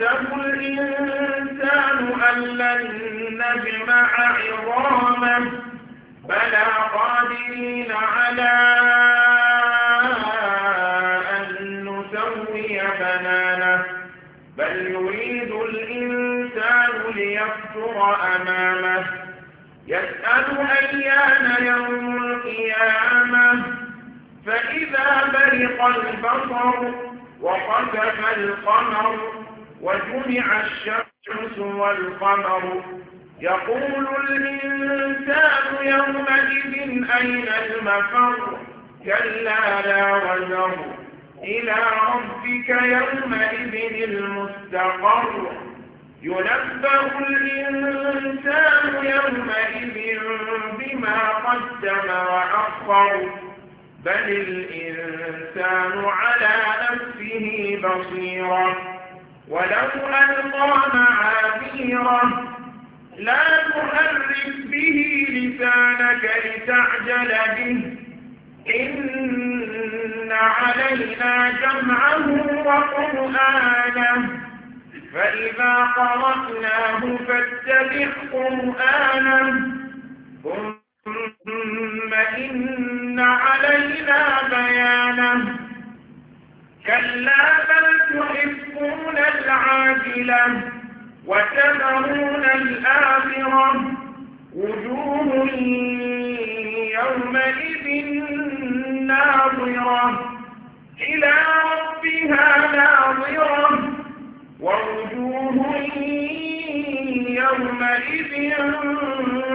أيحسب الإنسان أن لن نجمع عظامه بلى قادرين على أن نسوي بنانه بل يريد الإنسان ليفجر أمامه يسأل أيان يوم القيامة فإذا برق البصر وخسف القمر وجمع الشمس والقمر يقول الإنسان يومئذ أين المفر كلا لا وزر إلى ربك يومئذ المستقر ينبأ الإنسان يومئذ بما قدم وأخر بل الإنسان على نفسه بصيرا ولو ألقى معاذيره لا تحرك به لسانك لتعجل به إن علينا جمعه وقرآنه فإذا قرأناه فاتبع قرآنه ثم إن علينا بيانه كلا بل تحبون العاجلة وتذرون الآخرة وجوه يومئذ ناظرة إلى ربها ناظرة ووجوه يومئذ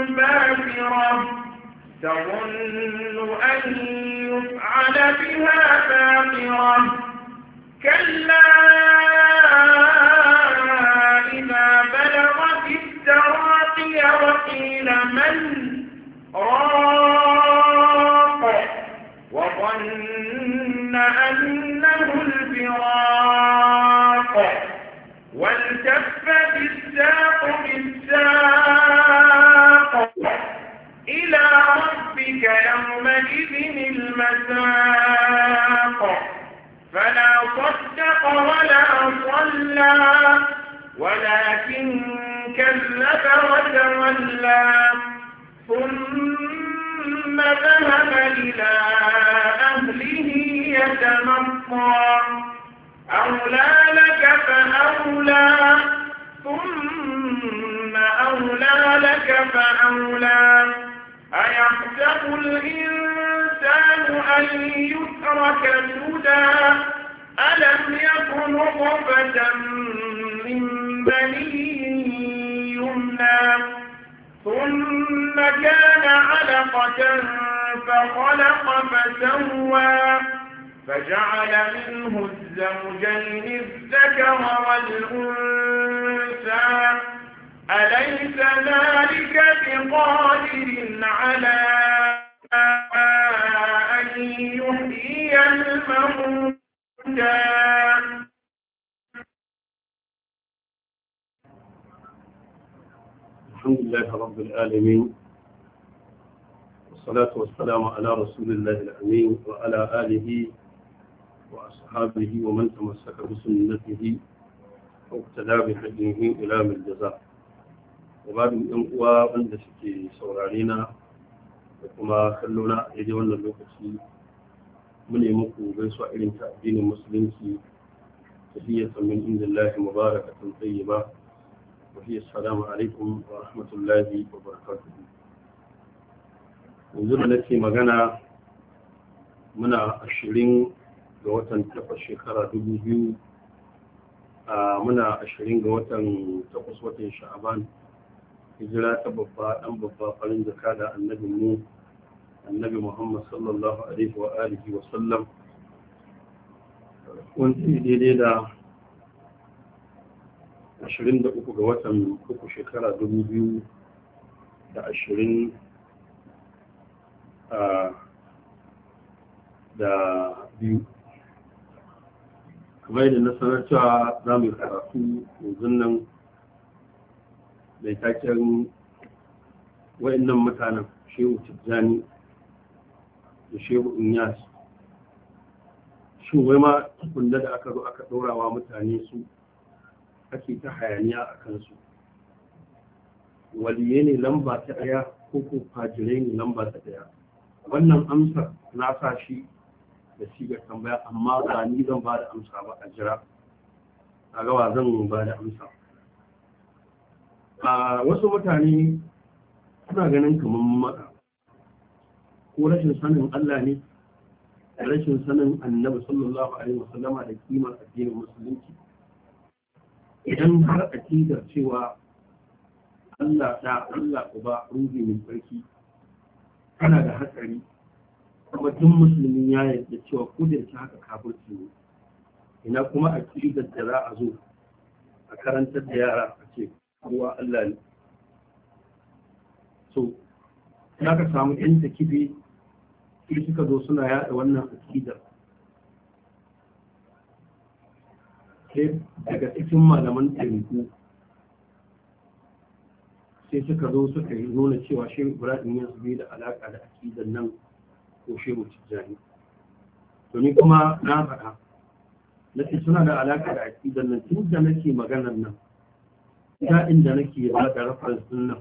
باسرة تظن أن يفعل بها فاقرة كلا إذا بلغت التراقي وقيل من راق وظن أنه الفراق والتفت الساق بالساق إلى ربك يومئذ المساق فلا صدق ولا صلى ولكن كذب وتولى ثم ذهب إلى أهله يتمطى أولى لك فأولى ثم أولى لك فأولى أيحسب الإنسان أن يترك سدى ألم يكن نطفة من بني يمنى ثم كان علقة فخلق فسوى فجعل منه الزوجين الذكر والأنثى أليس ذلك بقادر على أن يحيي الموتى الحمد لله رب العالمين والصلاة والسلام على رسول الله الأمين وعلى آله وأصحابه ومن تمسك بسنته واقتدى بهديه إلى من الجزاء gabanin yan uwa wanda suke saurare na da kuma kallona na a daidai wannan lokaci mune muku gaisuwa irin ta addinin musulunci tahiyyatan mubaraka indillahi tsaye ba, wa fiye salamu alaikum wa rahmatullahi wa barakatuh yanzu da nake magana muna ashirin ga watan takwas shekara dubu biyu muna ashirin ga watan takwas watan sha'aban hijira ta babba dan babba farin jaka da annabi mu annabi Muhammad sallallahu alaihi wa alihi wa sallam wani daidai da 23 ga watan uku shekara 2020 da biyu kamar yadda na sanar cewa za mu yi karatu yanzu nan mai taken wa'annan mutanen shehu tijjani da shehu inyas shin wai ma kunda da aka zo aka ɗorawa mutane su ake ta hayaniya a kansu waliye ne lamba ta ɗaya ko ko fajirai ne lamba ta ɗaya wannan amsar na sa shi da ga tambaya amma ba ni zan ba da amsa ba a jira a gawa zan ba da amsa a wasu mutane suna ganin kamar maka ko rashin sanin Allah ne da rashin sanin annabi sallallahu alaihi sallama, da kimar addinin musulunci idan har a akidar cewa Allah da Allah uba ruhi mai sarki tana da hatsari kuma duk musulmi ya yarda cewa ta haka kafirci ne ina kuma a akidar da za a zo a karantar da yara a ce ruwa Allah ne so na ka samu yan kifi su suka zo suna yaɗa wannan akidar sai daga cikin malaman taimako sai suka zo suka yi nuna cewa shi ibrahim ya zube da alaƙa da akidar nan ko shehu tijjani to ni kuma na faɗa na ce suna da alaƙa da akidar nan tun da nake maganar nan ya'in da nake ba da rafar nan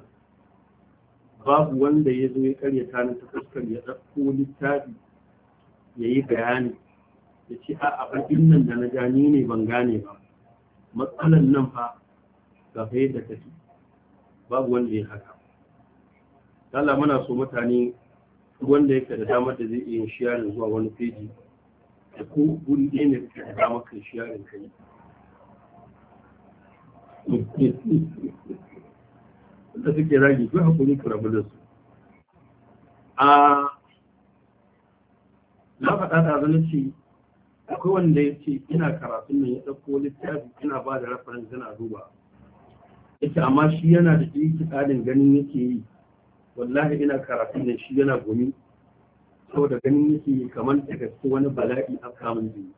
babu wanda ya zo ya karyata ni ta fuskar ya ɗauko littafi ya yi bayani ya ce a abin nan da na gani ne ban gane ba matsalan nan fa ga yadda ce babu wanda ya haka Allah muna so mutane wanda yake da damar da zai iya shiyarin zuwa wani feji da ko guri ɗaya ne da damar kan shiyarin kai da suke ragi ko hakuri ku rabu da a na faɗa da zan ce akwai wanda ya ce ina karatun nan ya ɗauko littafi ina ba da reference zina duba yake amma shi yana da tsarin ganin yake yi wallahi ina karatun nan shi yana gumi saboda ganin yake yi kamar da gaske wani bala'i a kamun jini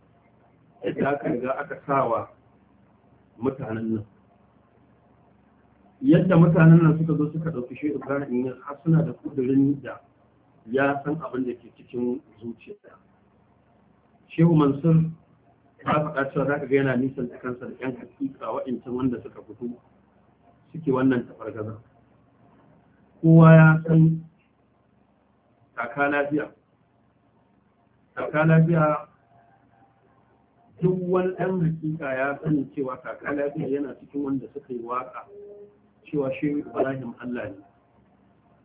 yadda aka riga aka sawa mutanen nan yadda mutanen nan suka zo suka ɗauki shi ibrahim ya har suna da kudurin da ya san abin da ke cikin zuciya shehu mansur ya faɗa cewa za ka ga yana nisan da kansa da yan hakika wa'incan wanda suka fito suke wannan tafargaza kowa ya san taka lafiya lafiya duk wani ɗan hakika ya sani cewa taka lafiya yana cikin wanda suka yi waka cewa shi Ibrahim Allah ne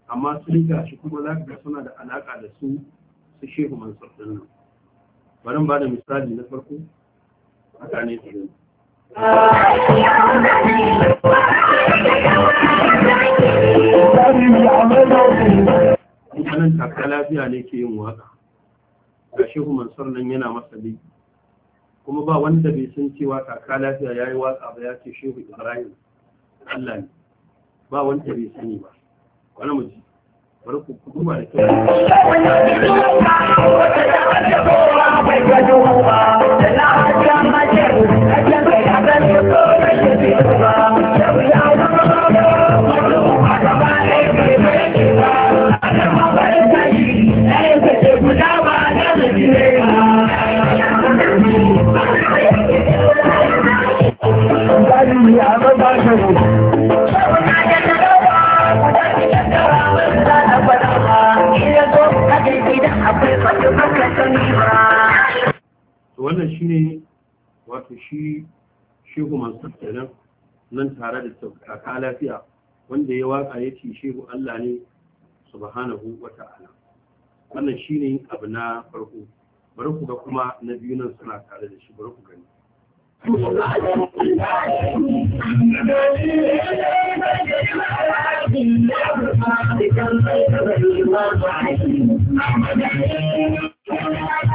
amma su rika shi kuma za ga suna da alaƙa da su su shehu mansur din nan bari ba da misali na farko haka ne su Mutanen taka lafiya ne ke yin waka, ga shehu mansur nan yana masa bi, kuma ba wanda bai san cewa taka lafiya ya yi waka ba ya ce shehu Ibrahim Allah ne. ba wanda bai sani ba wani mutum bari ku kuma da kyau wannan ne wato shi shehu mansur kenan nan tare da kaka lafiya wanda ya waka ya ce shehu Allah ne subhanahu wa ta'ala wannan shi ne abu na farko bari ku ga kuma na biyu nan suna tare da shi bari ku gani Thank you.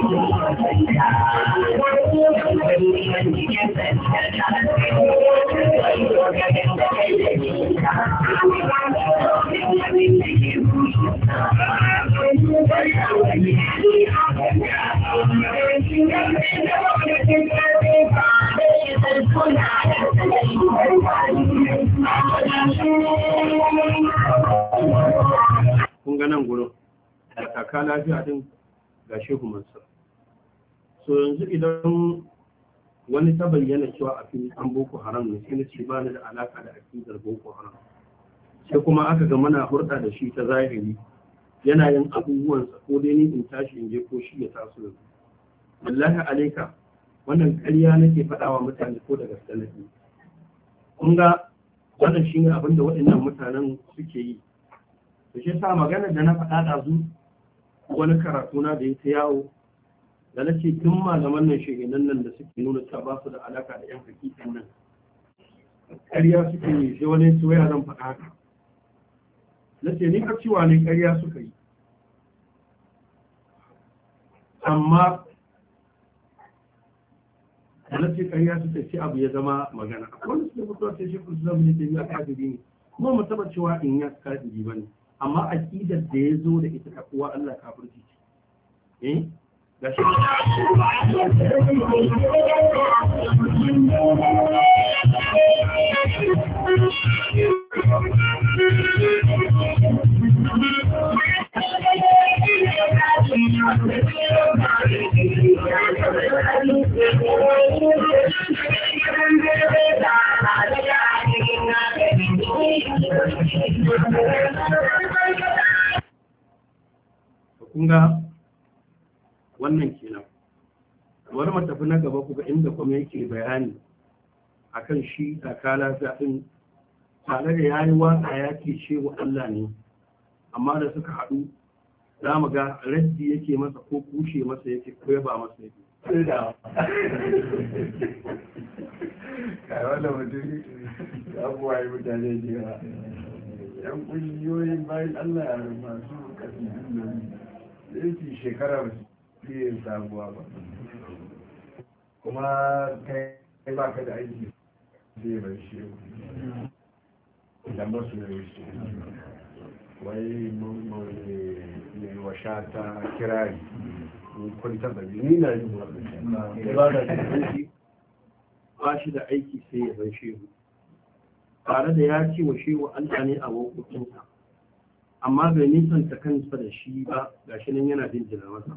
kun ga nan gurin da kaka lafiya din ga shehu mansur to yanzu idan wani ta bayyana cewa a fili an boko haram ne sai na ce ba ni da alaka da akidar boko haram sai kuma aka ga mana hurɗa da shi ta zahiri yana yin abubuwansa ko dai ni in tashi in je ko shi ya taso yanzu wallahi alaika wannan ƙarya nake faɗawa mutane ko da gaske kun ga wannan shine abin da waɗannan mutanen suke yi da shi sa magana da na faɗa ɗazu wani karatu na da ya ta yawo da nace tun malaman nan sheginan nan da suke nuna ta ba su da alaka da yan hakikan nan ƙarya suke yi sai wani su waya zan faɗa haka na ce ni cewa ne ƙarya suka yi amma na ce ƙarya suka ce abu ya zama magana wani su da mutuwa ce shekul su zama ne ta yi a ne kuma mu taɓa cewa in ya kajiri ba ne amma aƙidar da ya zo da ita ta uwa Allah kafirci ce eh? That's Kunga wannan kenan wani matafi na gaba kuga inda kuma yake bayani akan shi a kala zafin tare da yayi waka ya ce wa Allah ne amma da suka haɗu za mu ga raddi yake masa ko kushe masa yake ko ba masa yake wannan mutum abubuwa yi mutane da yawa yan ƙungiyoyin bayan allah ya masu kasidun nan da yake shekara wasu yin zaguwa ba kuma kai ba ka da aiki zai bai shi idan ba su yi shi wai mai washa ta kirari kwantar da ni na yi wani ba shi da aiki sai ya bai shehu tare da ya ce wa wa Allah ne a wakokinsa amma bai nisanta kansa da shi ba gashi nan yana jin jina masa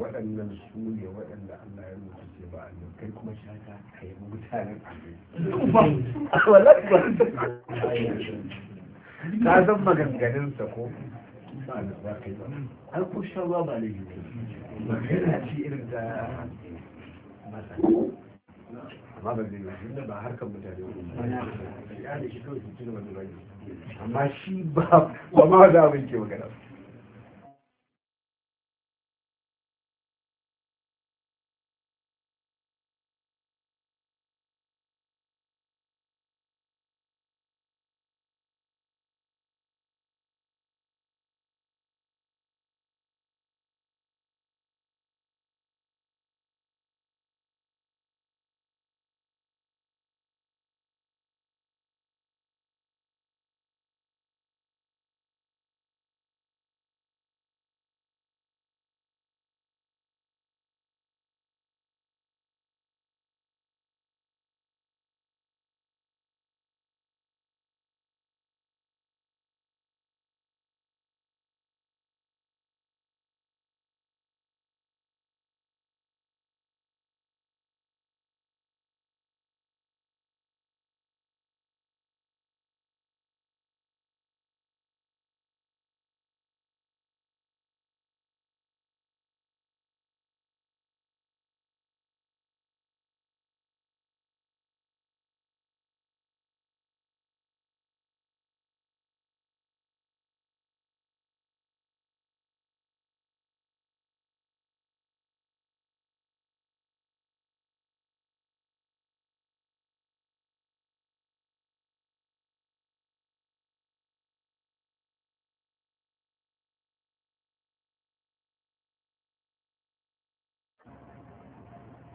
waɗannan su ne waɗanda Allah ya rubuta ce ba a nan kai kuma sha ka yi mutanen ka san maganganunsa ko ba na ba kai ba an ko shan ruwa ba laifi ba yana ci irin da masa amma ba zai yi da ba harkar mutane ba ya da shi kawai su ci da wani amma shi ba ba ma da abin ke magana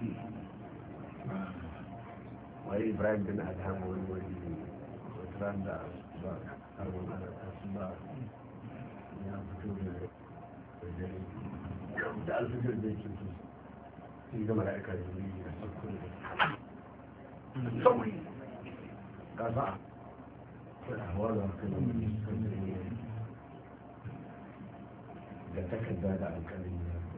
فيه وإبراهيم ان أدهم والولي وإبراهيم بن أدهم والولي وإبراهيم بن أدهم والولي يا فتور الزليل يوم تأل فتور الزليل في ملائكة الزليل يسكر الزليل سوي قصع فالأحوال وقت المجلس كنت هي قد تكد بعد عن كلمة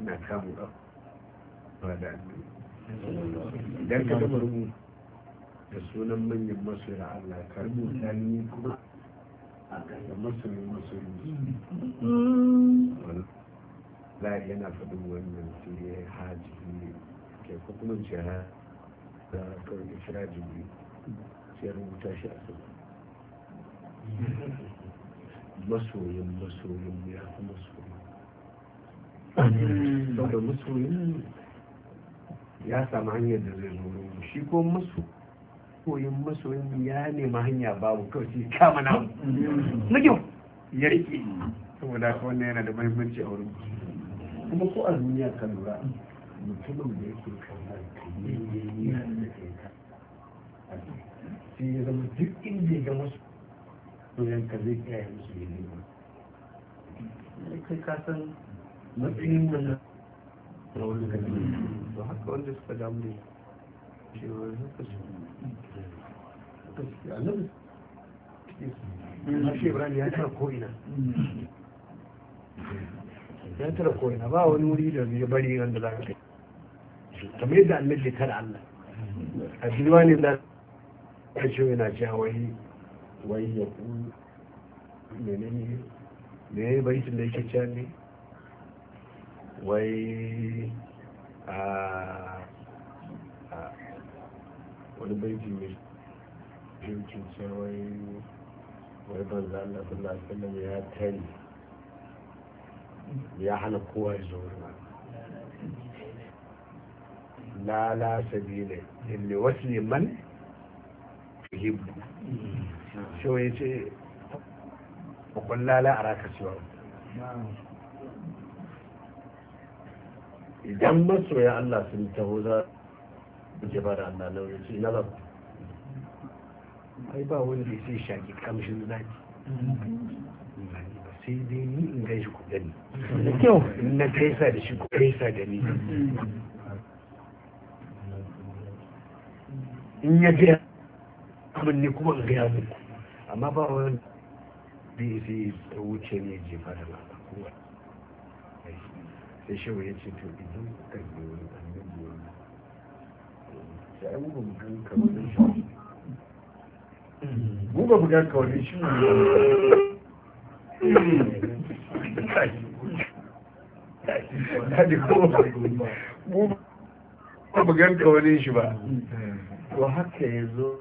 ina kamu abu da idan ka gama rubu da sunan manyan masoya Allah ka rubuta ni kuma a kasa masoyi masoyi la yana faɗin wannan sai ya haji ne ke kukunan shara jira da kawai da shira jibi sai rubuta shi a sama masoyin masoyin ya fi masoyin saboda masoyin ya samu hanyar da zai zo shi ko musu koyin masoyin ya nema hanya babu kawai kama na nake ya rike saboda haka wannan yana da mahimmanci a wurin kuma ko a duniya ka lura mutumin da yake kamar kayyayyayi sai ya zama duk inda ya ga masu koyan yanka zai kaya musu yi ne kai ka san matsayin suka damu ne cewa suka ya tara ko'ina ya ko'ina ba wani wuri da ya bari wanda za ka kai kamar yadda annabi ya tara allah a duniya ne da ya yana cewa wai wai ya ku menene ne tun da yake cewa ne wai a wani baiti ne yankin wai wai banza Allah sallallahu alaihi ya tari ya hana kowa ya zo ruwa la la sabila illi ne man tuhibbu shi wai ce kwakwallala lala a raka ciwon idan masoya Allah sun taho za a je ba da Allah na wuce na ba ai ba wanda ya sai shaki kamshin zaki sai dai ni in gai shi ku gani da kyau na gaisa da shi ku gaisa da ni in ya je abin ne kuma in gaya muku amma ba wanda ya sai wuce ne jefa da Allah sai shehu ya ce to idan ka yi wani annabi ya yi sai ai mu mu gan ka wani shi mu bugan mu ka wani shi mu ba mu bugan ka wani shi ba to haka ya zo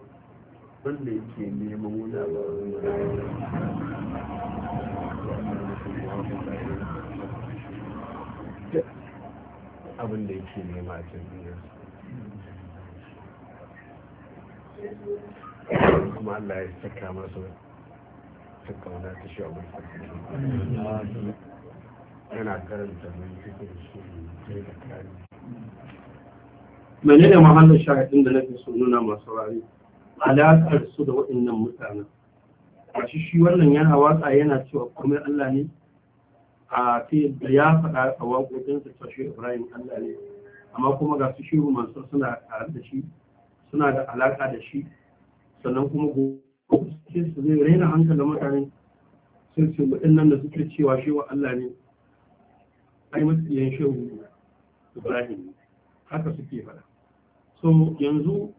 wanda yake neman wuna ba wani abin da yake nema a duniya kuma Allah ya saka masa ta kauna ta shi abin sarki yana karanta mai cikin shi ne da kari mene ne mahallin shahadin da nake so nuna masu rari alaƙar su da waɗannan mutanen a shi wannan yana watsa yana cewa komai Allah ne a ta yadda ya faɗa a waƙoƙinsa ta shi ibrahim allah ne amma kuma ga su shi mansur suna tare da shi suna da alaƙa da shi sannan kuma gobe su zai raina hankali mutane sun ce nan da suke cewa shi wa allah ne ai yin shehu ibrahim haka suke faɗa so yanzu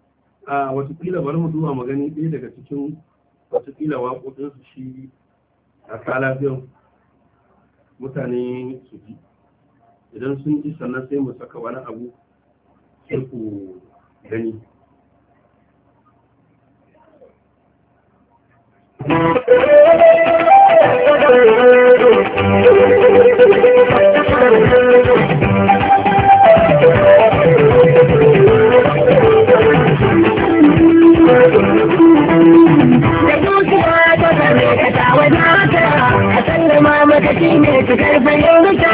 a watakila bari mu duba magani ɗaya daga cikin watakila waƙoƙinsu shi a biyu mutane su ji idan sun ji sannan sai mu saka wani abu sai ku gani lokaci ne cikar fahimta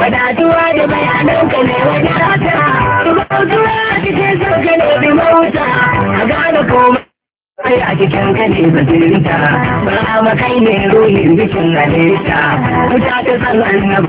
wadatuwa da bayanan ka ne wadata tumautuwa cikin sauka ne bi mauta a gane komai a cikin ka ne basirinta ba kai ne ruhin bikin halitta mutata san annabi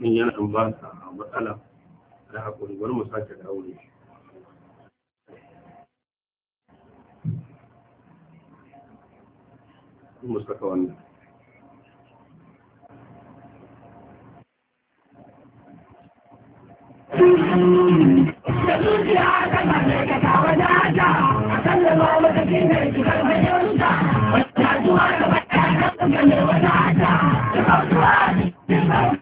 in yana in ba a matsala da haƙuri wani mu sake da aure shi mu saka wannan da zuciya ta kalle ka kawo ta wata zuwa ka wata ta zuwa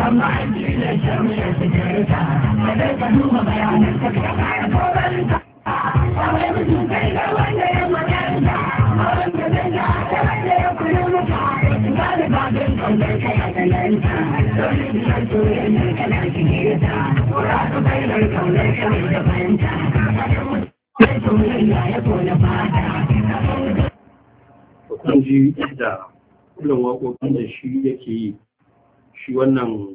amma addini zai shirme ya da ka duba bayanan ka a wanda ya a wanda ya ba da ka su kan ya ji da kullum waƙoƙin da shi yake yi shi wannan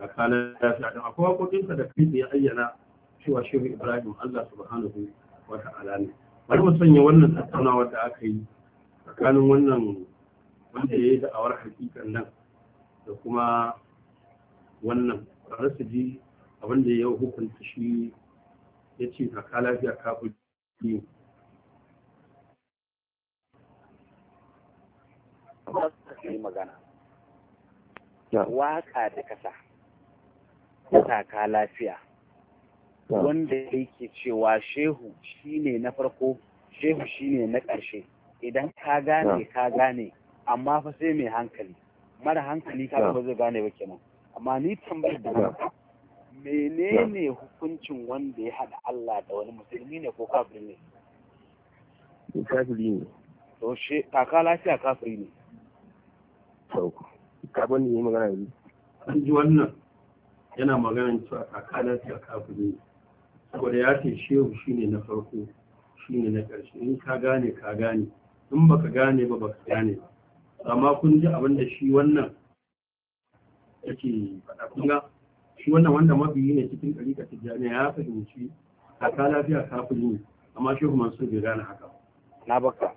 ya fi adam akwai waƙoƙinsa da kai ya ayyana cewa shehu ibrahim allah subhanahu wa ta'ala ne bari mu sanya wannan tattaunawar da aka yi tsakanin wannan wanda ya yi da'awar hakikan nan da kuma wannan ƙwarar su ji abin da ya hukunta shi ya ce kaka lafiya kafin yi magana waka da kasa ta ka lafiya wanda yake cewa shehu shine na farko shehu shine na ƙarshe idan ka gane ka gane amma fa sai mai hankali mara hankali ka ba zai gane ba kenan amma ni tambayar da menene hukuncin wanda ya haɗa Allah da wani musulmi ne ko kafiri ne kafiri ne to she kaka lafiya kafiri ne sauku kafin yi magana yanzu an ji wannan yana magana cewa tsakanin ta kafin saboda ya ce shehu shi ne na farko shi ne na ƙarshe in ka gane ka gane in baka gane ba baka gane ba amma kun ji abin da shi wannan yake faɗa kun ga shi wannan wanda mabiyi ne cikin ɗariƙa jami'a ya fahimci a lafiya kafin ne amma shehu mansur bai gane haka na baka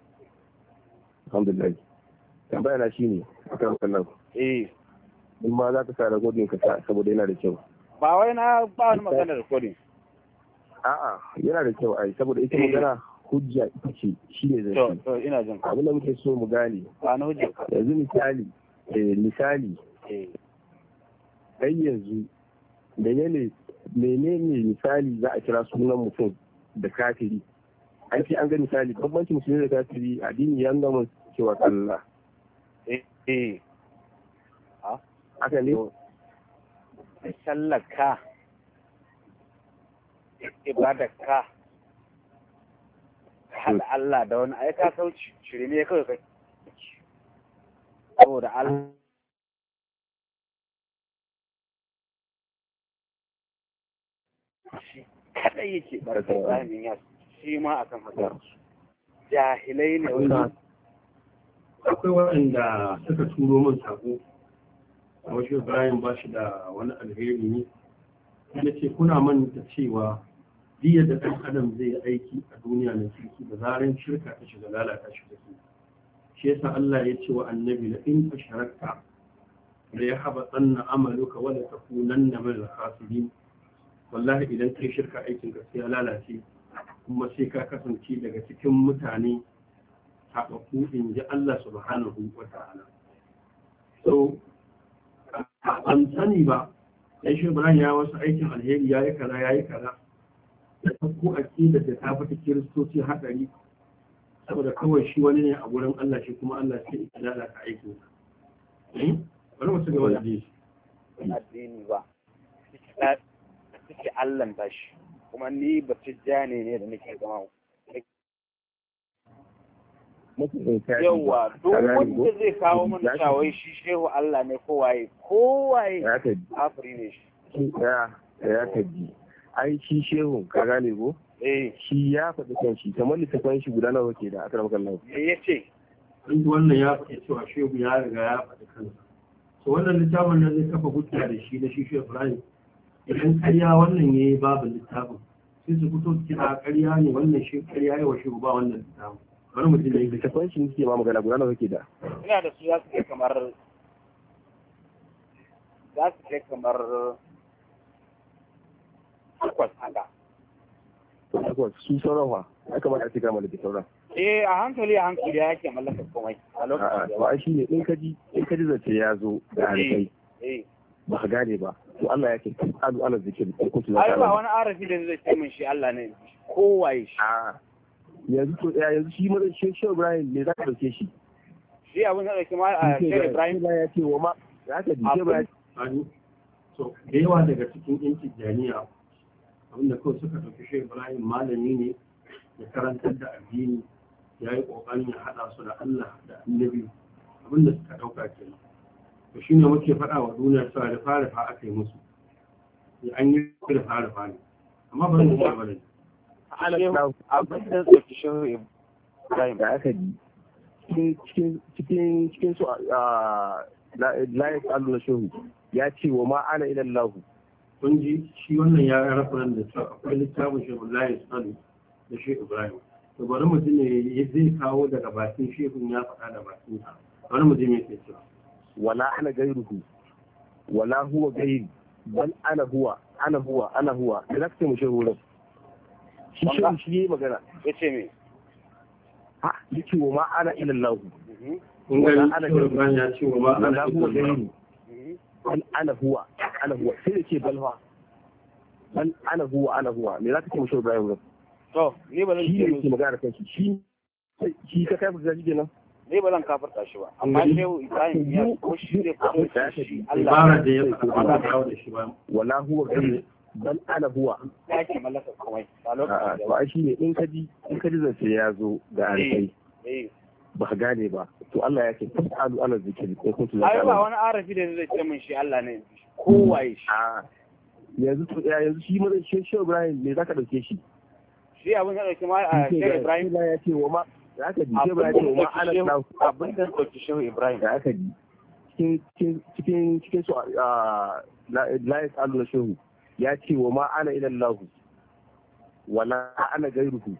alhamdulillah tambaya na shine akan sannan eh in ma za ka sa recording ka saboda yana da kyau ba wai na ba wani magana recording a'a yana da kyau ai saboda ita eh. magana hujja ita ce shi ne zai to ina jin ka abin da muke so mu gane ba na hujja yanzu misali eh misali eh ai yanzu da yane menene misali za a kira sunan mutum da kafiri an ce an ga misali bambanci musulmi da kafiri addini ya nuna cewa Allah eh sallaka ka haɗa Allah da wani aika sauci shiri ne kawai kai saboda Allah shi kadai yake barka zamin ya shi ma akan haka jahilai ne wani akwai waɗanda suka turo min sako a wasu bayan ba shi da wani alheri ne na ce kuna manta cewa diya da ɗan adam zai yi aiki a duniya na kirki da zarar shirka ta shiga lalata shi da shi yasa Allah ya ce wa annabi la in da la yahba anna amaluka wa la takunanna khasirin wallahi idan kai shirka aikin ka sai ya lalace kuma sai ka kasance daga cikin mutane taɓaɓɓu in ji Allah subhanahu wa ta'ala so an sani ba ya shi Ibrahim ya wasu aikin alheri ya yi kaza ya yi kaza da a cikin da ta fata kiristoci haɗari saboda kawai shi wani ne a gurin Allah shi kuma Allah sai ya lalata aikin hmm? bari wasu ga wani addini ba suke Allah ba shi kuma ni ba tijjani ne da nake zama yawwa duk wanda zai kawo mana shawai shi shehu Allah ne kowaye kowaye afiri ne shi ya ji, ai shi shehu ka gane ko eh. shi ya faɗi kan shi kamar littafin shi guda nawa ke da aka rabu kallon me ce? duk wannan ya faɗi cewa shehu ya riga ya faɗi kan to wannan littafin da zai kafa hujja da shi na shi shehu Ibrahim idan karya wannan ya yi babu littafin sai su fito su kira karya ne wannan shi karya yawa shehu ba wannan littafin wani mutum ne da kafan shi nake ma magana guda nawa kake da ina da su za su kai kamar za su kai kamar takwas haka takwas su sauran fa ya kamata a ce kama da sauran eh a hankali a hankali ya ke mallaka komai a lokacin da shi ne in kaji in kaji zace ya zo da eh, harkai eh. ba ka gane ba to Allah ya ce alu ala zikir ko kuma ai ba wani arafi da zai ce min shi Allah ne kowaye shi yanzu to eh, yanzu shi mazan shi shi Ibrahim za ka dauke shi shi abin da dauke ma eh, shi Ibrahim ya ce wa ma ka dauke ba to da yawa daga cikin yan tijjaniya abinda kawai suka dauke shi Ibrahim malami ne ya karantar da addini ya yi kokarin ya hada su da Allah da Annabi abinda suka dauka kenan to shine muke fada wa duniya cewa da fara fa aka yi musu an yi da fara fa ne amma ba ne ba ne abin da tsaki shehu ibrahim da aka cikin cikin su la ya shehu ya ce wa ma ana ilan lahu kun ji shi wannan ya rafa da cewa akwai littafin shehu la ya tsallu da shehu ibrahim to bari mu ji ne zai kawo daga bakin shehun ya faɗa da bakin sa bari mu ji me ke wala ana gairuhu wala huwa gairu bal ana huwa ana huwa ana huwa da zaka ce shi shehu shi yi magana ya ce me a mm-hmm. ya ce wa ma'ana mm-hmm. ana huwa ana huwa me za ka ce mashi to ne ba zan magana kan shi shi shi ka kai ne ba zan ba amma ya ko shi ne ko shi Allah da ya ba da shi ba wala huwa gani bal ana huwa ya mallaka kawai. ba lokacin da shi ne in kaji in kaji ji zance ya zo ga eh, arfai eh. ba ka gane ba to Allah ya ce fasalu ala zikri ko kuntu la ba wani arafi da zai ce min shi Allah ne kowaye shi yanzu to ya yanzu shi mazan shi shi Ibrahim me zaka dauke shi shi abin da dauke ma a shi Ibrahim Allah ya ce wa ma zaka ji shi Ibrahim ce wa ma ana na abin da dauke shi Ibrahim zaka ji cikin cikin cikin su a la la yasalu shehu ya ce wa ma ana ilallahu wala ana gairuhu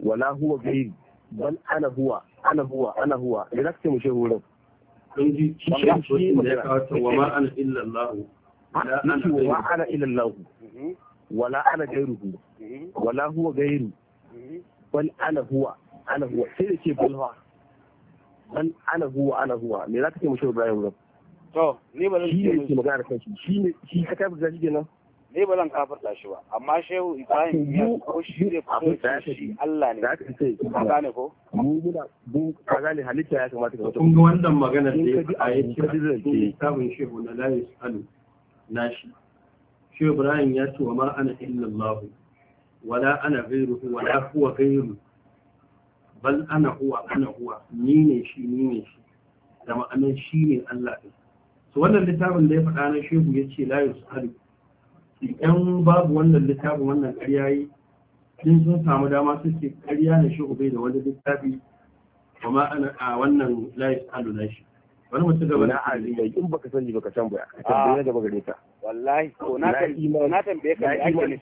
wala huwa gairi bal ana huwa ana huwa ana huwa da za ce mu shehu da ya wa ma ana illallahu la ana wa ana illallahu wala ana gairuhu wala huwa bal ana huwa ana huwa sai da ke bal ana huwa ana huwa me za ka ce mu shehu Ibrahim wurin to ni ba zan ce da shi ne shi ka shi kenan ne ba zan kafarta shi ba amma shehu ibrahim ya ko shi ne ko shi Allah ne ka gane ko mu muna mun ka gane halitta ya kamata ka kun ga wannan maganar da ya a yi cikin kitabun shehu na la yasalu nashi shehu ibrahim ya ce wa ma ana illa Allah wala ana ghayruhu wala huwa ghayru bal ana huwa ana huwa ni ne shi ni ne shi da ma'anar shi ne Allah ne. So wannan littafin da ya faɗa na shehu ya ce la yasalu Yan babu wannan littafin wannan ƙarya yi din sun samu dama su ce ƙarya na shi ubai da wani littafi kuma a wannan live shi wani mutum gaba na in baka sani baka san baya ka tambaye da baka ta wallahi ko na na tambaye ka yi ne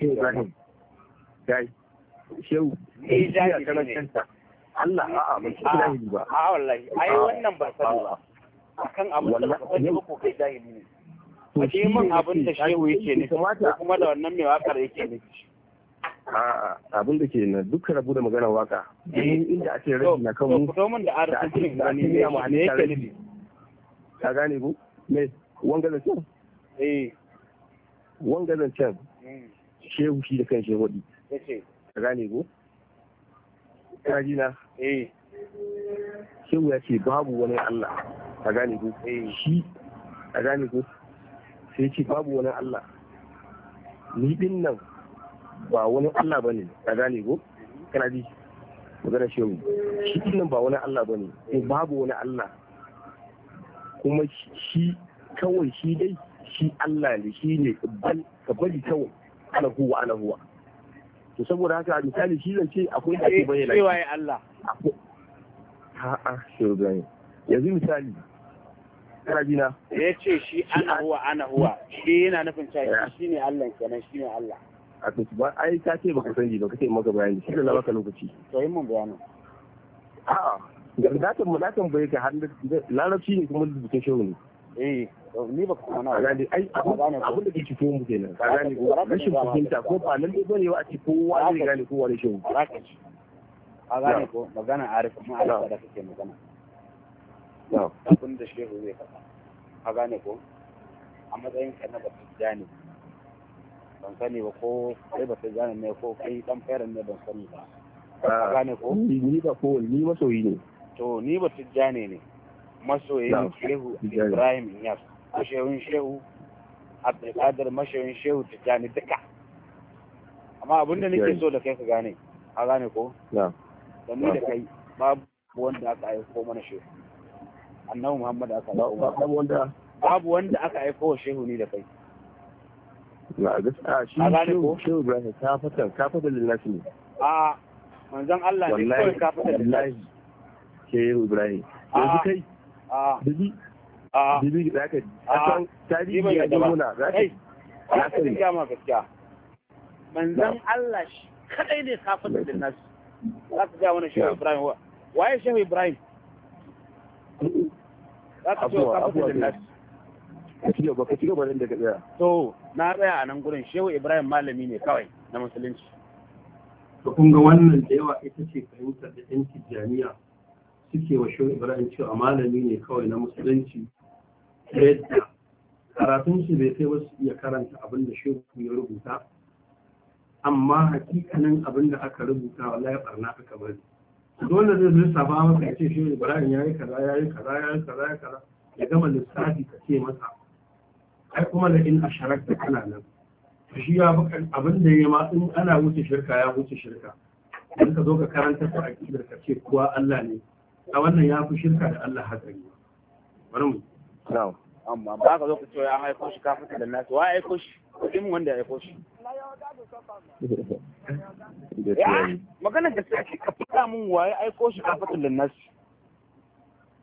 eh kana Allah a'a ban ci to shi mun abin da shehu yake ne kuma da wannan mai wakar yake ne abin da ke na duk rabu da magana waka eh, inda a ce rabi na kan mu da arzikin gani ne ya ma'ani ta rabi ka gane ku me wanga da can eh wanga da can hmm. shehu shi da kan shehu wadi ka gane ku kana eh shehu ya ce babu wani Allah ka gane ku eh. shi ka gane ku sai ce babu wani Allah ni din nan ba wani Allah bane ka gane ko kana ji magana shehu shi din nan ba wani Allah bane sai eh, babu wani Allah kuma shi kawai shi dai shi Allah ne shi ne bal ka bari kawai ala huwa ala huwa to saboda haka a misali shi zan ce akwai da ke bayyana cewa eh, ya Allah a'a shehu yanzu misali Rabina. Ya ce shi ana huwa ana huwa shi yana nufin cewa shi ne Allah kenan shi ne Allah. A kusa ba ai ka ce baka sani ba kace maka bayani shi da baka lokaci. To yi mun bayani. a ga datan mulatan bai ka har ne kuma rubutun shehu ne. Eh ni ba kuma na. da ke cikin mu kenan. Ka ko rashin fahimta ko ba lalle bane wa a ce kowa kowa shehu. ko magana arif a da kake magana. abin da shehu zai faɗa a gane ko a matsayin ka na basu jani ban sani ba ko kai basu jani ne ko kai dan fairan ne ban sani ba a gane ko ni ba ko ni masoyi ne to ni basu jani ne masoyin shehu ibrahim inyas mashewin shehu abdulkadir mashewin shehu tijjani duka amma abin nake so da kai ka gane a gane ko da ni da kai babu wanda aka aiko mana shehu annabi Muhammad aka babu wanda babu wanda aka aika wa shehu ni da kai na gaskiya shi shehu Ibrahim ka fata ka fata lillahi ne a manzon Allah ne kai ka fata lillahi shehu Ibrahim yanzu kai a bibi a bibi san tarihi ya ya ya ma gaskiya manzon Allah shi kadai ne ka fata lillahi zaka ga shehu Ibrahim waye shehu Ibrahim ka ce wa kafa da ka ci gaba ka ci da ka tsaya to na tsaya a nan gurin shehu ibrahim malami ne kawai na musulunci to kun ga wannan da yawa ita ce fahimtar da yan tijjaniya suke wa shehu ibrahim cewa malami ne kawai na musulunci yadda karatun shi bai kai wasu iya karanta abin da shehu ya rubuta amma hakikanin abin da aka rubuta wallahi barna aka bari dole zai saba maka ya ce shi ne bari ya yi kaza ya yi kaza ya yi kaza ya kaza ya gama lissafi ka ce masa ai kuma da in a sharakta kana nan shi ya fi abin da ya ma in ana wuce shirka ya wuce shirka in ka zo ka karanta su a kidar ka ce kuwa Allah ne a wannan ya fi shirka da Allah hatsari bari mu amma ba ka zo ka ce ya haifo shi kafin da nasu wa ya aiko shi kudin wanda ya koshi magana da sai ka fada mun waye aiko shi kafatul linnas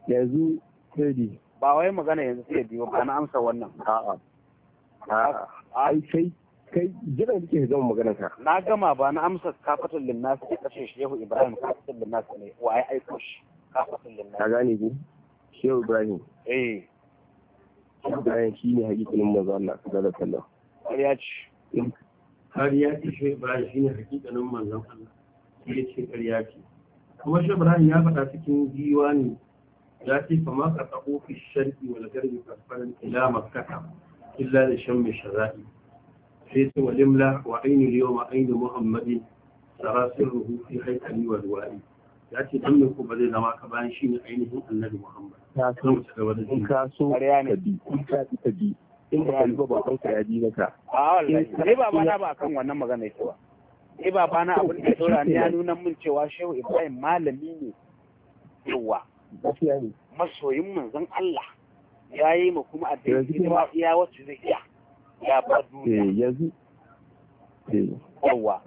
yanzu sai ba wai magana yanzu sai di ba na amsa wannan a'a ai kai kai jira kike zama magana ka na gama ba na amsa kafatul linnas sai kace shehu ibrahim kafatul linnas ne waye aiko shi kafatul linnas ka gane ki shehu ibrahim eh Shehu Ibrahim shine ne hakikalin manzo Allah sallallahu alaihi wasallam ƙarya ce ƙarya ce shi ibrahim shine hakikanin manzon Allah ya ce ƙarya ce kuma shi ya faɗa cikin diwani ya ce fa ma ka tsaƙo fi sharki wal garbi kasfaran ila makkata illa da shan mai shara'i sai ce wa limla wa ainihin yau ma ainihin muhammadin sarasir ruhu fi haikali wa duwa'i ya ce dan mai ku ba zai zama ka bayan shi ne ainihin annabi muhammad. Ya so, ka so ka bi, in ka in ba ba ba kanka ya ji maka a wallahi ba na ba kan wannan magana ita ba ni ba ba na abin da ne ya nuna min cewa Shehu Ibrahim malami ne yawa masoyin manzon Allah ya yi ma kuma addini ba iya wacce zai iya ya ba duniya yanzu yawa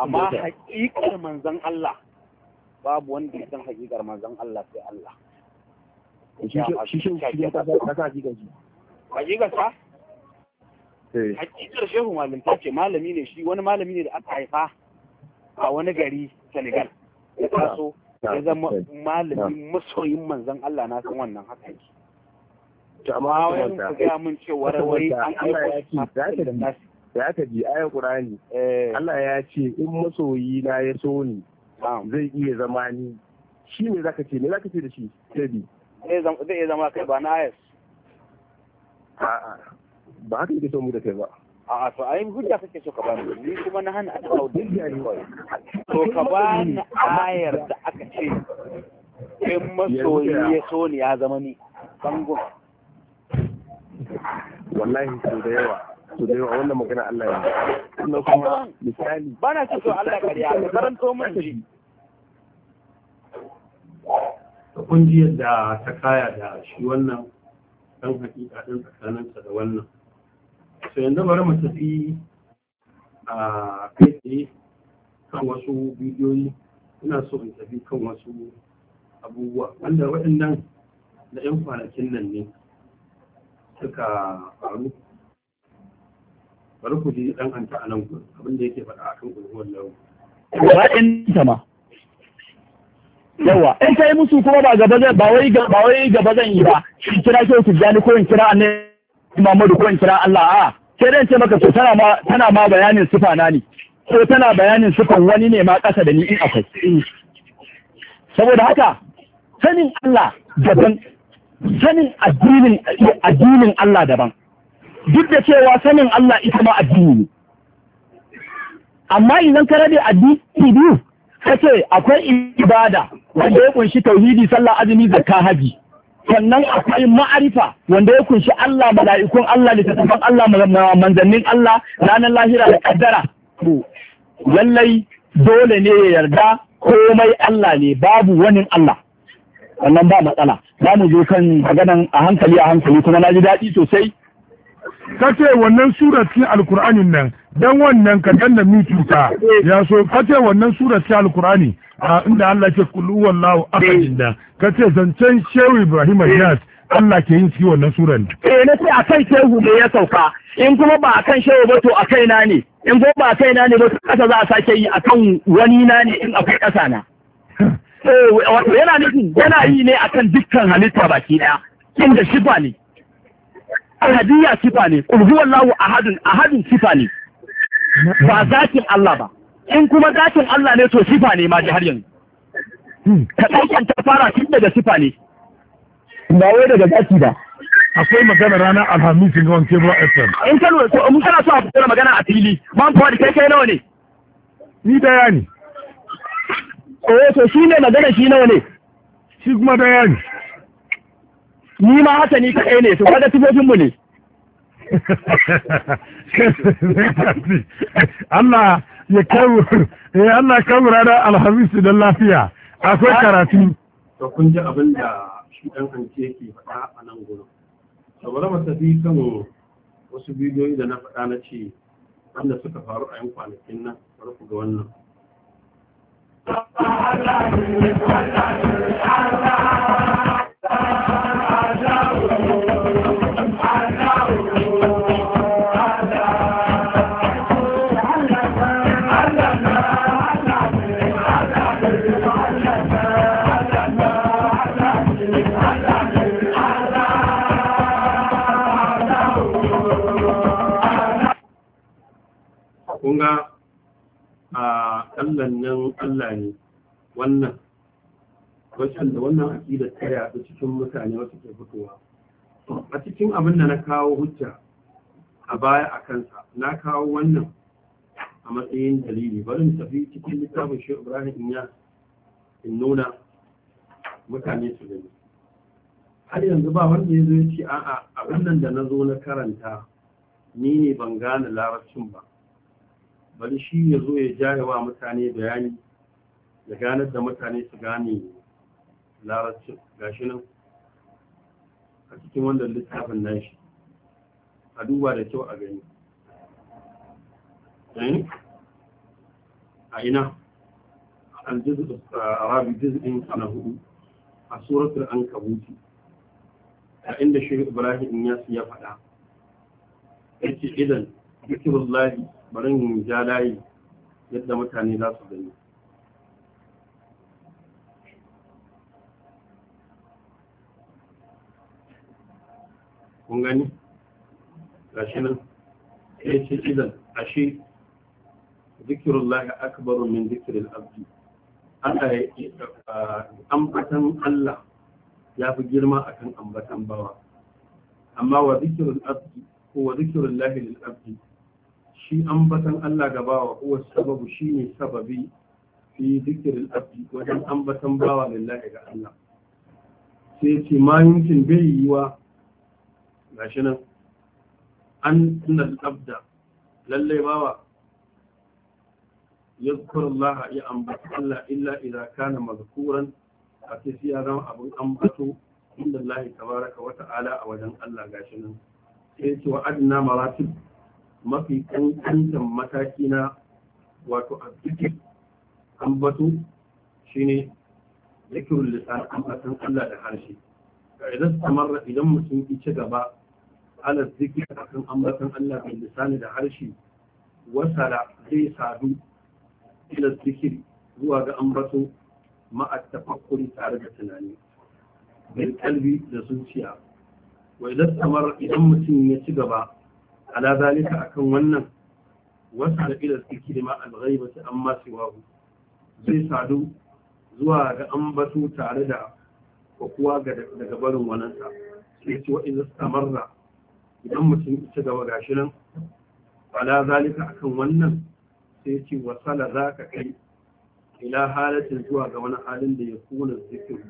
amma haƙiƙar manzon Allah babu wanda ya san haƙiƙar manzon Allah sai Allah shi shi shi shi kwajigarsa eh. hakikar shehu malinta ce malami ne shi wani malami ne da aka haifa a wani gari senegal ya taso ya zama malamin masoyin manzan allah na san wannan haka yake amma wani ku gaya mun cewar wai an ya ka ji ayan qur'ani eh. allah ya ce in masoyi na ya so ni zai iya zama ni shi ne zaka ce me zaka ce da shi bi zai iya zama kai ba na ayas ba haka yake so mu da kai ba a to ayin hujja kake so ka ba ni kuma na hana aka kawo yi ne to ka ba ni ayar da aka ce in masoyi ya so ni ya zama ni bango wallahi to da yawa to da yawa wannan magana Allah ya yi kuma misali ba na ce to Allah riya ka karanto min ji kun ji yadda ta kaya da shi wannan ɗan hakika ɗin tsakaninsa da wannan sai yanzu bari mu tafi a kai tsaye kan wasu bidiyoyi ina so in tafi kan wasu abubuwa wanda waɗannan na 'yan kwanakin nan ne suka faru bari ku ji ɗan an a nan abinda yake faɗa a kan ƙulhuwar lauru. Ba ɗin sama. yawa in kai musu kuma ba gaba zan ba wai ba wai gaba zan yi ba in kira ke tijjani ko in kira annabi Muhammadu ko in kira Allah a sai dan ce maka to tana ma tana ma bayanin sifa na ne ko tana bayanin sifan wani ne ma ƙasa da ni in akwai saboda haka sanin Allah daban sanin addinin addinin Allah daban duk da cewa sanin Allah ita ma addini ne amma idan ka rabe addini biyu kace akwai ibada wanda ya kunshi tauhidi sallah azumi zakka haji sannan akwai ma'arifa wanda ya kunshi Allah mala'ikun Allah littattafan Allah manzannin Allah ranar lahira da kaddara lallai dole ne ya yarda komai Allah ne babu wani Allah wannan ba matsala za mu zo kan maganan a hankali a hankali kuma na ji daɗi sosai ka ce wannan sura cikin alkur'anin nan dan wannan ka danna mutu ta. ya so ka ce wannan sura cikin alkur'ani a inda Allah ke kullu wallahu ahadin eh. da ka ce zancen shehu ibrahim eh. yas Allah ke yin cikin wannan suran eh na ce akan shehu ne ya sauka in kuma ba akan shehu ba to kai na ne in kuma ba kai na ne ba kasa za a sake yi akan wani na ne in akwai kasa na eh, yana nufin yana yi ne akan dukkan halitta baki daya inda shifa ne ahadiyya sifa ne qul huwallahu ahadun ahadun sifa ne ba zakin Allah ba in kuma zakin Allah ne to sifa ne ma ji har yanzu ka hmm. ɗaukan ta fara tun daga sifa ne ba wai daga zaki ba akwai magana ranar alhamis ga wanke ruwa fm in ka lura in kana so a fitar magana a fili man fawad kai kai nawa ne ni daya ne oh to shine magana shi nawa ne shi kuma daya ne ni ma haka ni kaɗai ne to kaga tufofinmu ne Allah ya kawo eh Allah kawo rana alhamis don lafiya akwai karatu to kun ji abin da shi dan hanci yake faɗa a nan gurin to bari mu tafi kan wasu bidiyoyi da na faɗa na ce wanda suka faru a yan kwanakin nan bari ku ga wannan ga a allan nan allah ne wannan wacan da wannan aƙidar ta yaɗu cikin mutane wata ke fitowa a cikin abin da na kawo hujja a baya a kansa na kawo wannan a matsayin dalili bari in tafi cikin littafin shi ibrahim ya in nuna mutane su gani har yanzu ba wanda ya ya ce a'a abin nan da na zo na karanta ni ne ban gane larabcin ba bari shi ya zo ya jaye wa mutane bayani ya ganar da mutane su gane larabci gashi nan a cikin wannan littafin nan shi. a duba da kyau a gani eh? a ina aljizu arabi jiz'in na hudu a suratul an kabuti a inda shi ibrahim ya ya faɗa yake idan zikirullahi bari in ja layi yadda mutane za su gani kun gani gashi nan ya ce idan ashe zikirullahi akbaru min zikirin abdi Allah ya eh, ambatan Allah ya fi girma akan ambatan bawa amma wa zikirin abdi ko wa zikirullahi lil abdi shi ambatan Allah gabawa huwa sababu shine sababi fi zikirin abdi wajen ambatan bawa lillahi ga Allah sai ce ma yumkin bai yiwa gashi nan an tunan abda lallai bawa yadkur Allah ya ambata Allah illa idan kana mazkuran a sai ya zama abin ambato inda Allah tabaraka wa ta'ala a wajen Allah gashi nan sai ce wa adna maratib mafi kankantan mataki na wato abdiki ambato shine zikirul lisan ambatan Allah da harshe idan samarra idan mutum ki ci gaba ala zikir akan ambatan Allah da lisan da harshe wasala zai sadu ila zikir zuwa ga ambatu ma'a tafakkuri tare da tunani bil kalbi da zuciya wa idan samar idan mutum ya ci gaba ala zalika akan wannan wasu al'ilar suke da ma'alghai ba su an masu wahu zai sadu zuwa ga an tare da kuwa daga barin wannan wanansa sai ce wa'in zasu tamarra idan mutum ita gaba gashi nan ala zalika akan wannan sai ce wasala za ka kai ila halatin zuwa ga wani halin da ya kuna zikir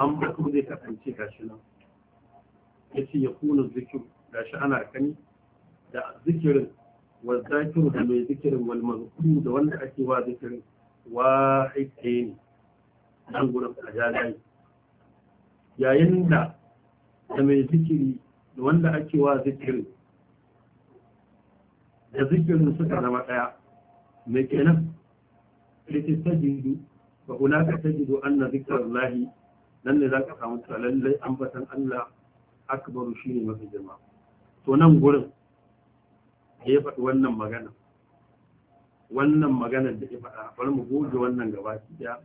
an batu zai kasance gashi nan ya ce ya kuna zikir gashi ana kani da zikirin da mai zikirin wal da wanda ake wa zikirin wa haike ne nan gurin a yayin da da mai zikiri da wanda ake wa zikirin da zikirin suka zama ɗaya mai kenan ita ta jidu ba kuna ka ta jidu an na zikirar lahi nan ne za ka samu lallai ambatan allah akbaru shi ne mafi girma to nan gurin da ya faɗi wannan magana wannan magana da ya faɗa bari mu goge wannan gaba ɗaya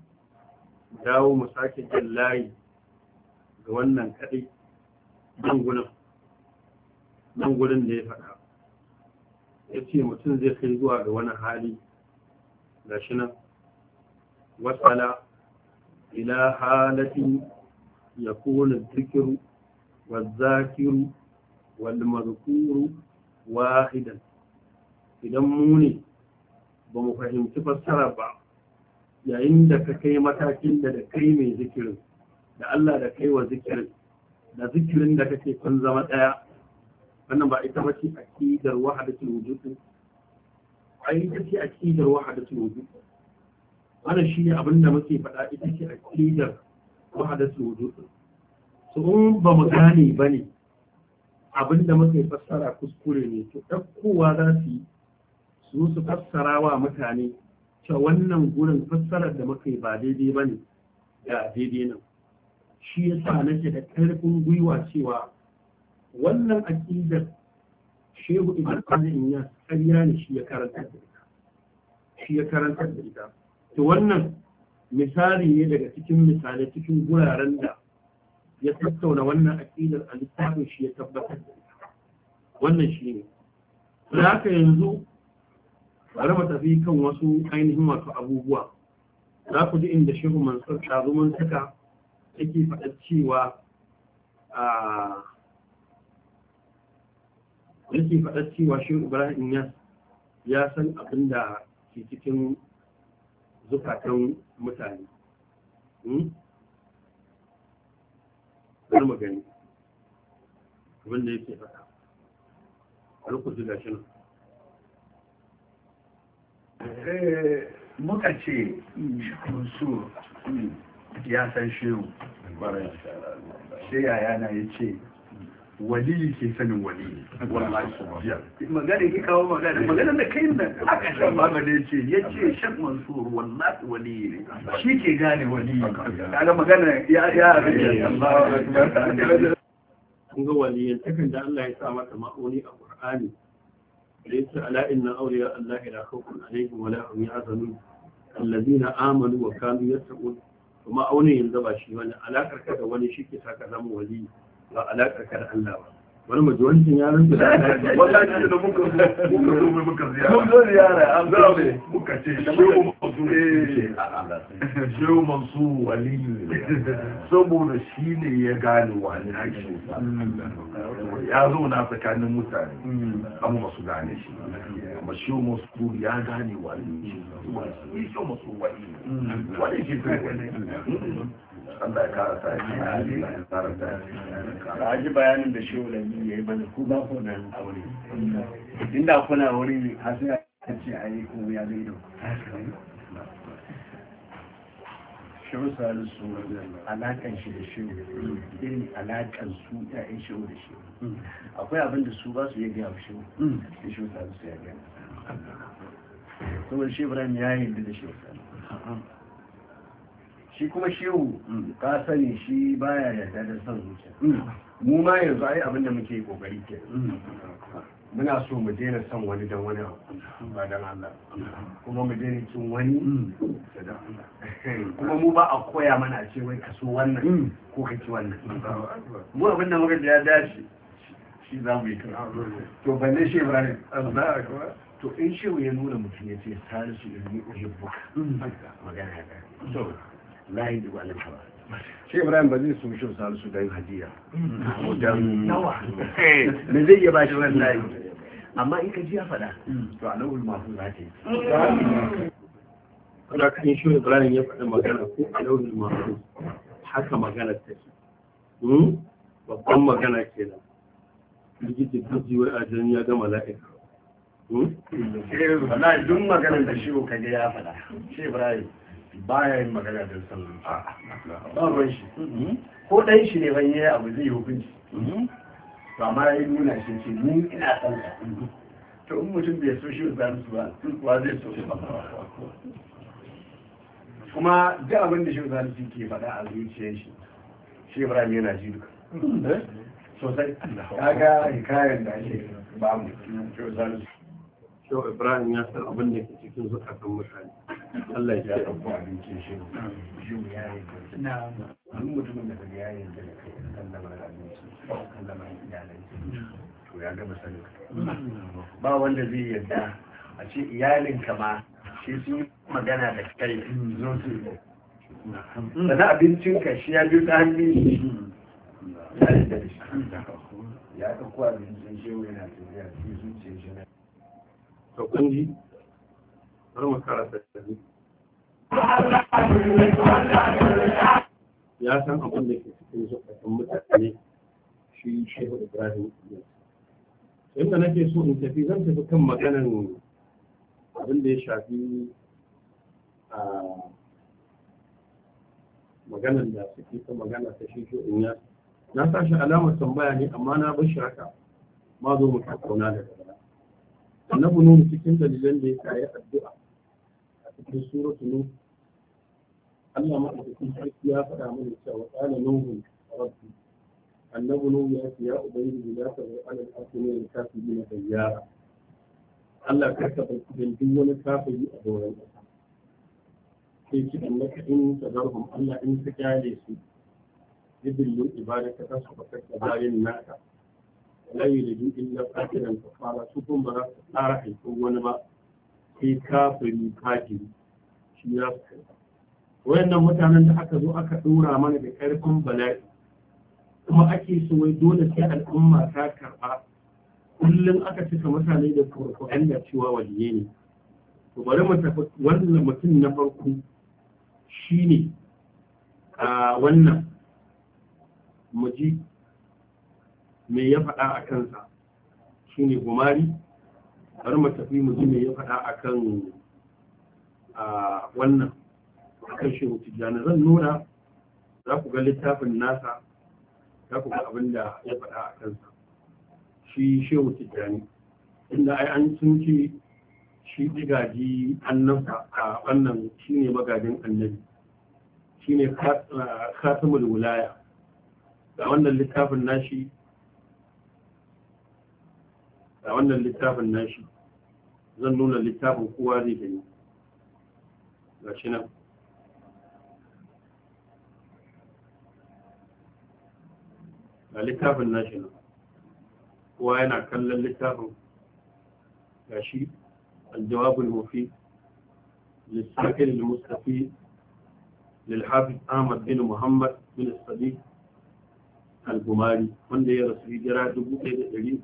mu dawo mu sake jin layi ga wannan kaɗai nan gurin nan gurin da ya faɗa ya ce mutum zai kai zuwa ga wani hali ga shi nan wasala ila halatin ya kone zikiru wa والمذكور wahidan idan mu ne ba mu fahimci fassara ba yayin da ka kai matakin da da kai mai zikirin da Allah da kai wa zikirin da zikirin da kake kun zama ɗaya wannan ba ita ba a akidar wahadatul wujud ai ita ce akidar wahadatul wujud wannan shi ne abin da muke faɗa ita ce akidar wahadatul wujud to in ba mu gane ba ne abin da muke fassara kuskure ne to ɗaukowa za su yi su su fassara wa mutane ta wannan gurin fassarar da muka yi ba daidai ba ne da daidai nan shi ya sa nake da ƙarfin gwiwa cewa wannan aƙidar shehu ibrahim ya ƙarya ne shi ya karanta da ita shi ya karanta da ita to wannan misali ne daga cikin misalai cikin guraren da ya tattauna wannan aƙidar a littafin shi ya tabbatar da ita wannan shi ne haka yanzu bari mu tafi kan wasu ainihin wasu abubuwa za ku ji inda shehu mansur tazuman saka take faɗa cewa a yake faɗa cewa shehu ibrahim ya ya san abin da ke cikin zukatan mutane hmm? bari mu gani abin da yake faɗa har ku gashi nan Eh, muka ce mansur ya san shehu sai yaya na ya ce wali ke sanin wali magana ki kawo magana magana da kai nan aka shan magana ce ya ce shan mansur wallahi wali ne shi ke gane wali kaga magana ya ya eh, Allah ga wali ya takan da Allah ya sa mata ma'auni a Qur'ani ليس ألا إن أولياء الله لا خوف عليهم ولا هم يحزنون الذين آمنوا وكانوا يتقون وما أولي يندبع شيئا ألا كركد ولي شك ساكرم ولي وألا كركد الله wani mace ya rinta da ana wata ce da muka zo mai muka ziyara mun zo ziyara an zo ne muka ce shehu mansu eh. shehu mansu waliyu saboda shi ne ya gane wani hakkin ya zo na tsakanin mutane hmm. amma masu gane shi amma shehu mansu ya gane hmm. hmm. wani shi shehu mansu waliyu wani shi ne Allah ya kara sa shi Allah ya kara sa shi a ji bayanin da shehu da ya yi mana ku ba ku nan aure inda kuna wuri har sai a ce a yi kuma ya zai da shehu salisu alakan shi da shi irin alakan su ƴaƴan shehu da shehu akwai abin da su ba su iya gaya shehu da shehu salisu ya gaya saboda shehu ibrahim ya yi da shehu salisu shi kuma shiwu mm. ka sani shi baya ya da son zuciya mm. mu ma yanzu ai abin da muke kokari ke mm. muna so mu daina son wani dan wani ba dan Allah kuma mu daina cin wani da kuma mu ba a koya mana a ce wai ka so wannan ko ka ci wannan mu abin da muka ya dace shi za mu yi to ban ne shi ba ne. to in shi ya nuna mutum ya ce salisu ilmi uhibbuka magana ya la yi dubu alin hawa shi ibrahim ba zai su shi salisu don hadiya don hmm. nawa eh. me zai iya ba shi wallahi amma in ka ji ya faɗa to a lawul mafu za ta yi kada kan shi ibrahim ya faɗa magana ko a lawul mafu haka magana ta ke hmm? babban magana kenan likita ta ji wai ajiyar ya ga mala'ika hmm? eh, duk maganar da shi ka ga ya faɗa shi ibrahim baya yin magana da sallan ba ruwan shi mm-hmm. ko ɗan shi ne ban yi abu zai hukunci mm-hmm. to amma ya nuna shi ce ni ina san ka mm-hmm. to in mutum bai so shi ba su ba kuwa zai so kuma duk abin da shi zalisi ke faɗa a zuciyar shi shi ibrahim yana ji duka eh? sosai kaga hikayen da ake ba mu shi ibrahim ya san abin da ke cikin zukatan mutane Allah ya shi ba wanda zai yarda a ce iyalin ma shi sun magana da kai zo su abincin ka shi ya biyu ta hannun shi ya ɗauko abincin shi yana tafiya shi ce shi na bari mu karanta shi ya san abin da ke cikin zukatan mutane shi shehu ibrahim inda nake so in tafi zan tafi kan maganan abin da ya shafi a maganan da suke ta magana ta shi shi in ya na shi alamar tambaya ne amma na bar shi haka ma zo mu tattauna da gaba annabi nuna cikin dalilan da ya kayi addu'a da suratu nu Allah ma da cikin sarki ya faɗa mana cewa qala nuhu rabbi Annabu nuhu ya ce ya ubangiji ya tazar ala al-asmi al kafirin dayyara Allah ka ka duk wani kafiri a doron ƙasa sai ki annaka in tadarhum Allah in ka kyale su yadullu ibadaka ta su baka tabarin naka la yuridu illa fatiran kafara su kuma ba za su tsara aikin wani ba sai kafiri kafiri shi ya su wayannan mutanen da aka zo aka ɗora mana da ƙarfin bala'i kuma ake so wai dole sai al'umma ta karɓa kullum aka cika mutane da kurkuɗen da cewa waliye ne to bari mu tafi wannan mutum na farko shine a wannan mu ji me ya faɗa a kansa shine gumari bari mu tafi mu ji me ya faɗa akan a wannan akan shehu tijjani zan nuna za ku ga littafin nasa za ku ga abin da ya faɗa a kansa shi shehu tijjani inda ai an sun ce shi digaji annabta a wannan shine magajin annabi ne Katamul wilaya ga wannan littafin nashi da wannan littafin nashi zan nuna littafin kowa zai gani ga shi nan ga littafin nashi nan kowa yana kallon littafin ga shi aljawabul mufi للساكن المستفيد للحافظ أحمد بن محمد بن الصديق البماري من يرسل جرى دبوك إلى إليه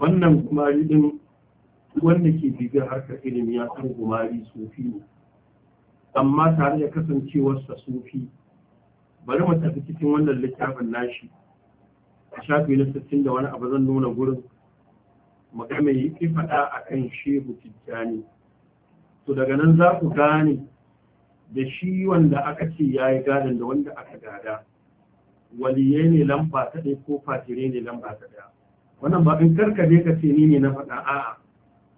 wannan kumari din wanda ke bibiyar harkar ilimi ya san kumari sufi ne amma tare da kasancewarsa sufi bari mu tafi cikin wannan littafin nashi a shafi na sittin da wani abu zan nuna gurin Mu mai yi faɗa a kan shehu tijjani to daga nan za ku gane da shi wanda aka ce ya yi gadon da wanda aka gada waliye ne lamba ta ɗaya ko fatire ne lamba ta ɗaya wannan ba in karka je ka ce ni ne na faɗa a'a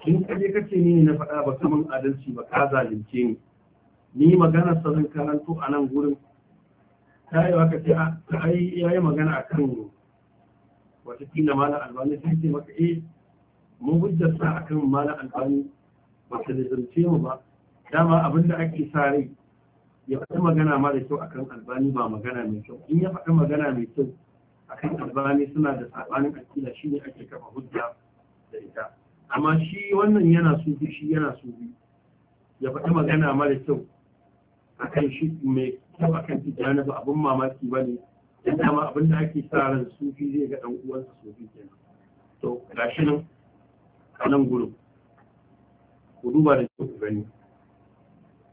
in ka je ka ce ni ne na faɗa ba kaman adalci ba ka zalunce ni ni magana sa zan karanto a nan gurin ta yi ka ce ah, ai ya yi magana a kan watakila malam albani ta ce maka eh mun hujjarsa a kan malam albani ba ta zance mu ba dama abin da ake sa rai ya faɗi magana mara kyau a kan albani ba magana mai kyau in ya faɗi magana mai kyau akan albani suna da sabanin shi shine ake kafa hujja da ita amma shi wannan yana sufi shi yana sufi ya faɗi magana mara kyau akan shi mai kyau akan tijjani ba abin mamaki ba ne da dama abin da ake sa ran sufi zai ga ɗan uwansa sufi kenan to gashi nan a nan gudu ku duba da ku gani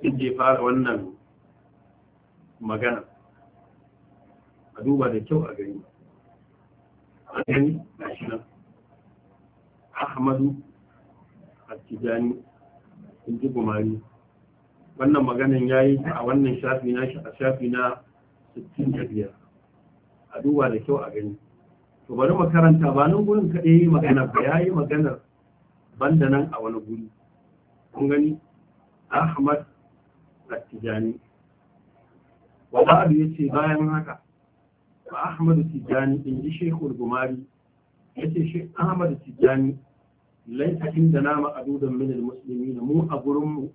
in je fara wannan magana a duba da kyau a gani gani a nan ahmadu attijani in ji gumari wannan maganin ya yi a wannan shafi na a shafi na 65 a duba da kyau a gani to bari makaranta ba nan gurin kaɗai yi magana ba ya yi maganar banda nan a wani guri kun gani ahmad attijani wa ba'adu ya ce bayan haka ahmadu tijjani in ji shekul gumari ya ce shi ahmadu tijjani laisa inda nama adudan minin musulmi na mu a gurinmu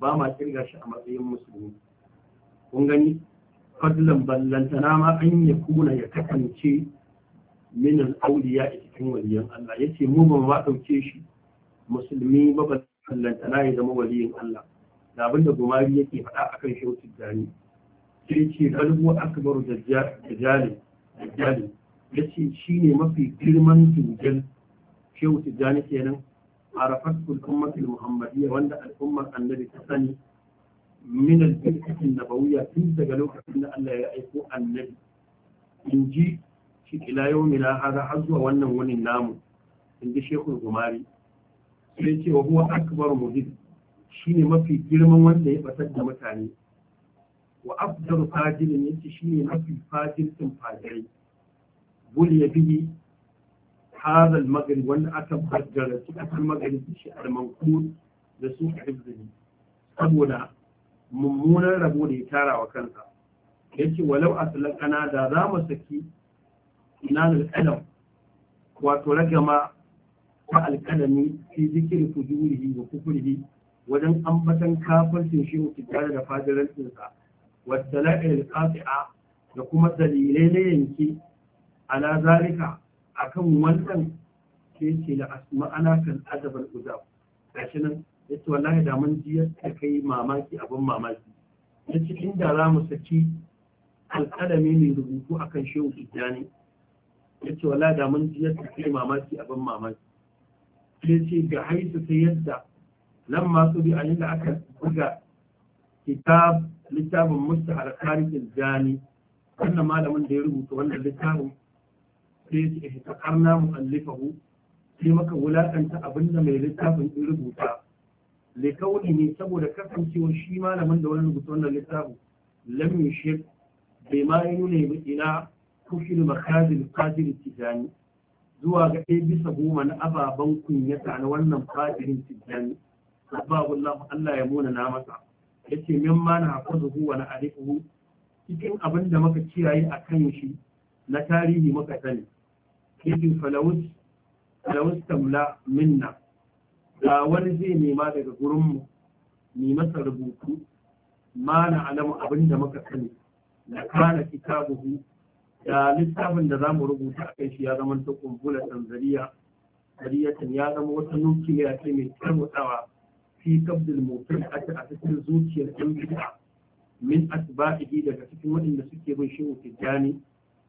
ba ma kirga shi a matsayin musulmi kun gani fadlan ballantana ma an ya kuna ya kasance minal auliya a cikin waliyan Allah ya ce mu ba ma ɗauke shi musulmi ba ballantana ya zama waliyin Allah da abinda gumari yake faɗa akan shautin tijjani sai ce kalbu akbaru dajjali ce shi shine mafi girman dujal shehu tijjani kenan arafat ummati muhammadiyya wanda al'ummar annabi ta sani min al-bid'atin nabawiyya tun daga lokacin da Allah ya aiko annabi ji shi ila yawmina hada har zuwa wannan wani namu ji shehu gumari sai ce wa huwa akbar shi shine mafi girman wanda ya batar da mutane wa afdal fajilin yace shine mafi fajilcin fajirai Bul ya bihi hadha al wanda aka baddara su aka maghrib shi al da su hibzihi saboda mummunan rabo da ya tara wa kansa yace walau aslaqana da za mu saki ina al wato ragama ta alkalami fi zikiri fujurihi wa kufurihi wajen ambatan kafircin shi mutu tare da fadilantinsa wasala'il qati'a da kuma dalilai na yanke ala zalika akan wannan ke ce la asma'ana kan adabal uzab gashi nan yace wallahi da mun ji yadda kai mamaki abin mamaki yace inda za mu saki alƙalami mai rubutu akan shehu tijjani yace wallahi da mun ji yadda kai mamaki abin mamaki sai ce ga haisu sai yadda lamma su bi a da aka buga kitab littafin a tarikin jani wannan malamin da ya rubuta wannan littafin sai ya ce eh, na mu'allifahu sai maka wulakanta abinda mai littafin ya rubuta likauni ne saboda kasancewa shi malamin da wani rubuta wannan littafin lam yushir bai ma yi nuna ba ila kushil makazil qadir tijani zuwa ga ɗaya bisa goma na ababen kunyata na wannan fadirin tijani sababullah Allah ya muna na masa yace ma na hafazuhu huwa na arifuhu cikin abin da muka kiyaye a kan shi na tarihi muka sani yace falawus falawus tamla minna da wani zai nema daga gurinmu mu masa rubutu ma na alamu abin da muka sani na kana kitabuhu da littafin da za mu rubuta a kan shi ya zama ta kumbula tanzariya ya zama wata nukiliya ce mai tarmutsawa fi kabdil mutum a a cikin zuciyar ɗan bid'a min asba'ihi daga cikin waɗanda suke bin shehu tijjani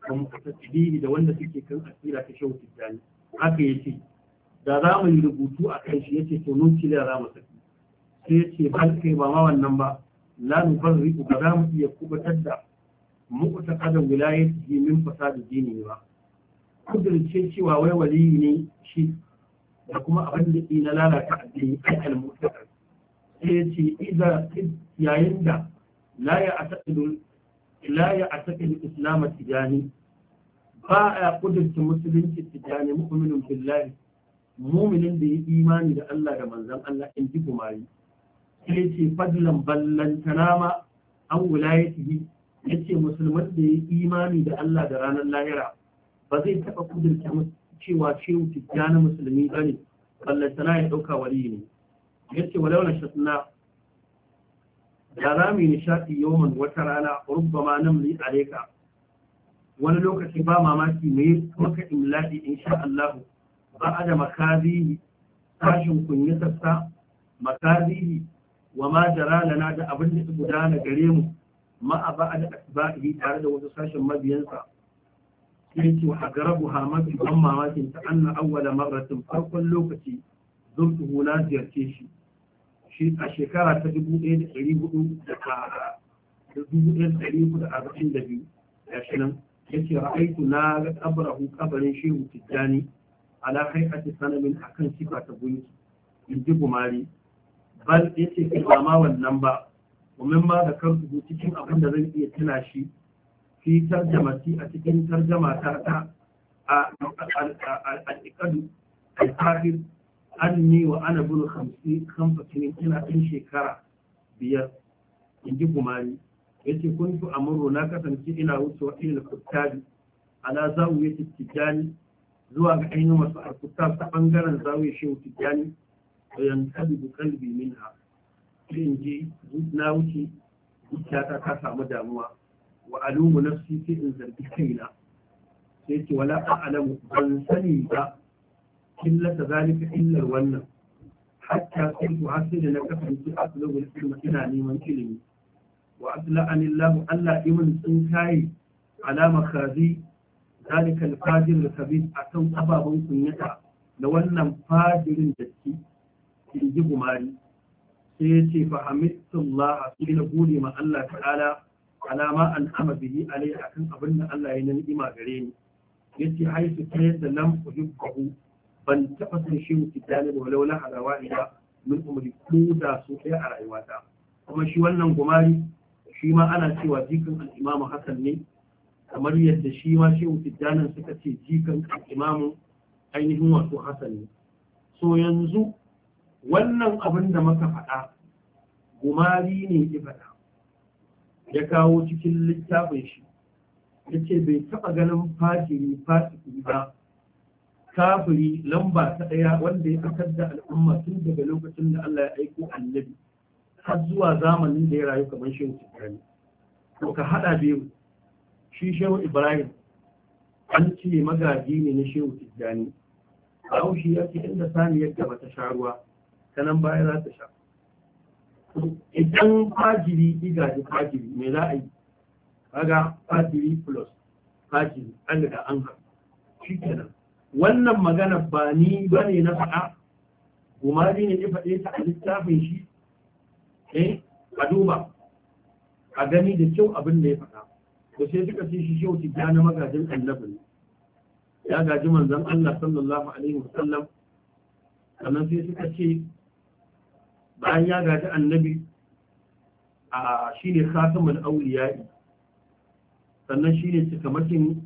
wa mutasabbihi da wanda suke kan asira ta shehu tijjani haka yace da za mu yi rubutu a kan shi yace to nun kila za mu saki sai yace ban kai ba ma wannan ba la nufarriqu ba za mu iya kubatar da mu'taqada wilayatihi min fasadi dini ba kudurce cewa wai waliyi ne shi da kuma abin da ke na lalata addini ai al-mu'taqid sai ce Iza yayin da la ya ataqidu la ya ataqidu tijani ba a kudurta musulunci tijani mu'minun billahi mu'minin da ya imani da Allah da manzan Allah in ji kumari sai ce fadlan ballantana ma an Ya ce musulman da ya imani da Allah da ranar lahira ba zai taɓa kudurta musulunci cewa shehu tijja na musulmi ba ne ballantana ya ɗauka wali ne ya ce wa launar shatna da za mu yi nishaɗi yawon wata rana rubba ma nan mu yi wani lokaci ba mamaki mai maka imlaɗi in sha Allahu. ba a da makazihi tashin kunyatarsa makazihi wa ma jara lana da abin da gudana gare mu a ba a da asbahi tare da wasu sashen mabiyansa yake wa agarabu ha mafi ban mamakin ta anna awwala marratin farkon lokaci zurtuhu na ziyarce shi shi a shekara ta dubu ɗaya da ɗari hudu da dubu ɗaya da ɗari hudu da arba'in da biyu ya shi nan yake ra'aitu na ga kabarahu kabarin shehu tijjani ala haikati sanamin akan sifa ta gunki in ji gumari bal yace ba ma wannan ba da ذكرته cikin abin da zan iya tuna shi fi tarjamati a cikin tarjama ta ta al'adikadu al'ahir anni wa ana bin hamsi kan fakinin ina ɗin shekara biyar in ji kumari ya ce kun fi amuru na kasance ina wuce wucewa ilil kuttabi ala zawiyar Tijani zuwa ga ainihin wasu alkuttab ta ɓangaren zawiyar shehu tijjani da yankali bu kalbi min ha in ji na wuce zuciya ta samu damuwa wa alumu nafsi in zargi kaina sai ce wala a'lamu ban sani ba killata zalika illar wannan hatta kuntu da na kasance aslubu ilmi ina neman ilimi wa asla'ani Allah Allah imin tsinkaye alama kazi zalika al da al A akan ababan kunyata da wannan fajirin datti in ji gumari sai ya ce fa hamidullah na gode ma Allah ta'ala alama an ama bihi alai akan abin da Allah ya ni'ima gare ni yace haifi ta yadda lam uhibbu ban taba san shi mu kitani da walau la ala wahida min umri ko da su ɗaya a rayuwata kuma shi wannan gumari shi ma ana cewa jikan al-Imam Hassan ne kamar yadda shi ma shi mu kitani suka ce jikan al ainihin wato Hassan ne so yanzu wannan abin da muka faɗa gumari ne ki faɗa ya kawo cikin littafin shi ya ce bai taɓa ganin fajiri fasiki ba kafiri lamba ta ɗaya wanda ya fitar da al'umma tun daga lokacin da Allah ya aiko annabi har zuwa zamanin da ya rayu kamar shi Ibrahim to ka haɗa biyu shi shehu Ibrahim an ce magaji ne na shehu Tijjani a ya ce inda saniyar gaba ta sha ruwa ta nan baya za ta sha idan fajiri da fajiri me za a yi kaga fajiri plus fajiri an daga an ha shi kenan wannan magana ba ni ba ne na faɗa gumari ne ya faɗe ta a littafin shi eh a duba a gani da kyau abin da ya faɗa to sai suka ce shi shehu tijjani magajin annabi ne ya gaji manzon Allah sallallahu alaihi wasallam sannan sai suka ce bayan ya gaji annabi a ne khatamul awliya'i sannan shi ne cikamakin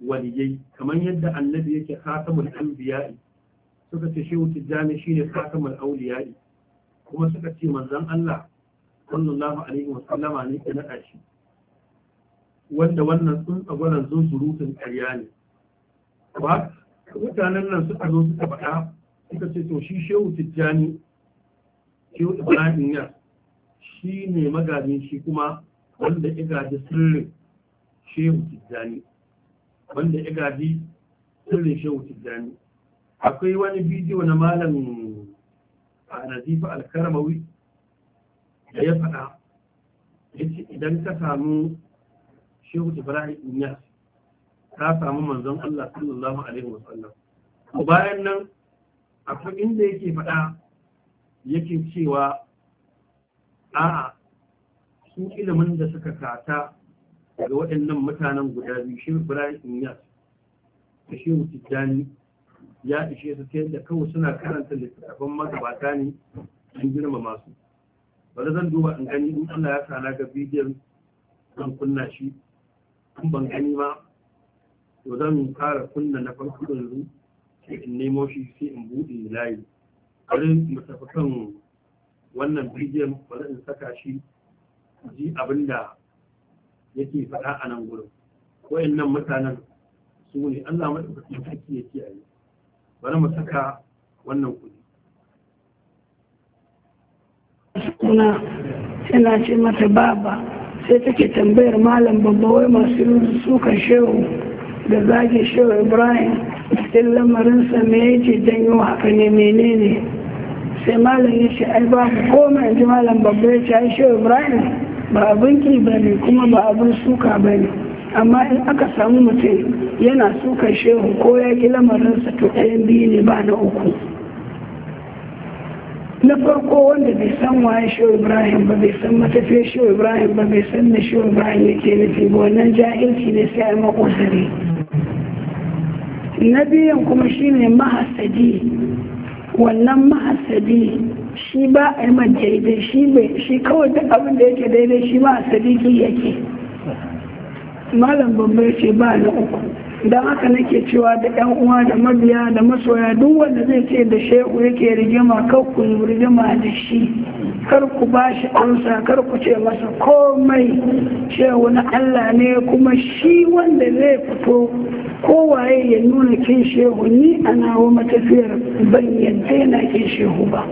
waliyai kamar yadda annabi yake khatamul anbiya'i suka ce shehu tijjani ne khatamul awliya'i kuma suka ce manzon Allah sallallahu alaihi wa sallama ne ke nada shi wanda wannan sun tsagwaran zo surutun ƙarya ne ba mutanen nan suka zo suka faɗa suka ce to shi shehu tijjani shehu ibrahim ya shi ne magajin shi kuma wanda ya gaji sirrin shehu tijjani wanda ya gaji sirrin shehu tijjani akwai wani bidiyo na malam a nazifa alkarmawi da ya faɗa ya ce idan ka samu shehu ibrahim ya ka samu manzon allah sallallahu alaihi wasallam bayan nan akwai inda yake faɗa yake cewa a'a su ilimin da suka kata ga waɗannan mutanen guda biyu shi Ibrahim Inyas da shi Tijjani ya ishe su sai da kawai suna karanta littattafan magabata ne an girma masu bari zan duba in gani in Allah ya sana ga bidiyon zan kunna shi in ban gani ba to zan fara kunna na farko yanzu in nemo shi sai in buɗe layi bari mu tafi kan wannan bidiyon bari in saka shi ji abin da yake faɗa a nan gurin nan mutanen su ne Allah madaukakin sarki ya kiyaye bari mu saka wannan kuɗi kuna tana ce mata baba sai take tambayar malam babba wai masu yin sukan shehu da zage shehu ibrahim cikin lamarinsa me yake janyo haka ne menene sai malam ya ce ai ba komai koma yanzu malam babba ya ce ai shehu ibrahim ba abin ki ba ne kuma ba abin suka ba ne amma in aka samu mutum yana suka shehu ko ya ƙi lamarinsa to ɗayan biyu ne ba na uku na farko wanda bai san waye shehu ibrahim ba bai san matafiyar shehu ibrahim ba bai san na shehu ibrahim yake nufi ba wannan jahilci ne sai a makosari na biyan kuma shine mahasadi wannan mahasadi shi ba a yi shi bai shi kawai duk abin da yake daidai shi ma ki sadiki yake malam bambai ce ba na uku da haka nake cewa da yan uwa da mabiya da masoya duk wanda zai ce da shehu yake rigima kar ku rigima da shi kar ku ba shi amsa kar ku ce masa komai shehu na Allah ne kuma shi wanda zai fito kowaye ya nuna kin shehu ni a nawa matafiyar ban yadda yana kin shehu ba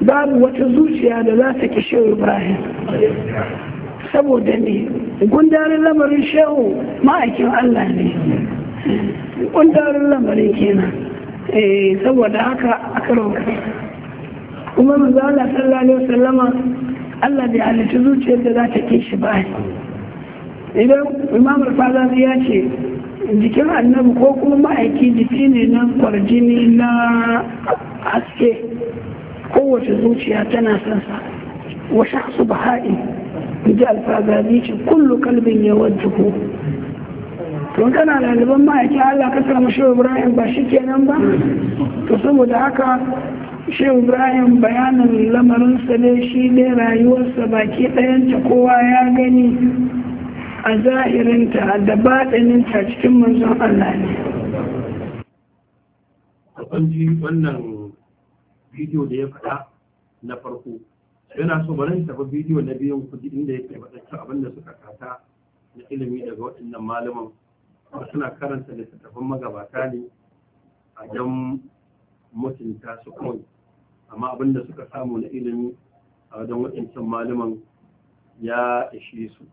babu wata zuciya da za ta ki shehu Ibrahim saboda ne gundarin lamarin shehu ma'aikin Allah ne gundarin lamarin kenan eh, saboda haka a karoka kuma manzo Allah sallallahu alaihi wasallama Allah bai halitta zuciyar da za ta ke shi ba idan imam al ya ce jikin annabi ko kuma ma'aiki jiki ne na kwarjini na haske kowace zuciya tana sansa wa shahsu baha'i ji alfazari ce kullu kalbin ya ku to kana laliban ma'aikin Allah ka samu shi Ibrahim ba shi kenan ba to saboda haka shi Ibrahim bayanin lamarinsa ne shi ne rayuwarsa baki ɗayanta kowa ya gani a zahirinta da baɗininta cikin manzon Allah ne. wannan bidiyo da ya faɗa na farko yana so bari in tafi bidiyo na biyan kuɗi inda ya taimaka abin da suka kata na ilimi daga waɗannan malaman kuma suna karanta littattafan magabata ne a don mutunta su kawai amma abin da suka samu na ilimi a wajen waɗancan malaman ya ishe su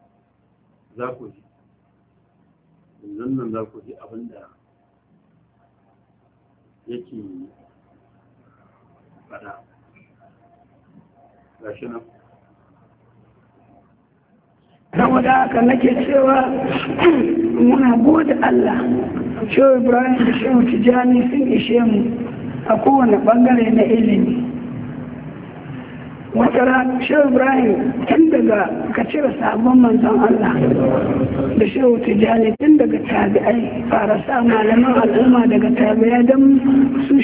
za ku ji yanzu nan za ku ji abin da yake faɗa saboda haka nake cewa muna gode Allah shehu ibrahim da shehu Jami sun ishe mu a kowane bangare na ilimi wata shehu ibrahim tun daga ka cire sabon manzon Allah da shehu tijjani tun daga tabi'ai fara sa malaman al'umma daga tabi'ai don su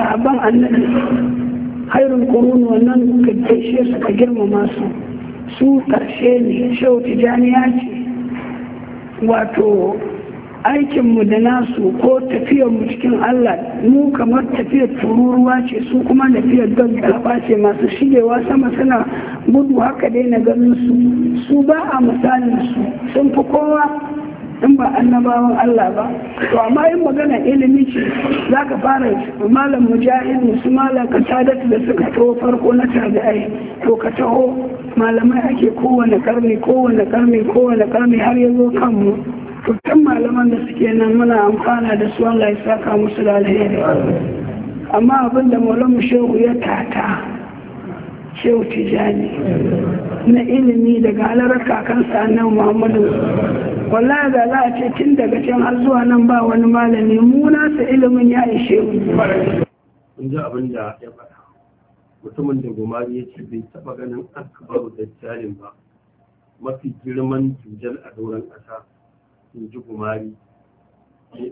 sabon annabi hairun kurun wannan ka gaishe su ka girmama su su karshe ne shau tijaniya ce wato aikinmu da nasu ko tafiyarmu cikin Allah mu kamar tafiyar tururuwa ce su kuma tafiyar don galaba ce masu shigewa sama suna gudu haka dai na ganin su su ba a misalin su sun fi kowa in ba annabawan Allah ba to amma in magana ilimi ce za ka fara malam mujahidi su malam kasadatu da suka taho farko na tabi'ai to ka taho malamai ake kowane karni kowane karni kowane karni har yanzu kanmu to kan malaman da suke nan muna amfana da su Allah ya saka musu da alheri amma abin da shehu ya tata shehu tijani na ilimi daga alarar kakansa annabi muhammadu wallah da za a ce tun daga can har zuwa nan ba wani malami mu nasa ilimin ya ishe mu in ji abin da ya faɗa mutumin da gumari ya ce bai taɓa ganin akabaru da jarin ba mafi girman jujal a doron ƙasa in ji gumari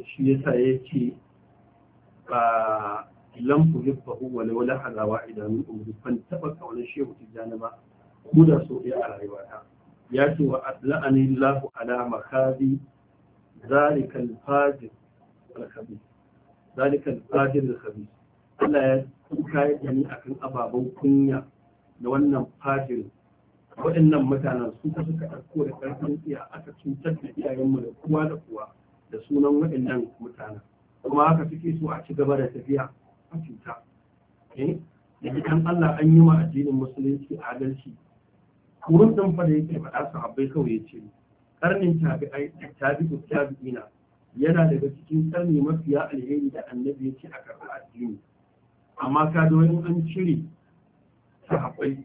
shi yasa ya ce ba lam tuhibbahu wa law lahada wahida minkum ban taba kaunar shehu tijjani ba Ku da so ɗaya a rayuwata ya ce wa la'ani Allahu ala makabi zalika al-fajir al-khabir zalika al-fajir al-khabir Allah ya kuka ya ni akan ababen kunya da wannan fajir waɗannan mutanen su ka suka ɗauko da ƙarfin iya aka cutar da iyayenmu da kowa da kowa da sunan waɗannan mutanen kuma haka suke so a ci gaba da tafiya mutunta eh, yanzu kan Allah an yi wa addinin musulunci adalci kurun din fa da yake faɗa su abai kawai ya ce karnin tabi tabi'u tabi'ina yana daga cikin karni mafiya alheri da annabi ya ce a karɓar addini amma ka in an cire sahabbai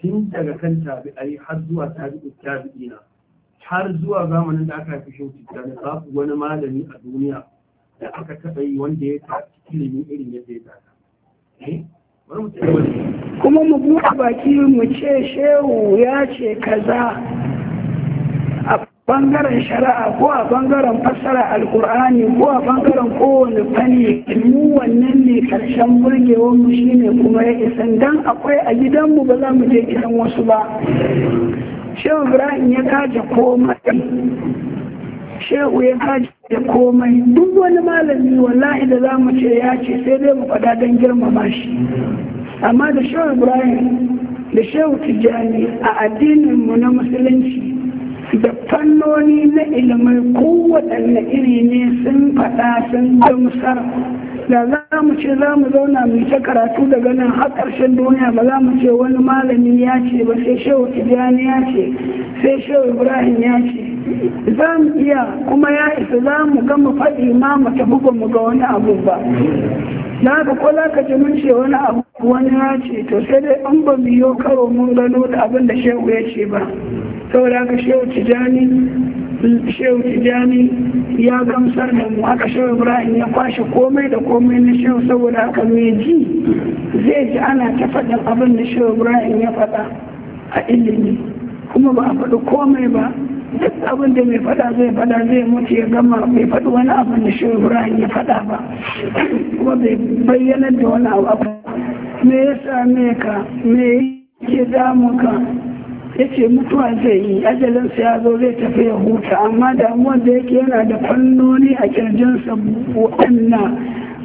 tun daga kan tabi'ai har zuwa tabi'u tabi'ina har zuwa zamanin da aka fi shi da babu wani malami a duniya da aka taɓa yi wanda ya ta ilimin irin yadda ya ta eh? kuma mu buɗe baki mu ce shehu ya ce kaza a bangaren shari'a ko a bangaren fassara alkur'ani ko a bangaren kowane fanni mu wannan ne karshen burgewar mu shine kuma ya isan dan akwai a gidanmu ba za mu je gidan wasu ba shehu ibrahim ya kaje komai shehu ya kaje komai duk wani malami wallahi da za mu ce ya ce sai dai mu faɗa don girmama shi amma da shehu ibrahim da shehu tijjani a mu na musulunci da fannoni na ilimai kowaɗanne iri ne sun faɗa sun gamsar da za mu ce za mu zauna mu ta karatu daga nan har ƙarshen duniya ba za mu ce wani malami ya ce ba sai shehu tijjani ya ce sai shehu ibrahim ya ce za mu iya kuma ya isa za mu gama faɗi ma mu tafi ba mu ga wani abu ba na ga ko za ka ji mun ce wani abu wani ya ce to sai dai an ba mu karo mun gano da abin da shehu ya ce ba saboda ka shehu tijjani shehu tijani ya gamsar da mu aka shehu ibrahim ya kwashe komai da komai na shehu saboda haka mai ji zai ji ana ta faɗin abin da shehu ibrahim ya faɗa a ilimi kuma ba a faɗi komai ba duk abin da mai faɗa zai faɗa zai mutu ya gama bai faɗi wani abin da shehu ibrahim ya faɗa ba kuma bai bayyana da wani abu me ya same ka me ya damu ka ya ce mutuwa zai yi ajalinsa ya zo zai tafi ya huta amma damuwar da yake yana da fannoni a kirjinsa waɗanda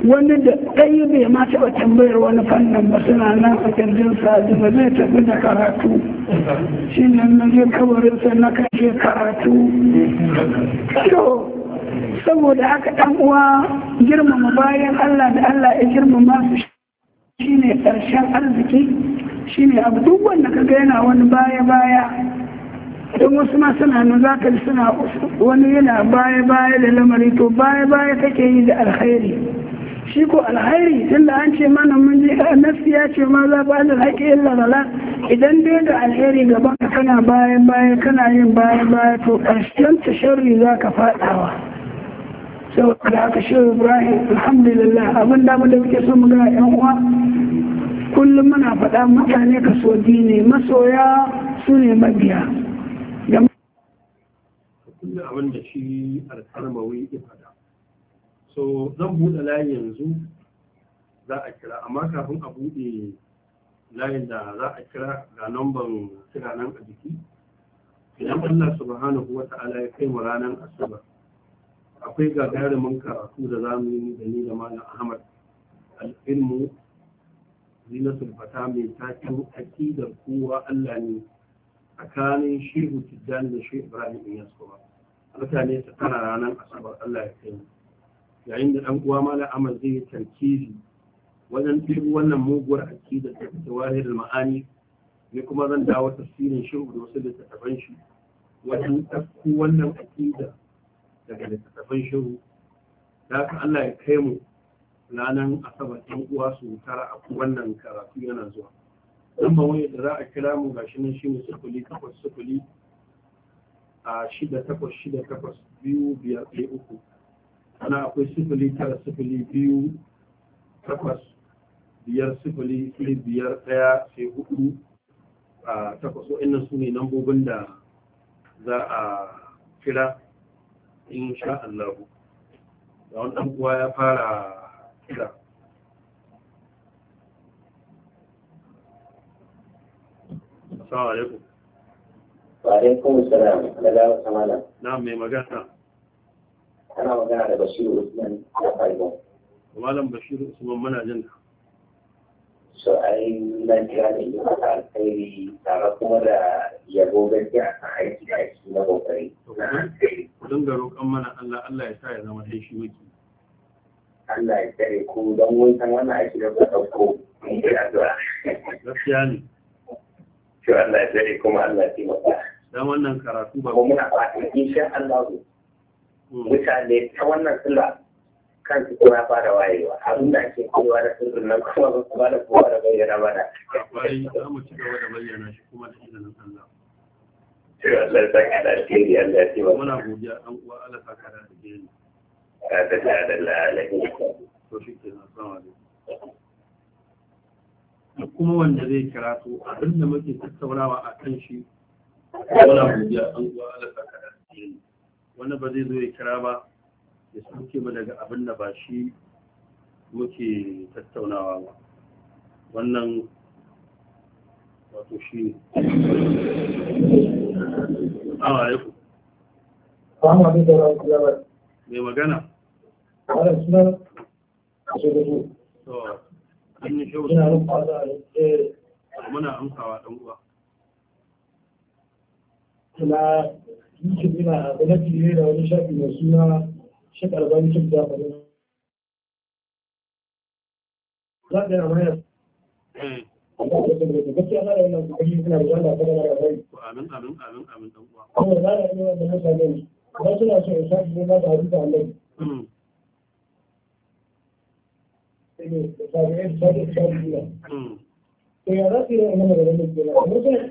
wani da ɗaya bai ma taɓa tambayar wani fannin ba suna nan a kirjinsa da zai tafi da karatu shi ne na je kabarinsa na kashe karatu to saboda haka ɗan uwa girmama bayan allah da allah ya girmama su ne ƙarshen arziki ne. abu duk wanda ka ga wani baya baya don wasu ma suna nan za ka suna wani yana baya baya da lamari to baya baya take yi da alkhairi shi ko alkhairi da an ce mana mun je nafi ya ce ma za ba da haƙi illa rala idan dai da alkhairi gaba kana baya baya kana yin baya baya to ƙarshen ta sharri za ka faɗawa da haka shi ibrahim alhamdulillah abin damar da muke son magana yan uwa kullum muna faɗa mutane ka so ne masoya su ne mabiya da abin da shi alkarmawi ya faɗa so zan buɗe layin yanzu za a kira amma kafin a buɗe layin da za a kira ga lambar kira nan a jiki idan allah subhanahu wa ta'ala ya kai mu ranar asabar akwai gagarumin karatu da za mu yi da ni da malam ahmad ilmu zinatul fata mai takin akidar kowa allah ne tsakanin shehu tijjani da shehu ibrahim in yasuwa mutane su tana ranar asabar allah ya kai yayin da ɗan uwa malam ahmad zai yi tarkizi wajen ɗin wannan muguwar akidar da ta wahir ma'ani ne kuma zan dawo tafsirin shehu da wasu littattafan shi wajen ɗauko wannan akidar daga littattafan shiru da haka Allah ya kai mu ranar asabar ɗan uwa su tara a wannan karatu yana zuwa don ba wani da za a kira mu ga shi nan shi ne sufuli takwas sufuli a shida takwas shida takwas biyu biyar ɗaya uku ana akwai sufuli tara sufuli biyu takwas biyar sufuli sufuli biyar ɗaya sai hudu a takwas wa'annan su ne lambobin da za a kira in sha Allah da wani ɗan uwa ya fara kira Assalamu alaikum. Wa alaikum salam. Daga Samala. Na mai magana. Ana magana da Bashiru Usman da Malam Bashiru Usman muna jin ka. so ai nan jira da yi maka alkhairi tare kuma da yabo gajiya a kan aiki da aiki na kokari. Kudin dinga roƙon mana Allah Allah ya sa ya zama haishi shi maki. Allah ya tsare ku don mun san wannan aiki da kuka ɗauko mun yi addu'a. Gaskiya ne. Shi Allah ya tsare kuma Allah ya taimaka. Dan wannan karatu ba. Kuma muna fatan insha Allah mm. mutane ta wannan sallah kansu kuma ya fara wayewa abin da ake kowa da sirrin nan kuma ba su bada kowa da bayyana mana. Kwarai za mu ci gaba da bayyana shi kuma da izinin Allah. Allah ya saka da alheri Allah ya ce wa. Muna godiya ɗan uwa Allah saka da alheri. Ka ta da Allah alheri. To shi ke nan sama da kuma wanda zai kira to abin da muke tattaunawa a kan shi. Muna godiya ɗan uwa Allah saka da alheri. Wani ba zai zo ya kira ba ya sauke mu daga abin da ba shi muke tattaunawa ba wannan wato shi ne awa ya ku mai magana an yi muna amsawa ɗan uwa kula yi kimina a gwamnati da wani shafi mai suna shi ɗalibin cin zamanin za ka yana mayar Allah ya zama da gaskiya za a yi nan kuma suna da zama ta gara bai. Kuma za a yi nan da nasa ne. Ba suna so ya sa ne ya za su yi nan da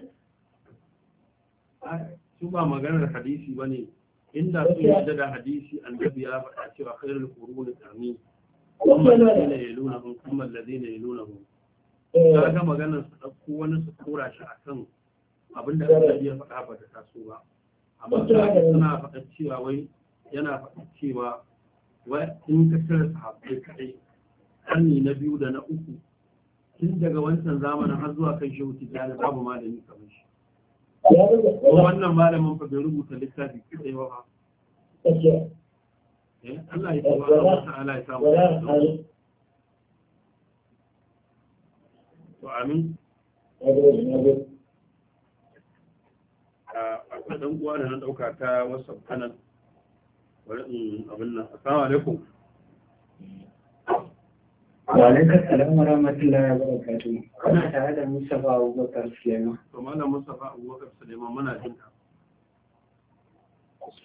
wani ba maganar hadisi ba ne inda sun yarda da hadisi annabi ya faɗa cewa khairul quruni qarni kuma alladhina yalunahum kuma alladhina yalunahum kaga maganar su dauko wani su kora shi akan abinda annabi ya faɗa ba ta taso ba amma suna faɗa cewa wai yana faɗa cewa wai in ka tare sahabbai kai karni na biyu da na uku tun daga wancan zamanin har zuwa kan shehu tijjani babu malami kamar shi wannan malamin fa bai rubuta littafi kai ba eh, Allah ya Allah ya samu to amin a ah, ɗan uwa na ɗauka ta wasu kanan wani abin nan assalamu alaikum Walaikar salam wa rahmatullahi wa barakatu. Kana tare da Mustapha Abubakar Suleiman. To malam Mustapha Abubakar Suleiman muna jin ka.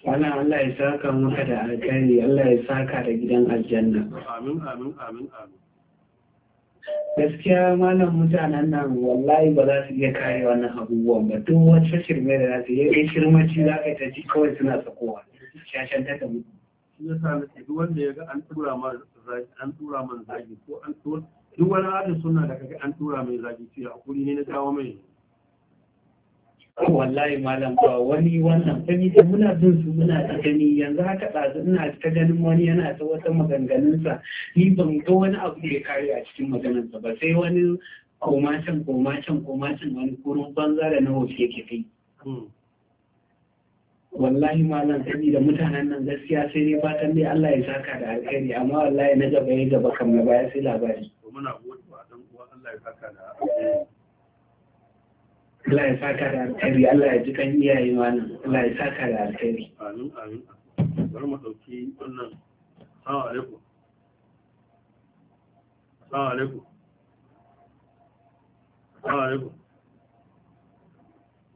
Malam Allah ya saka maka da alkhairi, Allah ya saka da gidan aljanna. Amin amin amin amin. Gaskiya malam mutanen nan wallahi ba za su iya kare wannan abubuwan ba duk wacce shirme da za su yi shirmaci za ka ta ji kawai suna sakowa. Shashantar da mutum. shi ya sa nake duk wanda ya ga an tura ma zagi an tura man zagi ko an tura duk wani hadin sunna da kaga an tura mai zagi ce hakuri ne na dawo mai wallahi malam ba wani wannan sani da muna bin su muna ta gani yanzu haka ɗazu ina ta ganin wani yana ta wata maganganunsa ni ban ga wani abu da ya kare a cikin maganarsa ba sai wani komacin komacin komacin wani kurun banza da na wofi yake kai hmm. wallahi malam sani da mutanen nan gaskiya sai dai fatan dai Allah ya saka da alkhairi amma wallahi na gaba ya gaba kan na baya sai labari muna godiya dan uwa Allah ya saka da Allah ya saka da alkhairi Allah ya ji kan iyaye malam Allah ya saka da alkhairi amin amin bari mu dauki wannan assalamu alaikum assalamu alaikum assalamu alaikum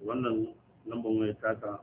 wannan lambar waya taka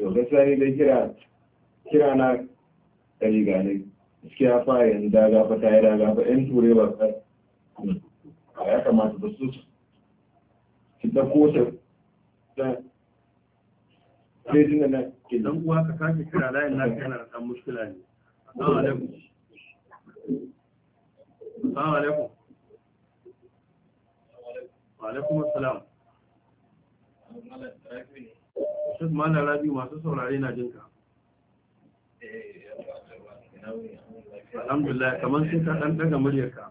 to gaskiya kira kira na ɗari gane gaskiya fa yin daga fa ta yi daga fa yan turai ba a ya kamata ba su ki da kota da sai na ke dan uwa ka kira layin na kana na kan mushkila ne assalamu alaikum assalamu alaikum wa alaikum assalam shi malar rabi masu saurare na jinka alhamdulillah kamar sai ka ɗan daga muryarka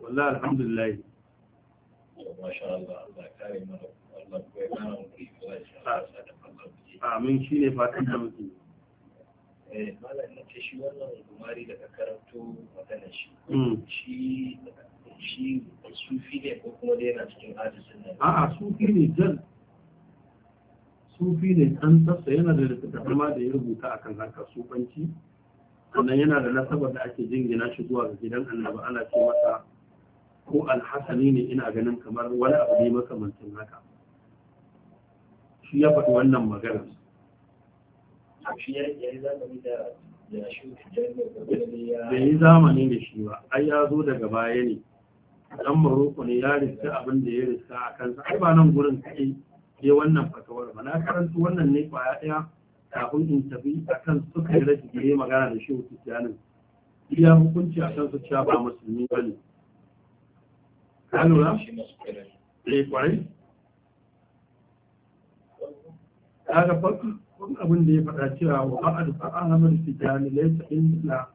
wallah alhamdulillah amin shi ne fatan da mutu eh, malar na ce shi wannan gumari da ka karanto magana shi hmm. shi da shi sufi ne ko kuma dai yana cikin hadisin nan a'a sufi ne jan sufi ne an tsasa yana da littattafan da ya rubuta akan haka sufanci sannan yana da nasabar da ake jingina shi zuwa ga gidan annabi ana ce masa ko alhasani ne ina ganin kamar wani abu ne makamancin haka shi ya faɗi wannan magana bai yi zamani da shi ba ai ya zo daga baya ne dan maroko ne ya riska abin da ya riska a kansa ai ba nan gurin kai ke wannan fatawar ba na karanta wannan ne kwaya daya kafin in tafi a kan suka yi rashi da ya magana da shehu kristiyanin iya hukunci a kan su cewa ba musulmi ba ne ka lura eh kwarai kaga farkon abin da ya faɗa cewa wa ba'ad fa'ahamar tijani laysa illa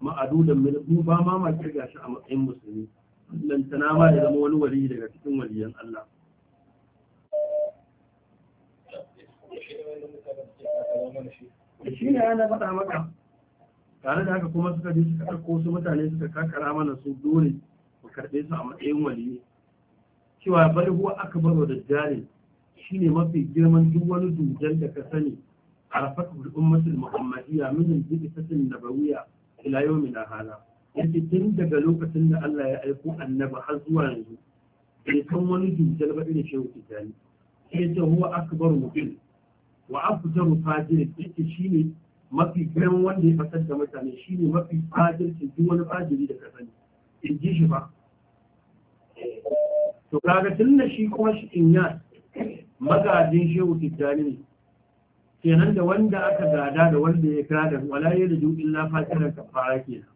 ma'adudan min ba ma ma kirga shi a matsayin musulmi lantana ma ya zama wani wali daga cikin waliyan Allah shi ne ana faɗa maka tare da haka kuma suka je suka ɗauko su mutane suka kakara mana su dole mu karɓe su a matsayin waliyi cewa bari huwa aka baro da jari ne mafi girman duk wani dujan da ka sani a rafatul ummatul muhammadiyya min al-bid'atin nabawiyya ila yawmin hala. yace tun daga lokacin da Allah ya aiko annaba har zuwa yanzu bai san wani dujjal ba irin shehu tijani sai ta huwa akbar mutum wa afdaru fajir yace shine mafi girman wanda ya fasar da mutane shine mafi fajirci duk wani fajiri da ka sani in ji shi ba to kaga tun da shi kuma shi in ya magajin shehu tijjani ne kenan da wanda aka gada da wanda ya gada wala ya da illa fasiran kafara kenan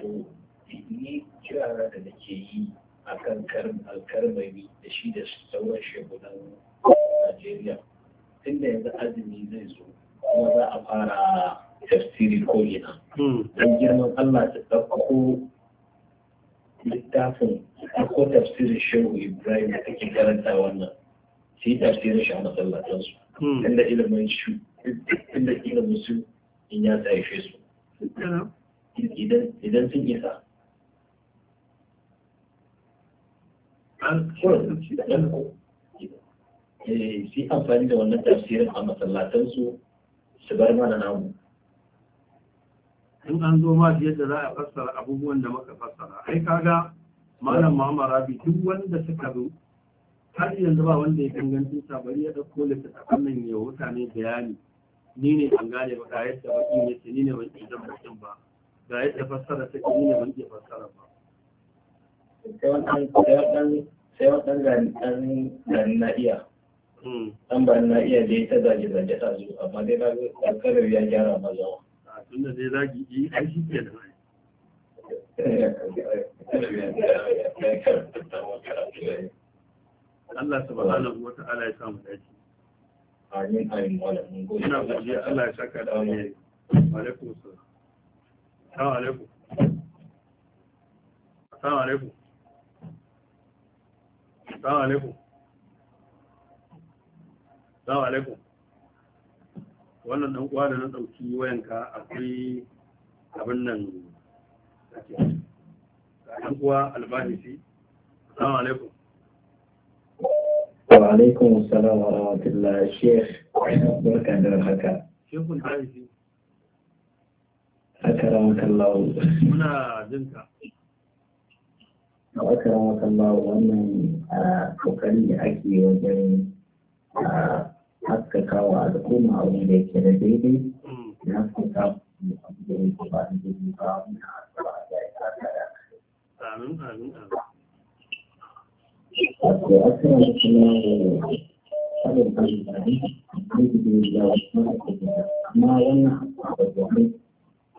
to ni kirara da nake yi a kan alkarmami da shi da sauran shegunan Najeriya tun da yanzu azumi zai zo kuma za a fara tafsiri ko ina. Hmm. Don girman Allah ta ɗaukako littafin ko tafsirin shehu Ibrahim da ake karanta wannan sai tafsirin shi a masallatansu. Hmm. Tunda ilimin su, tunda ilimin su in ya taishe su. idan sun isa an shi eh, amfani da wannan tafsirin a masallatansu su bar mana namu in an zo ma yadda za a fassara abubuwan da muka fassara ai kaga malam Muhammad Rabi duk wanda suka zo har yanzu ba wanda ya gangancin sa bari ya dauko littattafan nan ya mutane bayani ni ne an gane ba yadda bakin ce ni ne ban idan bakin ba ga yadda fassara ta ke ne ban iya fassara ba sai wadan zan na iya dan hmm. ba na iya da ta zage zage ta zo amma dai na ga alkalar ya gyara ma zawa tun da dai zagi yi eh, a shi ke da Allah subhanahu wa ta'ala ya samu dace amin amin wala mun gode ina godiya Allah ya saka da alheri wa alaikum assalam Assalamu alaikum. Assalamu alaikum. Assalamu alaikum. Assalamu alaikum. Wannan dan uwa na ɗauki wayanka akwai abin nan ake. Dan uwa albahisi. Assalamu alaikum. Wa alaikum assalam wa rahmatullahi Sheikh. Barkan da haka. akaramaka Allah wannan kokari da ake wajen haskaka wa al'umma abin da yake da daidai da haskaka abin da yake ba da daidai ba muna addu'a da ya kakara amin amin amin wato akaramaka Allah sabon kan da ne da kuma wasu amma wannan abu da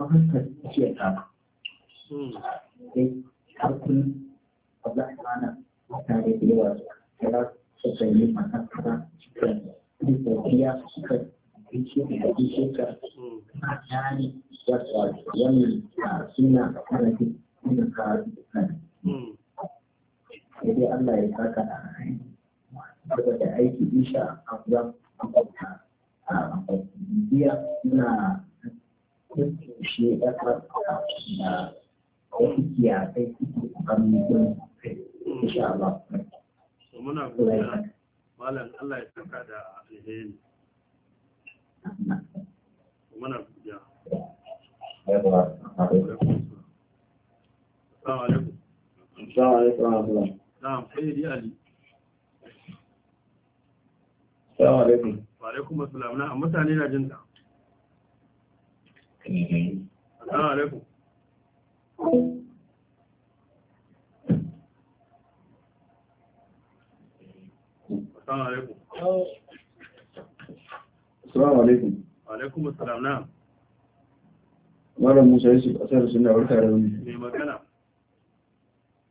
hankali ke ta sai har kun ba za a mana mutane da yawa su kira suka yi mata kara suka yi tafiya suka kishe da kishe ka a yani wata yani a suna karafi suna karafi kan sai Allah ya saka a saboda aiki insha Allah a kwanta a kwanta biya na kuntushe ƙasar da wasu kiyasai muna godiya malam Allah ya saka da alheri. Muna godiya. Assalamu alaikum. Assalamu alaikum. Na'am, Sayyidi Ali. Assalamu alaikum. Wa alaikum assalam. Na'am, mutane na jin ta. alaikum Assalamu alaikum. Alaikum assalam na. Malam Musa Yusuf asar suna barka da wani. Mai magana.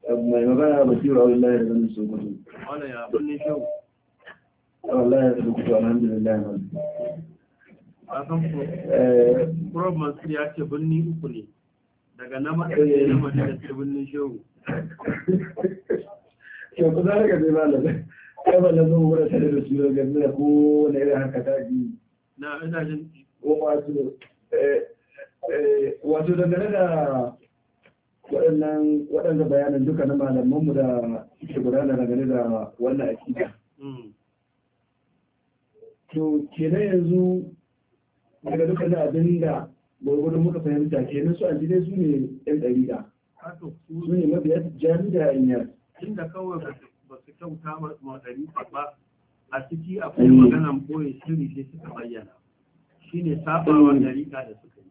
Mai magana ba kiwo Allah ya zama su gudu. Wala ya bunni shau. Allah ya zama su alhamdulillah. kasan eh. prof ya ce birni uku ne daga nama ɗaya na madina eh. ce birnin shehu to ku za ka zai ba na zo wurin tare da su yau gani ko na da haka ta biyu na ina jin kuma eh, wato dangane da waɗannan waɗanda bayanan duka na mu da ke gudana dangane da wannan akida hmm. to yanzu daga dukkan abin da gwargwadon muka fahimta kenan su aljidai su ne yan ɗariƙa su ne mabiya jami da hanyar inda kawai ba su kyauta ma ɗariƙa ba a ciki akwai maganan boye shiri sai suka bayyana Shi shine sabawa ɗariƙa da suka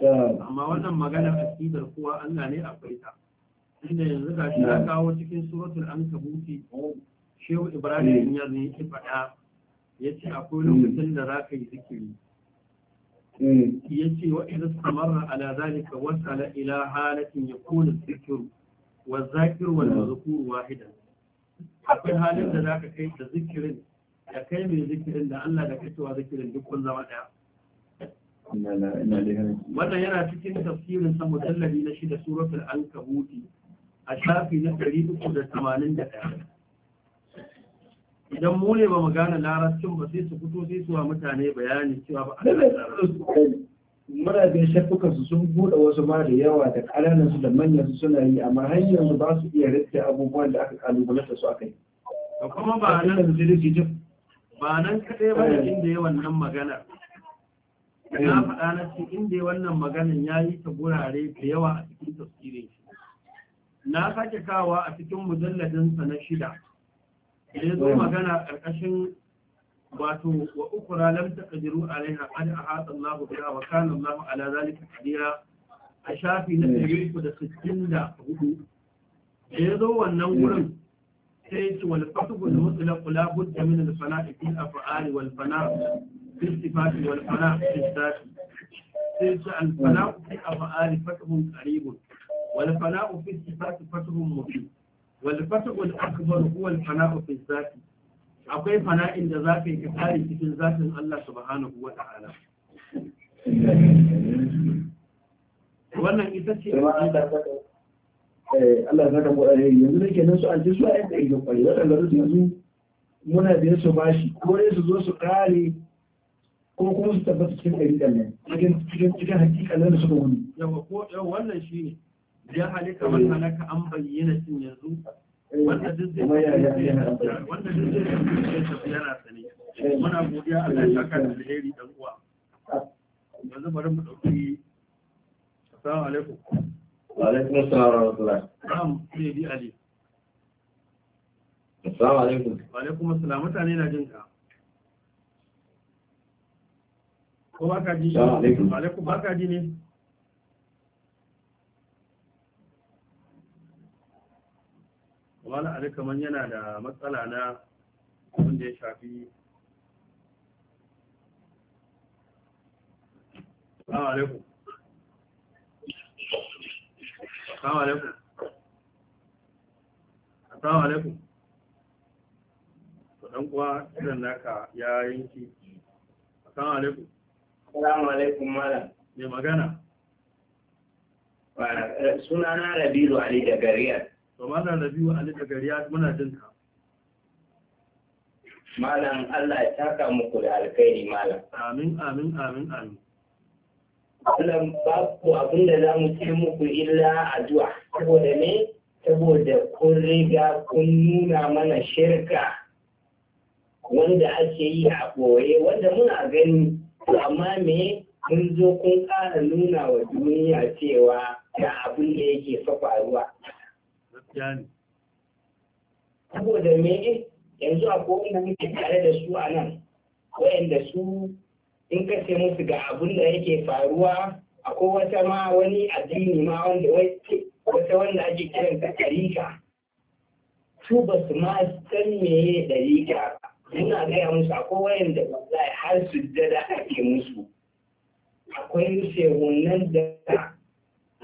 yi amma wannan maganar aƙidar kowa Allah ne a ta inda yanzu ga shi ya kawo cikin suratul kabuti oh. shehu ibrahim ya ne faɗa ya ce akwai lokacin da za ka yi zikiri hmm. ya ce wa idan samarra ala zalika wasala ila halatin ya kone zikiru wa zakiru wa hmm. zukuru wahidan akwai halin da za ka kai da zikirin ya kai mai zikirin da Allah da cewa zikirin duk kun zama ɗaya wannan yana cikin tafsirin sa mujallali na shida suratul ankabuti a shafi na 381 idan mu ne ba mu gane larabcin ba sai su fito sai su wa mutane bayani cewa ba a marabin shafukan su sun buɗe wasu ma da yawa da ƙananan su da manyan su suna yi amma hanyar su ba su iya rike abubuwan da aka kalubalanta su kai. da kuma ba nan ba nan kaɗai ba da eh. inda ya wannan magana na eh. faɗa na ce inda ya wannan maganan ya yi ta gurare da yawa a cikin tafsirin shi na sake kawa a cikin mujalladinsa na shida idan zo magana ƙarƙashin wato wa ukura lam taqdiru alaiha qad ahata Allahu biha wa kana Allahu ala zalika qadira a shafi na 364 da sittin da ya zo wannan wurin sai ce wani fathu da mutlaq la budda min alfana fana'i fil af'al wal fana' fil sifat wal fana' fil sai sai ce al a fil af'al fathun qarib wal fana' fil sifat fathun mubin والفتح fat'ul هو الفناء في الذات fi فناء akwai fana'in da zaka yi kare cikin zatin Allah wannan ita ce Allah ya saka da rayuwa eh, yanzu nake nan su an ji su a yanka yake kwari waɗanda su yanzu muna da su bashi ko ne su zo su kare ko kuma su tabbata cikin ɗari ɗan nan cikin cikin cikin hakikan nan da suka wuni. Yawa ko wannan shi ne. ya halika man halaka an bayyana cin yanzu wanda duk zai wanda duk zai ya tafi yana sani muna godiya Allah ya saka da alheri dan uwa yanzu bari mu dauki assalamu alaikum wa alaikum assalam wa rahmatullah am sai di ali assalamu alaikum wa alaikum assalam mutane na jin ka ko baka ji wa alaikum baka ji ne wani ali kamar yana da matsala na wanda ya shafi Assalamu alaikum. Assalamu alaikum. Assalamu alaikum. Dan kuwa irin naka ya yanki. Assalamu alaikum. Assalamu alaikum mara. Me magana? Eh, suna na Rabilu Ali da gariyar da biyu a ali da gariya muna jin ka malam Allah ya taka muku da alkhairi malam amin amin amin amin malam babu abin da za mu ce muku illa addu'a saboda ne saboda kun riga kun nuna mana shirka wanda ake yi a ɓoye wanda muna gani amma me mun zo kun ƙara nuna wa duniya cewa ga abin da yake fa faruwa gaskiya ne saboda me yanzu a kowane na muke tare da su a nan wayanda su in ka ce musu ga abin da yake faruwa akwai wata ma wani addini ma wanda wata wanda ake kiran ta ɗarika su ba su ma san meye ɗarika muna gaya musu akwai wayanda wallahi har su jada ake musu akwai shehunan da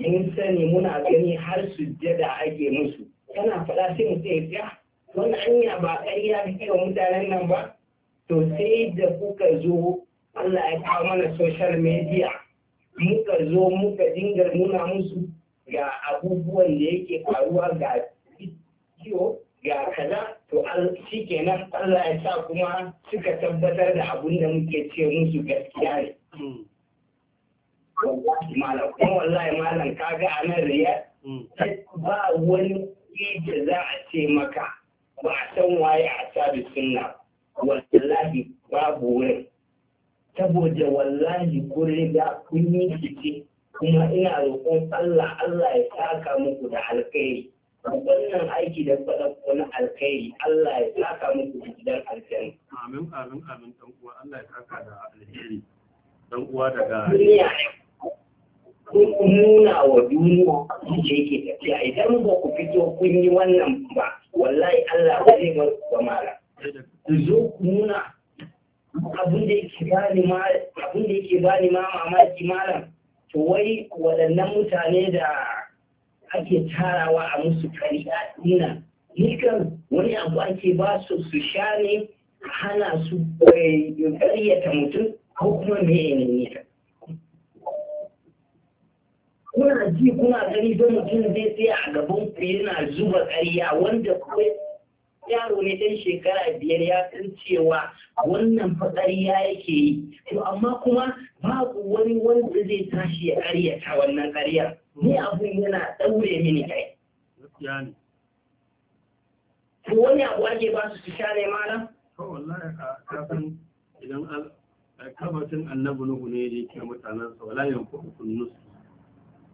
mun sani muna gani har su da ake musu kana faɗa sai sai ya ah, wani anya ba ƙarya kake wa mutanen nan ba to sai da kuka zo Allah ya kawo mana social media muka zo muka dinga nuna musu ga abubuwan da yake faruwa ga bidiyo ga kaza to shi kenan Allah ya sa kuma suka tabbatar da abun da muke ce musu gaskiya ne. Hmm. wallahi malam kuma wallahi malam kaga a nan riyar mm. ba wani da za a ce maka ba a san waye a sabi sunna wallahi babu wurin saboda wallahi kun riga kun yi ciki kuma ina roƙon Allah Allah ya saka muku da alkhairi wannan aiki da faɗa wani alkhairi Allah ya saka muku da gidan alkhairi amin amin amin dan uwa Allah ya saka da alheri dan uwa daga duniya ne kun nuna wa duniya abin yake tafiya idan ba ku fito kun yi wannan ba wallahi Allah ba zai bar ku ba mara. ku zo ku nuna abin da yake bani ma mamaki malam to wai waɗannan mutane da ake tarawa a musu kariya dina kan wani abu ake ba su su sha ne hana su eh, ƙaryata mutum ko kuma me ne ne kuna ji kuna gani don mutum zai tsaya a gaban ku yana zuba ƙarya wanda kawai yaro ne dan shekara biyar ya san cewa wannan faɗariya yake yi to amma kuma babu wani wanda zai tashi ya ta wannan ƙaryar ni abun yana ɗaure mini kai to wani abu ake ba su su sha ne mana? to wallahi kafin idan kabatin annabi nuhu ne ke mutanen sa wala yanku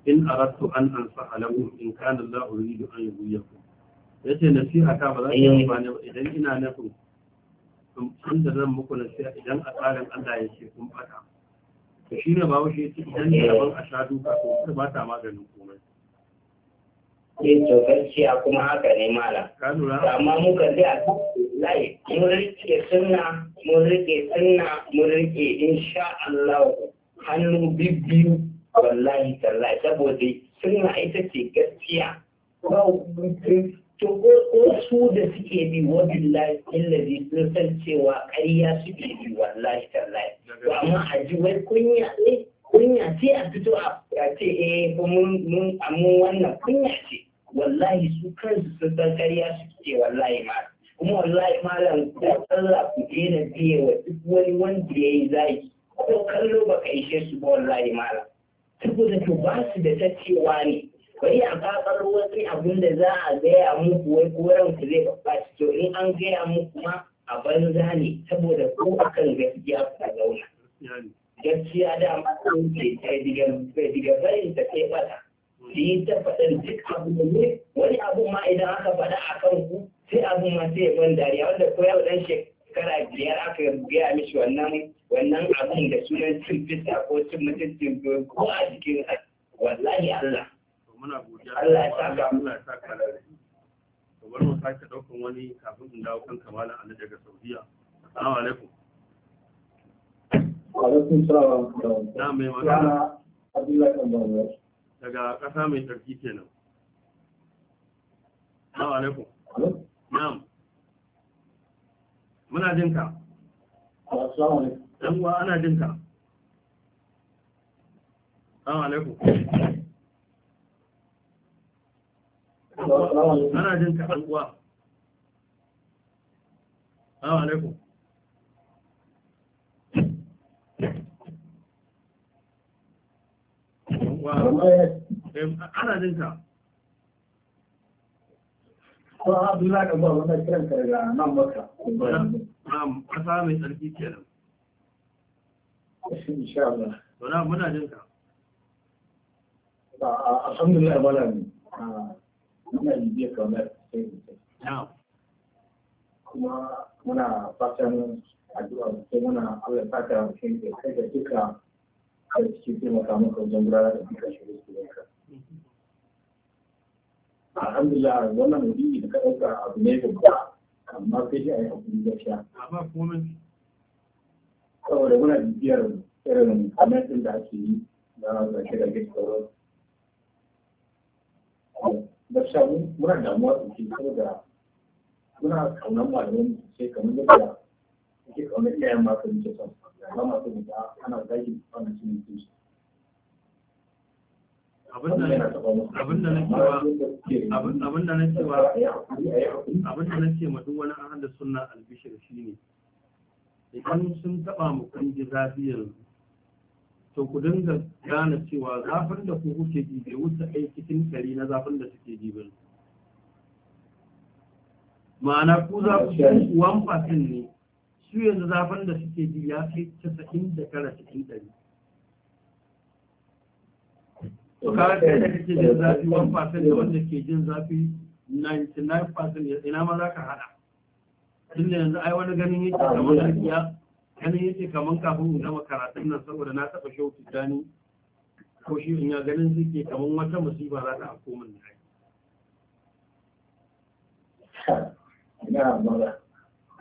in aratu an ansaha lahu in kana Allah yuridu an yughyikum yace nasiha ta ba za ta yi eh. ba idan ina nufin kun um, da zan muku nasiha idan a tsarin Allah ya ce kun fata to shine ba wuce yace idan ne eh. ban a sha duka to ka ba ta maganin komai eh to gaskiya kuma haka ne mala amma mu kan dai a lai mun rike sunna mun rike sunna mun rike insha Allah hannu bibbiyu wallahi tallahi saboda suna ita ce gaskiya ba to ko su da suke bi wa illazi sun san cewa ƙarya suke bi wallahi tallahi to amma a ji wai kunya ne kunya ce a fito a ce eh mun mun amma wannan kunya ce wallahi su kansu sun san ƙarya suke wallahi ma kuma wallahi malam da Allah ku dena biye wa duk wani wanda yayi zai ko kallo baka ishe su ba wallahi malam saboda to ba su da tacewa ne bari a kakar wasu abin da za a gaya muku wai ko ku zai babba shi? to in an gaya muku ma a banza ne saboda ko akan gaskiya ku zauna gaskiya da ma ko ke diga ta sai bata yi ta faɗin duk abu ne wani abu ma idan aka faɗa a kan ku sai abu ma sai ban dariya wanda ko yau dan kana biyar aka gaya mishi wannan wannan abin da sunan cin fita ko cin mutuncin ko a jikin wallahi Allah. Allah ya saka muna ya saka To bari mu sake daukan wani kafin in dawo kan kamalan Allah daga Saudiya. Assalamu alaikum. Wa alaikum salam. Na mai magana. Daga ƙasa mai tarki kenan. Assalamu alaikum. Na'am. muna jin ka ɗan uwa ana jin ka salamu alaikum ana jin ka ɗan uwa Ɗan alaikum eh, ana jin ka ko abdullahi da ba wannan kiran ka daga nan makka kasa mai tsarki insha Allah muna jin ka alhamdulillah muna kamar sai kuma muna fatan addu'a sai muna Allah ta ta kai da duka kai taimaka maka wajen gudanar da duka ka alhamdulillah wannan mutum da ka abu ne babba amma sai shi a yi hakuri da sha amma komai saboda muna bibiyar irin da ake yi na zake da gate sauran da sha muna damuwa sosai saboda muna kaunar malamin sosai kamar yadda ake kaunar iyayen masu amma masu ana zagi ana mutunci abinda na cewa abinda na ce wani ahal da sunna albishir ne. idan sun taba mu kun zafi yanzu to ku dinga gane cewa zafin da ku kuke ji bai wuce ɗaya cikin ɗari na zafin da suke ji ba ma'ana ku za ku ci 1% ne su yanzu zafin da suke ji ya kai 99 cikin ɗari to da jin zafi da wanda ke jin zafi 99% ina ma za ka tunda yanzu ai wani ganin yake kamar gaskiya ganin yake kamar kafin in gama karatun nan saboda na taɓa shau tijani ko shi in ya ganin suke kamar wata musiba za ta afko min da yi.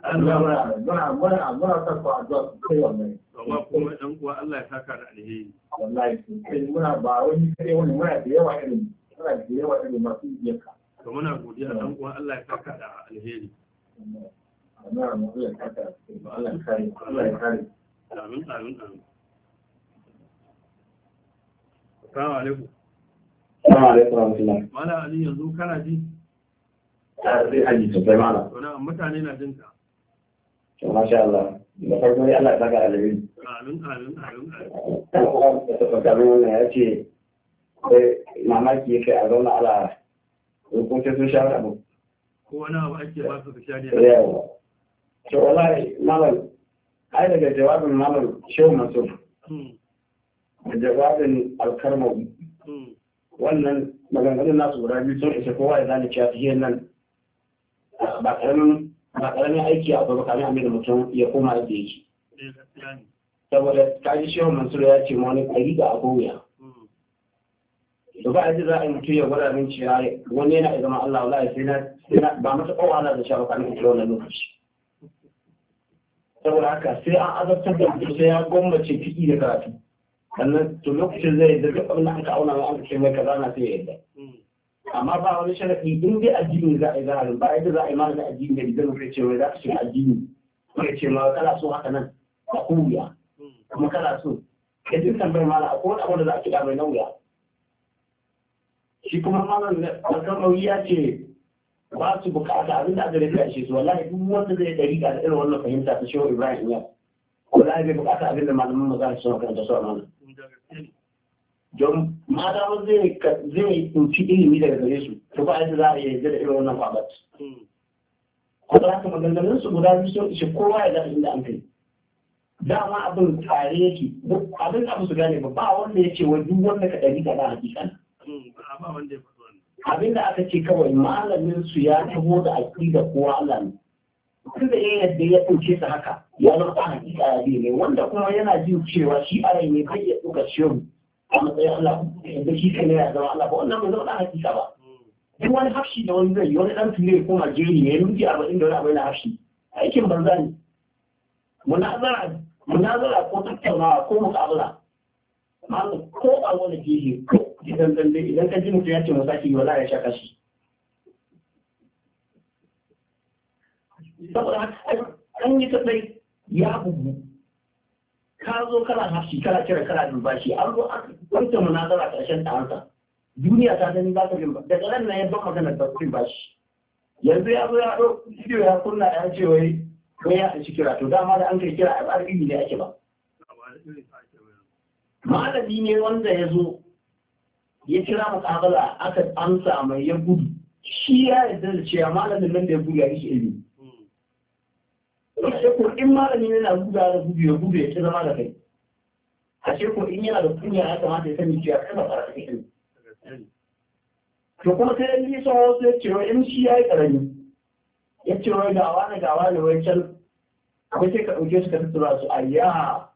muna ya saka da kai Allah ya kuma da uwa Allah ya saka da alheri. Allah ya saka da alheri. Allah ya muna da Allah irin saka da ya saka da alheri. Allah ya saka da uwa Allah ya saka da alheri. Allah ya saka Allah ya kare Allah ya kare. Amin amin amin. Assalamu alaikum. Assalamu alaikum Mala Ali yanzu kana ji? Ta sai aji sosai mala. Wannan mutane na jinka. masha Allah da farko Allah amin amin amin ya ce kai a zauna ala sun sha abu ko wani abu ake ba su sha ne yawa to wallahi malam ai daga jawabin malam shehu hmm. da jawabin hmm. wannan maganganun nasu guda biyu sun isa kowa ya zane cewa nan ba karamin ba karamin aiki a gaba kamin da mutum ya koma da yake saboda kaji shehu mansur ya ce wani kari ga abubuwa da ba a ji za a yi mutum ya gwada min cewa wani yana zama Allah wala sai na ba mata kowa da shawo kamin kira wannan lokaci saboda haka sai an azabtar da mutum sai ya gwammace fiki da karatu sannan to lokacin zai zai duk abin aka auna mai aka ce mai kaza na sai ya yadda amma ba wani sharafi in dai addini za a yi zaharin ba yadda za a yi ma da addini da gidan kai ce za a shiga addini kai ce ma kana so haka nan ka kuya kuma kana so ya duk tambayar mala akwai wani abu da za a kira mai nauya shi kuma da kan nauyi ya ce ba su bukata abin da aka rufe a shi su wallahi duk wanda zai ɗari ga irin wannan fahimta ta shehu ibrahim ya wallahi bai bukata abin da malamin maza su suna karanta su a mana don ma da zai zai ɗauki ilimi daga gare su to ba za a yi da irin wannan kwabat ko da haka maganganun su guda biyu sun ishe kowa ya zaɓi inda an kai dama abin tare yake abin abu su gane ba ba wanda ya ce wa duk wanda ka ɗari ka da hakika abin da aka ce kawai malamin su ya taho da aƙida kowa Allah ne da ya yadda ya ɗauke su haka ya zama hakika ya ne wanda kuma yana jin cewa shi a rai ne bai ya ɗauka ciwon a matsayin Allah yanzu shi kai ne ya zama Allah ba wannan bai zama ɗan hakika ba duk wani hafshi da wani zai wani ɗan tunai ko Najeriya ne minti arba'in da wani abu na hafshi aikin banza ne munazara munazara ko tattaunawa ko muƙabala malam ko a wani gehe ko gidan dambe idan ka ji mutum ya ce mu sake wala ya shaka shi saboda an yi kadai ya bugu ka zo kana hafi kana kira kana duba shi an zo aka kwanta munazara karshen ta ansa duniya ta san za ka bin ba daga nan na ya ban magana da kuri ba shi yanzu ya zo ya ɗau bidiyo ya kunna ya ce wai wai ya ci kira to dama da an kai kira a ɓarɓi ne ake ba malami ne wanda ya zo ya kira mukabala aka amsa mai ya gudu shi ya yarda da cewa malamin nan da ya gudu ya yi shi ilimi in malami yana buga da gudu ya ya ci zama da kai ashe ko in yana da kunya ya kamata to kuma sai ni son wasu ya cewa wa ya yi karami ya cewa gawa na gawa da wai can akwai sai ka ɗauke su ka tattura su ayya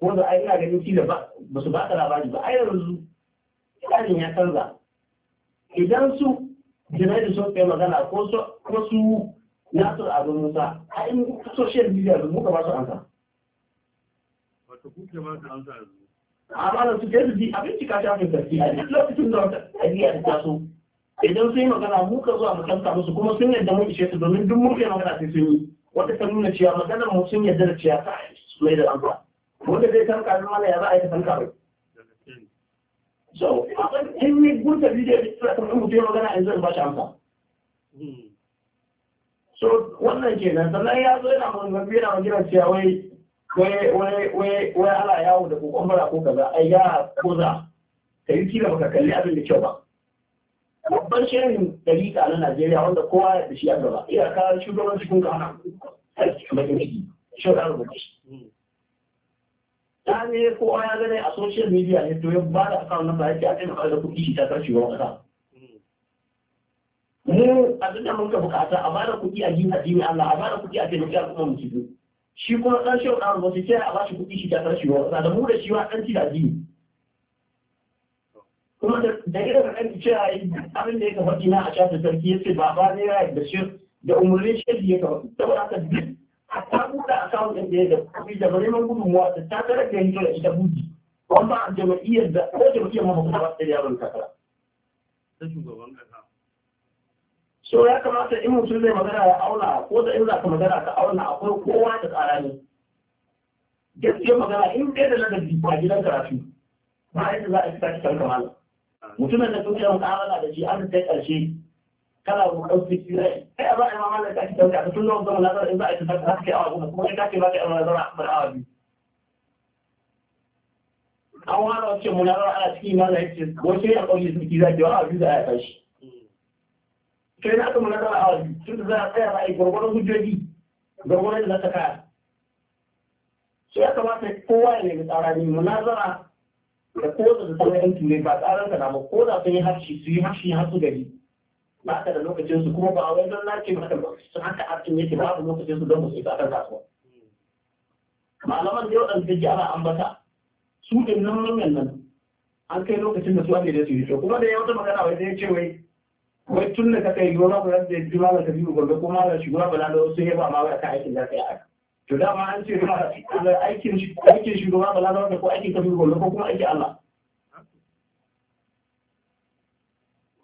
ko da ai ina ganin ci da ba su ba ka labari ba ai yanzu tsarin ya canza idan su jinai da sun kai magana ko su nasir abin musa a in social media da muka ba su ansa wata ba su ansa yanzu amma da su ke su abin cika shafin sarki a duk lokacin da wata ɗabi'a ta taso idan sun yi magana muka zuwa mu kanta musu kuma sun yadda mun ishe su domin duk mun yi magana sai sun yi wata ta nuna cewa maganar mu sun yadda da cewa ta su mai da amsa wanda zai tanka zama ya za a yi ta tanka bai so in ni gunta bidiyo da tsira kamar mutum magana yanzu in ba shi amsa hmm. so wannan kenan sannan ya zo yana manzanni yana magana cewa wai wai wai wai ala yawo da kokon bara ko kaza ai ya za ka yi kila baka kalli abin da kyau ba babban shirin dalika na Najeriya wanda kowa ya yadda ba gaba iyaka shugaban cikin ka hana bakin ciki shauran shi. ta ne kowa ya gane a social media ne to ya ba da akawun nan ba ya ce a taimaka da kuɗi shi ta tashi wa wata mu abin mun ka bukata a bada kuɗi a jin addini Allah a bada kuɗi a taimaki al'umma mu cikin shi kuma ɗan shi ɗan wasu sai a bashi kuɗi shi ta tashi wa da mu da shi wa ɗan ci da addini kuma da ita ka ɗan cewa abin da ya ka faɗi na a shafin sarki ya ce baba ne ya da shi da umarnin shi ya ka faɗi saboda haka duk hatta buɗe akawun ɗin da ya da kuɗi da bari man gudunmuwa da takarar da ya da ita buɗi wanda a jama'iyyar da ko jama'iyyar mafi kuma ba ta yaron takara. Ta shugaban ƙasa so ya kamata in mutum zai magana ya auna ko da in za ka magana ka auna akwai kowa da tsara ne gaskiya magana in ɗaya da ladabi ba, gidan karatu ba a yadda za a fita cikin kamala mutumin da kuke mu'amala da shi an kai ƙarshe kana roƙon fiti rai kai a Ba a yi mamala da kake ɗauka ka tun da wanzan nazar in za a yi fita ka kai awa goma kuma kai kake ba ka yi nazar a kamar awa biyu an wara wacce munazara ana ciki ma da yake wace ya ƙauye fiti zaki wani abu da ya tashi sai na aka munazara a waje tun za a tsaya ba a yi gwargwaron hujjoji gwargwaron da ta kaya sai ya kamata kowa ya nemi tsara ne mu nazara. da kowace da sauran yanki ne ba tsaran ka ba ko da sun yi harshe su yi harshe har su gari ba ka da lokacin su kuma ba a wani don ba maka ba su haka harshen yake ba a lokacin su don su yi tsakan kasuwa malaman da yau ɗan suke ana ambata su ɗin nan nan an kai lokacin da su ake da su yi kuma da ya wata magana wai sai ya ce wai wai tun da ka kai gona ba zai ji ma ka biyu gobe kuma da shi gona ba da wasu yaba ma ba ka aikin da kai aka to dama an ce ma aikin shi aikin shi gona ba da ko aikin ka biyu gobe ko kuma aikin Allah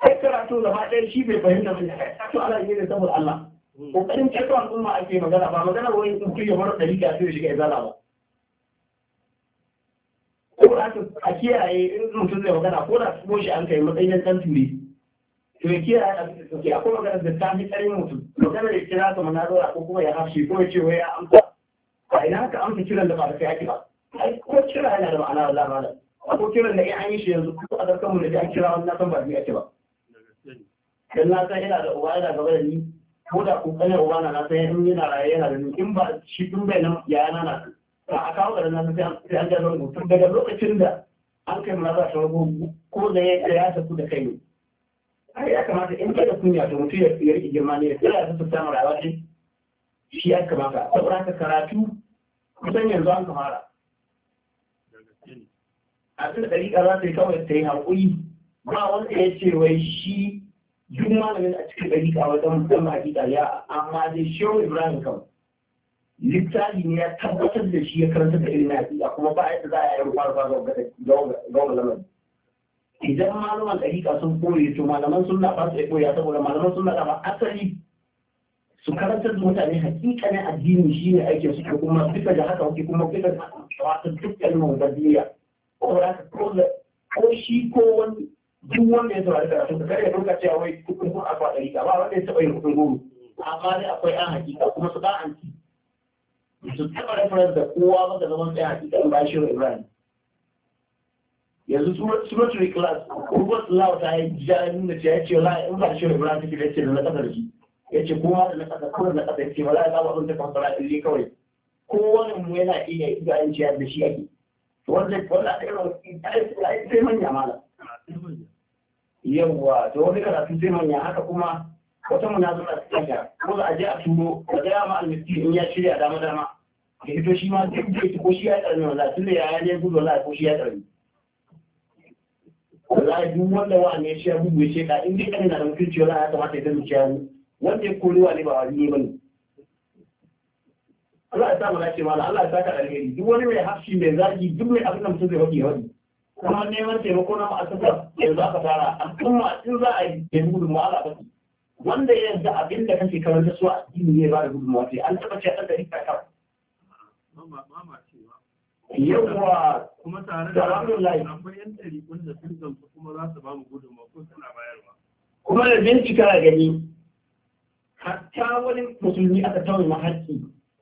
sai karatu gaba ɗaya shi bai fahimta ba to Allah ne da saboda Allah kokarin ceto al'umma ake magana ba magana wai in kuyi mara ɗari ka shi sai shiga izala ba ko a kiyaye in mutum zai magana ko da su shi an kai matsayin ɗan turi to ya kiyaye abin da sauke akwai maganar da ta fi tsarin mutum maganar da kira sama na zuwa ko kuma ya hafshi ko ya ce wai ya amsa a ina haka amsa kiran da ba da kai ba ai ko kira yana da ma'ana Allah malam ko kiran da ya an yi shi yanzu ko a zarkan mu da an kira wannan san ba biya ake ba dan na san yana da uba yana gaba da ni ko da kokarin uba na san in yana raye yana da ni in ba shi tun bai nan ya yana na ba a kawo da na san sai an ga zan daga lokacin da an kai mu na za ta ko da ya tafi da kai ne ai ya kamata in da kunya to mutum ya rike girma ne ya tsaya ya sassa samun rayuwa ce. shi ya kamata saboda haka karatu kusan yanzu an kamara a cikin ɗariƙa za ta yi kawai ta yi haƙuri ba wanda ya ce wai shi duk malamin a cikin ɗariƙa wata musamman hakika ya amma dai shehu ibrahim kawai littafi ne ya tabbatar da shi ya karanta da irin hakika kuma ba a yadda za a yi rufa rufa ga wani lamarin idan malaman ɗariƙa sun kore to malaman sunna ba su koya saboda malaman sunna da ba asali su karantar da mutane hakikanin addini shi ne aikin su kuma duka da haka kuke kuma duka da haka dukkan mambadiya ko da ko shi ko wani duk wanda ya saurari karatu ka kare doka cewa wai kudin goma a faɗari ba wanda ya taɓa yin kudin goma amma dai akwai an hakika kuma su ɗan anti su taɓa reference da kowa ba da zaman tsaye hakika in ba shi ibrahim yanzu suratul ikhlas ko lawa ta yi ja da ta ya ce wala in ba shi ibrahim take da ce da kasar shi ya ce kowa da na kasa kawai na kasa ya ce wala ya ba ta fasara illi kawai kowane mu yana iya yi ga aiki da shi ake to wanda wala da irin sai manya mala yawwa to wani karatu sai manya haka kuma wata munazara ta tsaya ko za a je a turo da ga ma almiski in ya shirya dama dama da ito shi ma duk da ko shi ya karbi wala tunda ya ya ne gudu wala ko shi ya karbi wallahi duk wanda wa ne shi abu bai sheka in dai kana da mutunci wala ya kamata ya zama shi abu wanda ya kori wa ne ba wani ne bane Allah ya sa mu dace mala Allah ya saka alheri duk wani mai hafshi mai zaki duk mai abin da mutum zai faɗi wani kuma neman taimako na ma'asasa yanzu aka fara al'umma in za a yi yanzu gudunmawa Allah ba wanda ya yarda abin da kake karanta su a addini ne ba da gudunmawa sai an taɓa ce a ɗan ɗari ka kawai yawa kuma tare da akwai yan tarikun da sun gamsu kuma za su ba mu gudunmawa ko suna bayarwa kuma da bincika a gani hatta wani musulmi aka tawaye ma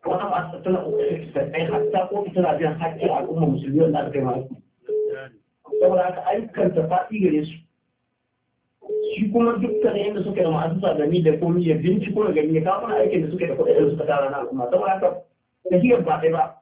ko wani ba a da ƙoƙarin hatta ko ita na biyan haƙƙi a al'umma musulmi wanda aka kai ma haƙƙi saboda haka ayyukan ta faɗi gare su shi kuma dukkan yadda suka yi ma'azusa ni da komi ya binciko da gani ya kawo mana aikin da suka yi da kuɗaɗen suka tara na al'umma saboda haka tafiyar ba ɗaya ba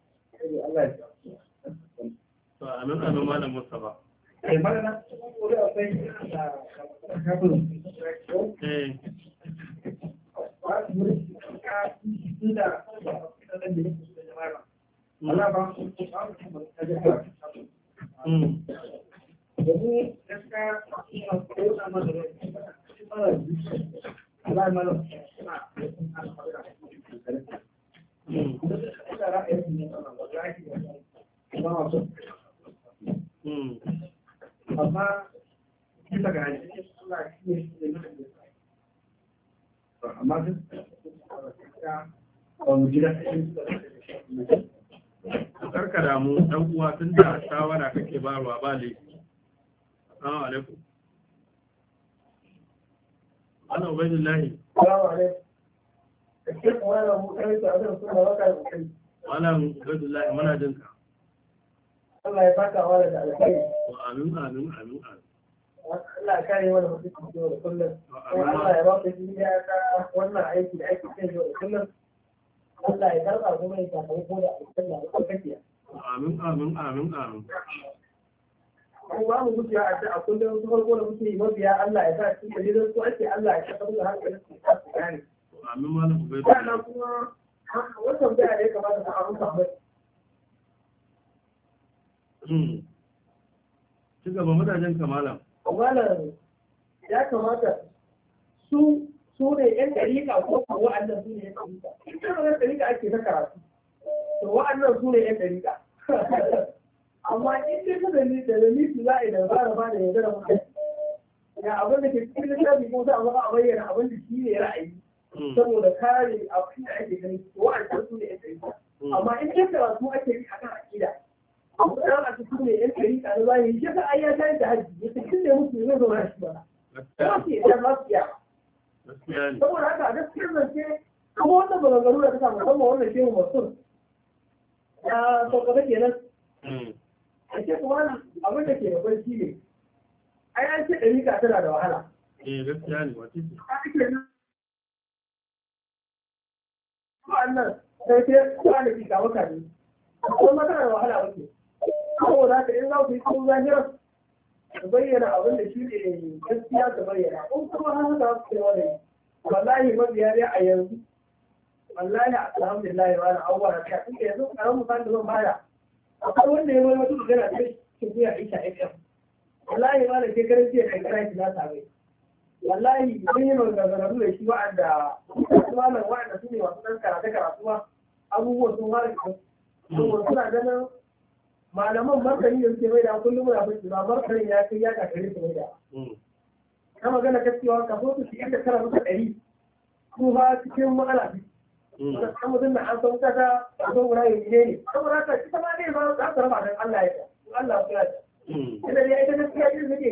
To eh, a eh. Ba amma ga Karka damu ɗan uwa tun da shawara kake barwa ba ne. Assalamu alaikum. Ana Ubaidullahi. Assalamu alaikum. Malam Ubaidullah muna jin ka. Allah ya baka wa da alkhairi. Amin amin amin amin. Allah ya kare mana mutum da kullum. Allah ya ba ku ta wannan aiki da aiki cin da kullum. Allah ya karɓa kuma ya ko da alkhairi Amin amin amin amin. ko ba mu mutu ya kullum su farko da muke yi mabiya Allah ya sa su da su ake Allah ya shafa da hankalin su amin malam ubai ba na da ya kamata ta amsa ba hmm ci gaba mutanen kamalan kamalan ya kamata su su ne yan dariƙa ko ko wa'annan su ne yan dariƙa in kana yan dariƙa ake ta karatu to wa'annan su ne yan dariƙa amma in dai kada ni da ni su za a yi da fara ba da yaudara mutane ya abin da ke cikin lissafi ko za a zama a bayyana abin da shi ne ra'ayi Mm. saboda kare abin da ake gani wa'anda su ne yan tarika mm. amma in yan karatu ake yi a kan akan aƙida a ake su ne yan tarika na zahiri shi ka ayya ta da hajji ya fi cin da musu ne zauna shi ba ba su yi ɗan lafiya saboda haka a gaskiyar zance kuma wannan maganganu da ta samu musamman wannan shehu masun ya sauƙaƙa kenan mm. a ce kuma abin da ke da kwanci ne ai an ce ɗarika tana da wahala eh gaskiya ne wata ce wannan sai dai kwanaki ga ne. ko magana da wahala wace ko za ka in za ku yi kun zahira ku bayyana abin da shi ne gaskiya ka bayyana in kuma har za ku yi wani wallahi mabiya ne a yanzu wallahi alhamdulillah wa na awwara ta inda yanzu karamin misali da zan baya akwai wanda ya mai wata magana ta shi ne a Aisha fm wallahi ma da ke garin jiya kai kara ki na same wallahi mun yi maganganu da shi wa'anda kuma nan wa'anda su ne masu ɗan karatu karatuwa abubuwan sun ware kan to suna ganin malaman martani da suke mai da kullum na fi ba martani ya kai ya kakare su mai da na hmm. magana gaskiya kaso su shi da tara muka ɗari su ba cikin matsala ce ta hmm. mutum da an san kasa a zo wura yi ne ne saboda haka ita ma ne ba za ta raba don Allah ya ta Allah ya ta hmm. ita ne ita gaskiya ce suke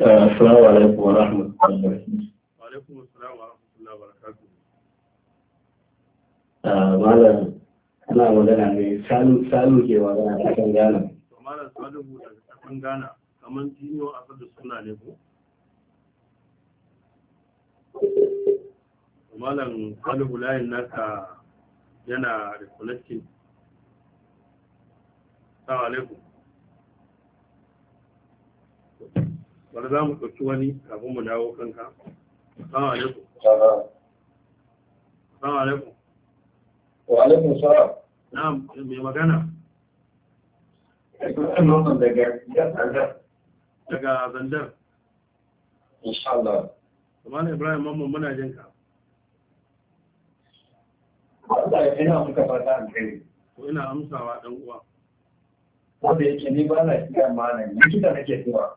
Assalamu alaikum wa rahmatullahi wa barakatuh. Wa alaikum wa rahmatullahi wa barakatuh. Ah, malam ana magana ne salu ke magana a Ghana. malam salu daga kasan Ghana kamar jiniyo a sadu suna ne Malam salu layin naka yana da connecting. Assalamu alaikum. bari za mu ɗauki wani kafin mu dawo kanka salamu alaikum salamu alaikum wa alaikum salam na'am eh, mai magana daga zandar insha Allah kamar Ibrahim mamman muna jin ka ina muka fata a kai ko ina amsawa dan uwa wanda yake ni ba na shiga malam likita nake zuwa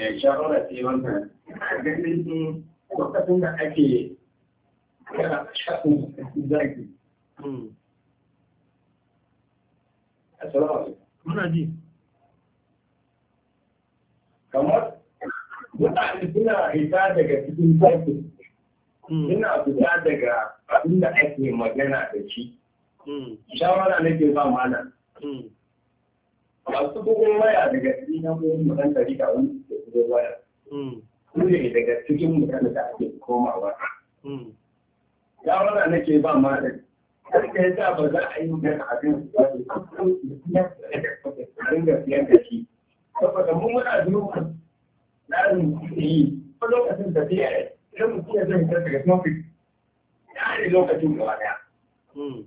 Eh, shawara da ake shafin zaki hmm. ji kamar mutane suna fita daga cikin zaki hmm. suna fita daga abin ake magana da shi hmm. shawara nake ba malam masu bugun waya daga cikin yankunan mutan tarika wani da bugun waya hmm. su ne daga cikin mutan da ake komawa hmm. ya wana nake ba ma da karka ya ba za a yi magana abin ba su dinga siyan da da da shi saboda mun muna duba tsarin yi. ko lokacin tafiya idan mutum ya zai daga mafi ya ne lokacin gaba daya hmm.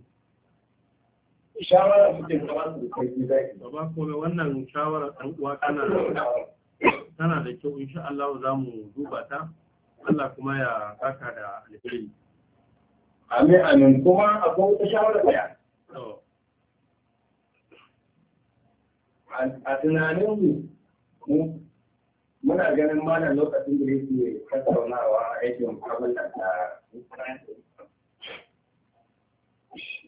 shawara muke kamar su kai gida ba ba kome wannan shawara ɗan uwa tana tana da kyau insha Allah za mu duba ta Allah kuma ya saka da alheri amin amin kuma akwai wata shawara ɗaya a tunanin mu muna ganin mana lokacin da yake tattaunawa a aikin kwamfuta da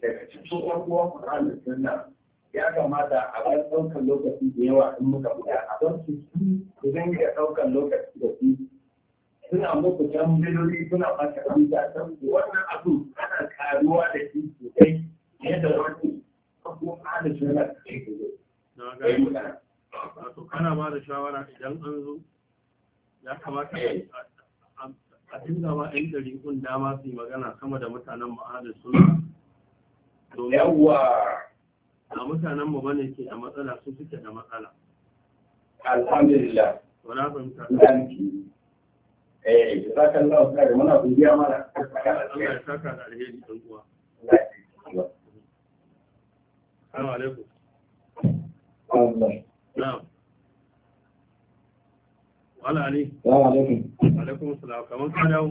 daga cikin uwa Qur'ani sunna ya kamata a bar ɗaukar lokaci da yawa in muka buga a bar su su iya ɗaukar lokaci da su suna muku tambayoyi suna baka amsa san wannan abu ana karuwa da shi sosai yadda wani ko ana sunna da ke gobe wato kana ba da shawara idan an zo ya kamata eh. a dinga ba 'yan ɗari kun dama su yi magana sama da mutanen ma'adar suna yawwa a mutanen mu bane ke a matsala su suke da matsala alhamdulillah wala fahimta zanki? eh zaka Allah da muna biya mana Allah ya saka da alheri dan uwa Assalamu alaikum Allah na'am wala ali assalamu alaikum alaikum assalam kamar ka dawo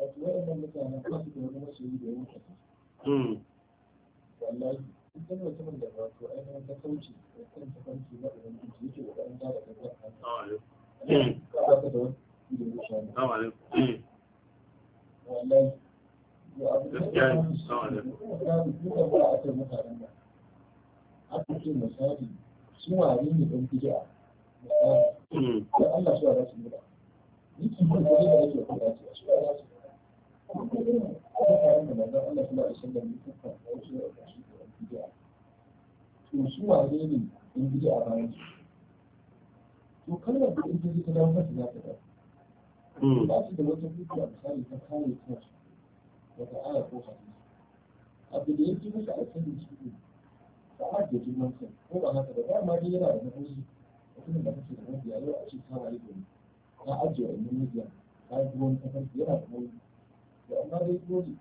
wato waɗannan mutanen ba su da wani masoyi da ya wuce hmm. wallahi duk mutumin da wato ainihin ta kauce da kan ta kauce na ubangiji yake kokarin ta da kansa a ba ka da wani da ya wuce wallahi da ya a kai mutanen nan hmm. da yake ce a to su wane ne in gidi a bayan su to kalmar da in gidi ta dawo mata za ta dawo ba su da wata hujja misali ta kare kansu daga aya ko hadisi abu da yake musu alkhairi su ne ta ajiye girman kai ko ba haka ba dama dai yana da nauyi mutumin da kake da mabiya yau a ce kawai da ne ta ajiye wannan mabiya ta yi ruwan kafar yana da nauyi amma dai dole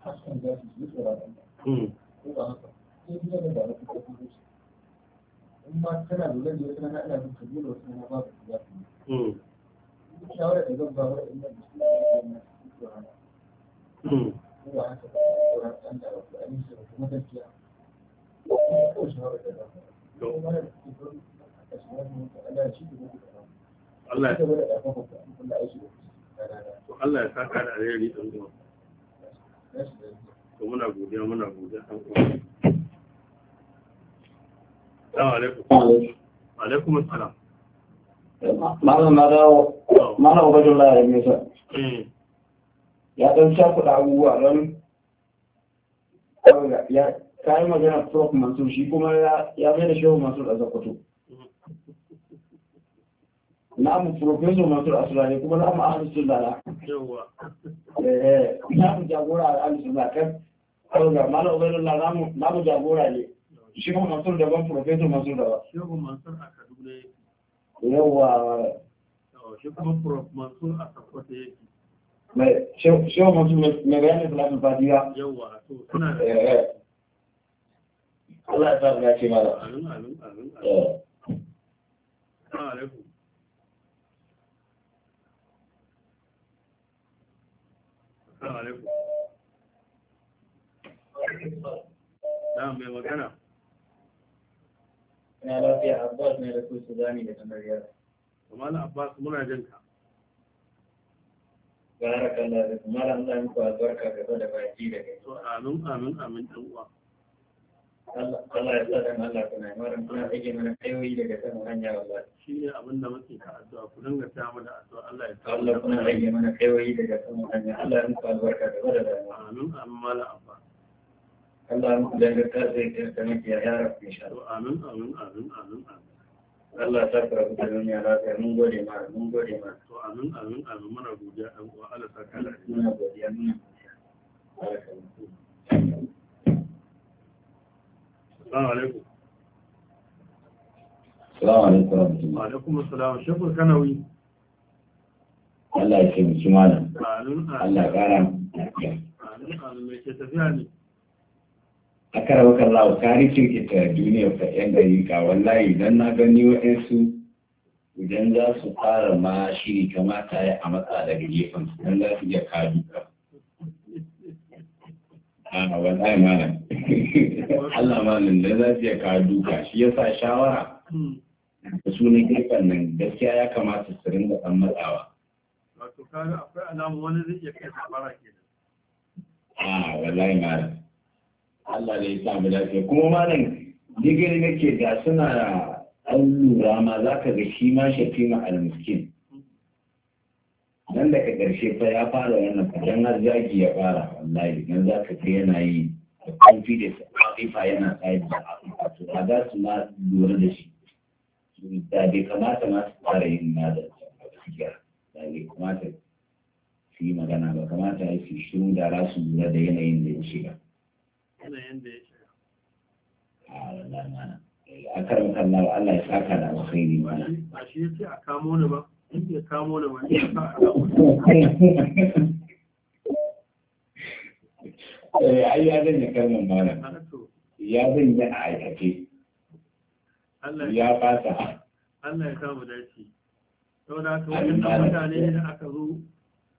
hakan za su yi tsoron Allah ko ba haka sai gida da ba ku ko in ma kana lura da wata na ina ka dole wata na ba ku za ku yi shawara da zan ba wa ina da su ne tsoron Allah ko ba haka tsoron Allah ba ku amince ba kuma gaskiya ko ko shawara da zan ba ko ma da ku ko Allah shi ne ku Allah ya shi ne ku Allah ya shi ne ku to Allah ya saka da alheri ɗan uwa to muna godiya muna godiya ɗan uwa Assalamu alaikum. Alaikum assalam. Malam na dawo, malam ubajin layar nesa. Eh. Ya ɗan shafuɗa abubuwa don ya kayi magana Prof Mansur shi kuma ya mai da shehu Mansur a zakwato. na'am professor mansur asulani kuma na yawa eh, eh na'am jagora ahlus kan malam na jagora ne shi kuma masu daban professor masu daban shi kuma yawa shi kuma masu mansur yake mai shi kuma masu mai bayanin yawa eh, eh. Allah ya sa ce mala. alaikum. Assalamu alaikum. da mai magana. Ina lafiya Abbas ne da kusa zani da kamar yara. Kamala Abbas muna jin ka. Gara kan da kuma Allah ya muku albarka gaba da baki da kai. amin amin amin dan uwa. Allah ya sa dan Allah kana maran kuna take mana kaiwayi daga kan hanya wallahi shi ne abin da muke ka addu'a ku dinga ta mu da addu'a Allah ya sa Allah kuna rage mana kaiwayi daga kan hanya Allah ya muku albarka da wadada amin amma la abba Allah ya muku dangantar da da muke ya rabbi insha Allah amin amin amin amin amin Allah ta fara da duniya lafiya mun gode ma mun gode ma to amin amin amin muna godiya dan uwa Allah ta kala muna godiya muna godiya Salamu alaikum. Salamu alaikum. Wa alaikum salam. Shekul Kanawi. Allah ya taimaki malam. Allah ya kara a kara bakar lawa kari kirkita duniyar ka yan gari ka wallahi don na gani wa'yansu idan za su fara ma shiri kamata ya a matsa daga gefen su, don za su iya kadu ka a wallahi malam Allah malam da za ya ka duka shi ya sa shawara da sunan gefen nan gaskiya ya kamata su ringa dan matsawa wato kaga akwai alamu wani zai iya kai safara kenan a wallahi malam Allah ne ya sa mu lafiya kuma malam digiri nake da suna an lura ma zaka ga shi ma shafi ma al muskin nan daga ƙarshe fa ya fara wannan kadan har zaki ya fara wallahi nan za ka ce yana yi da confidence fifa yana tsaye da afifa to ba za su ma lura da shi da bai kamata ma su fara yin na da gaskiya da bai kamata su yi magana ba kamata ya su shiru da za su lura da yanayin da ya shiga yanayin da ya shiga a wallahi mana a karin kallawa Allah ya saka da alkhairi mana ba shi ya ce a kamo ni ba ya kamo da wani ya sa eh, ai ya zanya kalmar mara ya zanya a aikace ya fata Allah ya kama dace saboda haka wannan mutane da aka zo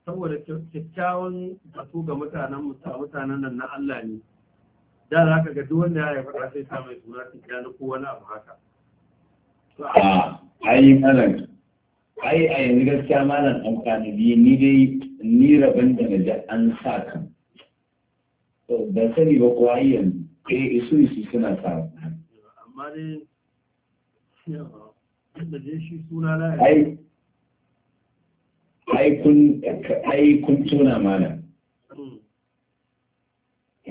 saboda kyakkyawan batu ga mutanen mutanen nan na Allah ne da za ka ga duk wanda ya faɗa sai ta mai suna ta kyanu ko wani abu haka a ah, ayi malam ai a yanzu gaskiya malam amfani biyu ni dai ni rabin da naji an sa kan da sani ba kuwa yanzu eh isu isu suna sa amma dai ai ai kun tuna malam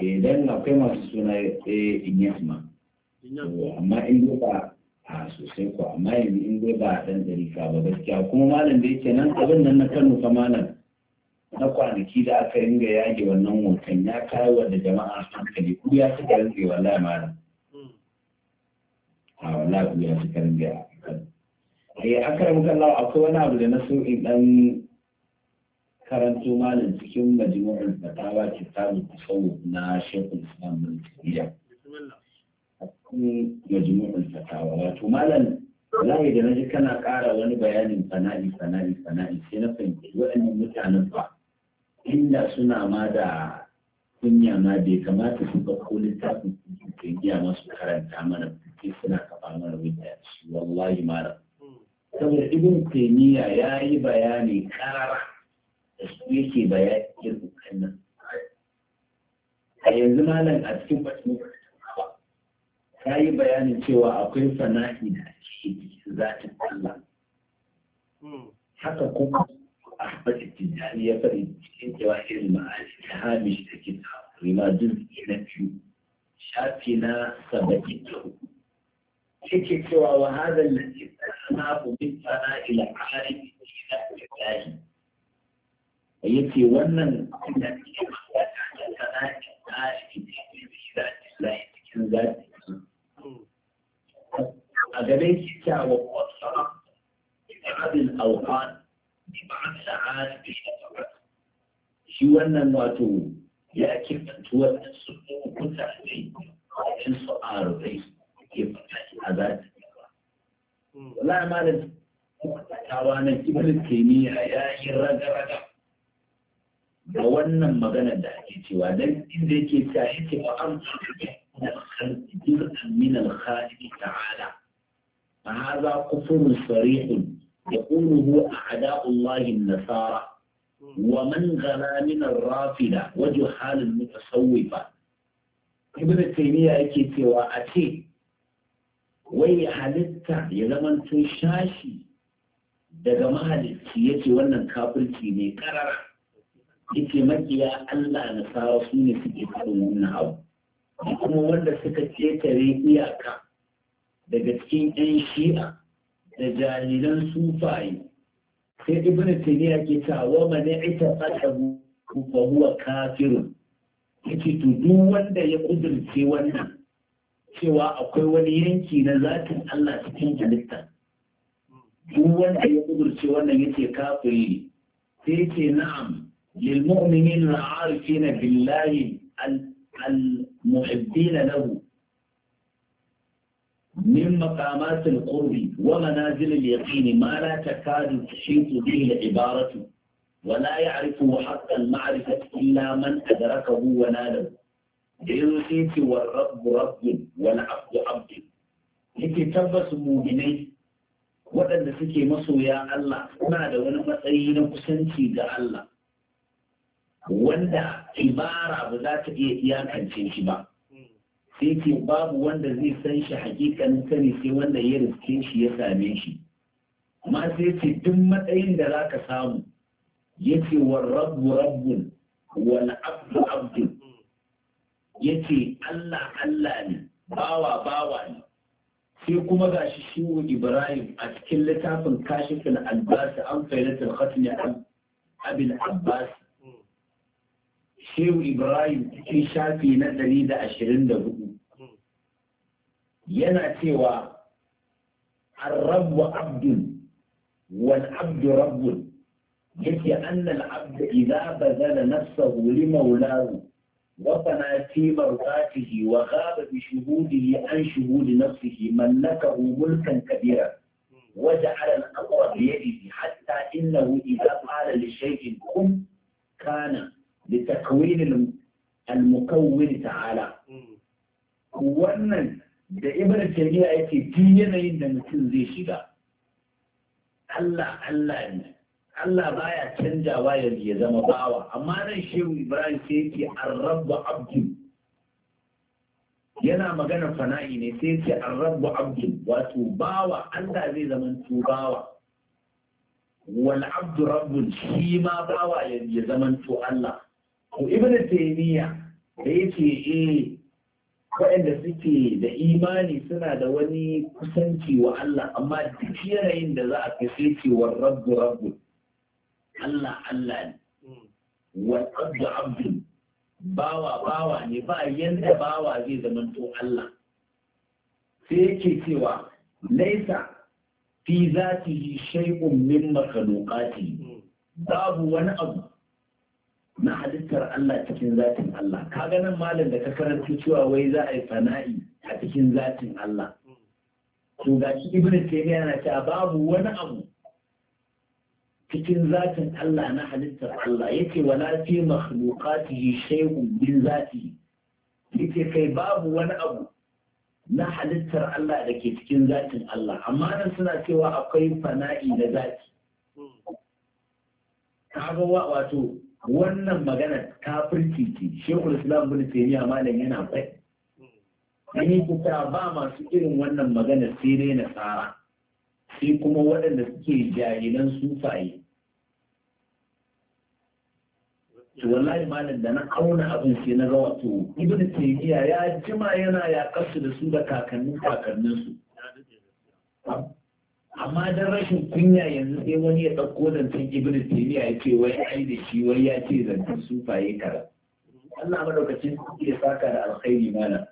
idan hmm. eh, akwai masu suna eh, in yi amma in ba a sosai ko amma yanzu in dai ba a ɗan ɗari ka ba gaskiya kuma malam da yake nan abin nan na Kano fa malam na kwanaki da aka ringa yage wannan hoton ya kawo da jama'a hankali ku ya suka ringe wallahi malam a wallahi ku ya suka ringe a aka eh, akara muka Allah akwai wani abu da na so in ɗan karanto malam cikin majimu'in fatawa kitabu, tasawuf na shekul Islam bin Taymiyyah a majmu'ul fatawa wato malam wallahi da naji kana ƙara wani bayanin sana'i sana'i sana'i sai na fahimci waɗannan mutanen ba inda suna ma da kunya ma bai kamata su ba ko littafin su giya masu karanta mana sai suna kafa mana wuta shi wallahi malam saboda ibn taymiya ya yi bayani ƙara da su yake bayani irin wannan. a yanzu malam a cikin batun ta yi bayanin cewa akwai sana'i da zatin Allah haka kuma Ahmad Tijjani ya faɗi cikin cewa irin ma'ani da hamish da ke rima dulki na biyu shafi na sabaki da hudu cewa wa hada lalli sana ku min sana ila arifi na ilahi yake wannan da ke magana da sana'i arifi da ilahi cikin zatin أدري ستة وقصرة في بعض الأوقات في بعض ساعات في الفترات شو أن نواتو يا كيف أنتوا تسمو كل شيء أن سؤال بيس كيف أنت أذات لا مالك كوانا كبر الكيمياء يا يرجع رجع wannan magana da ake cewa dan in da yake tsaye ce فهذا كفر صريح يقوله أعداء الله النصارى ومن غلا من الرافدة وجهال المتصوفة ابن تيمية yake cewa a ce wai halitta ya zamanto shashi daga mahalicci ya ce wannan kafirci ne karara yake makiya Allah na sawa su ne suke karin wannan abu kuma wanda suka ketare iyaka daga cikin 'yan shi'a da jariran sufaye sai ibn taymiya ke ta wa man i'taqadahu fa huwa kafirun yace to duk wanda ya kudurce wannan cewa akwai wani yanki na zatin Allah cikin halitta duk wanda ya kudurce wannan ce kafiri ne sai ce na'am lil mu'minin al na billahi al-muhibbin lahu من مقامات القرب ومنازل اليقين ما لا تكاد تحيط به العبارة ولا يعرفه حق المعرفة إلا من أدركه وناله بالقيت والرب رب والعبد عبد لتتبس مؤمني ودن سكي مصر يا الله ما دون مسأينا كسنتي دا الله وندا عبارة بذات إيان كنتين كبار sai ce babu wanda zai san shi hakikanin sani sai wanda ya riske shi ya same shi amma sai ce duk matsayin da za ka samu ya ce wa rabbu rabbun wal abdu abdu ya ce allah allah ne bawa bawa ne sai kuma ga shi shiwu ibrahim a cikin littafin kashifin albasa an failatar khatmi abin abbas hmm. shehu ibrahim cikin shafi na ɗari da ashirin da hudu yana cewa الرب عبد والعبد رب يكي أن العبد إذا بذل نفسه لمولاه وطنى في مرضاته وغاب بشهوده عن شهود نفسه ملكه ملكا كبيرا وجعل الأمر بيده حتى إنه إذا قال لشيء كن كان لتكوين المكون تعالى. وأن da ibn taymiya yake duk yanayin da mutum zai shiga Allah Allah ne Allah baya canjawa yanzu ya zama bawa amma nan shehu Ibrahim sai yake ar abdu yana magana fana'i ne sai yake ar abdu wato bawa Allah zai zama bawa wal abdu rabbun shi ma bawa ya zama Allah ko ibn taymiya da yake eh waɗanda suke da imani suna da wani kusanci wa Allah amma duk yanayin da za a kashe cewar rabu rabu Allah Allah ne wa abdu bawa bawa ne ba yadda bawa zai zama to Allah sai yake cewa laisa fi zatihi shay'un min makhluqati babu wani abu na halittar Allah cikin zatin Allah ka ganin malam da ka karanta cewa wai za a yi fana'i a cikin zatin Allah to ga shi ibn taymiya na cewa babu wani abu cikin zatin Allah na halittar Allah yake wala fi makhluqatihi shay'un zafi? zatihi yake kai babu wani abu na halittar Allah da ke cikin zatin Allah amma nan suna cewa akwai fana'i na zati kaga wato wannan magana ta ce shekul islam bin taymiya malam yana faɗi an yi kuka ba masu irin wannan magana sai dai na tsara sai kuma waɗanda suke jahilan sufaye to wallahi malam da na auna abin sai na ga wato ibnu ya jima yana ya kasu da su da kakannin kakannin su amma dan rashin kunya yanzu sai wani ya ɗauko zancen ibn taymiya ya ce wai ai da shi wai ya ce zancen sufaye kara Allah madaukakin sarki ya saka da alkhairi mana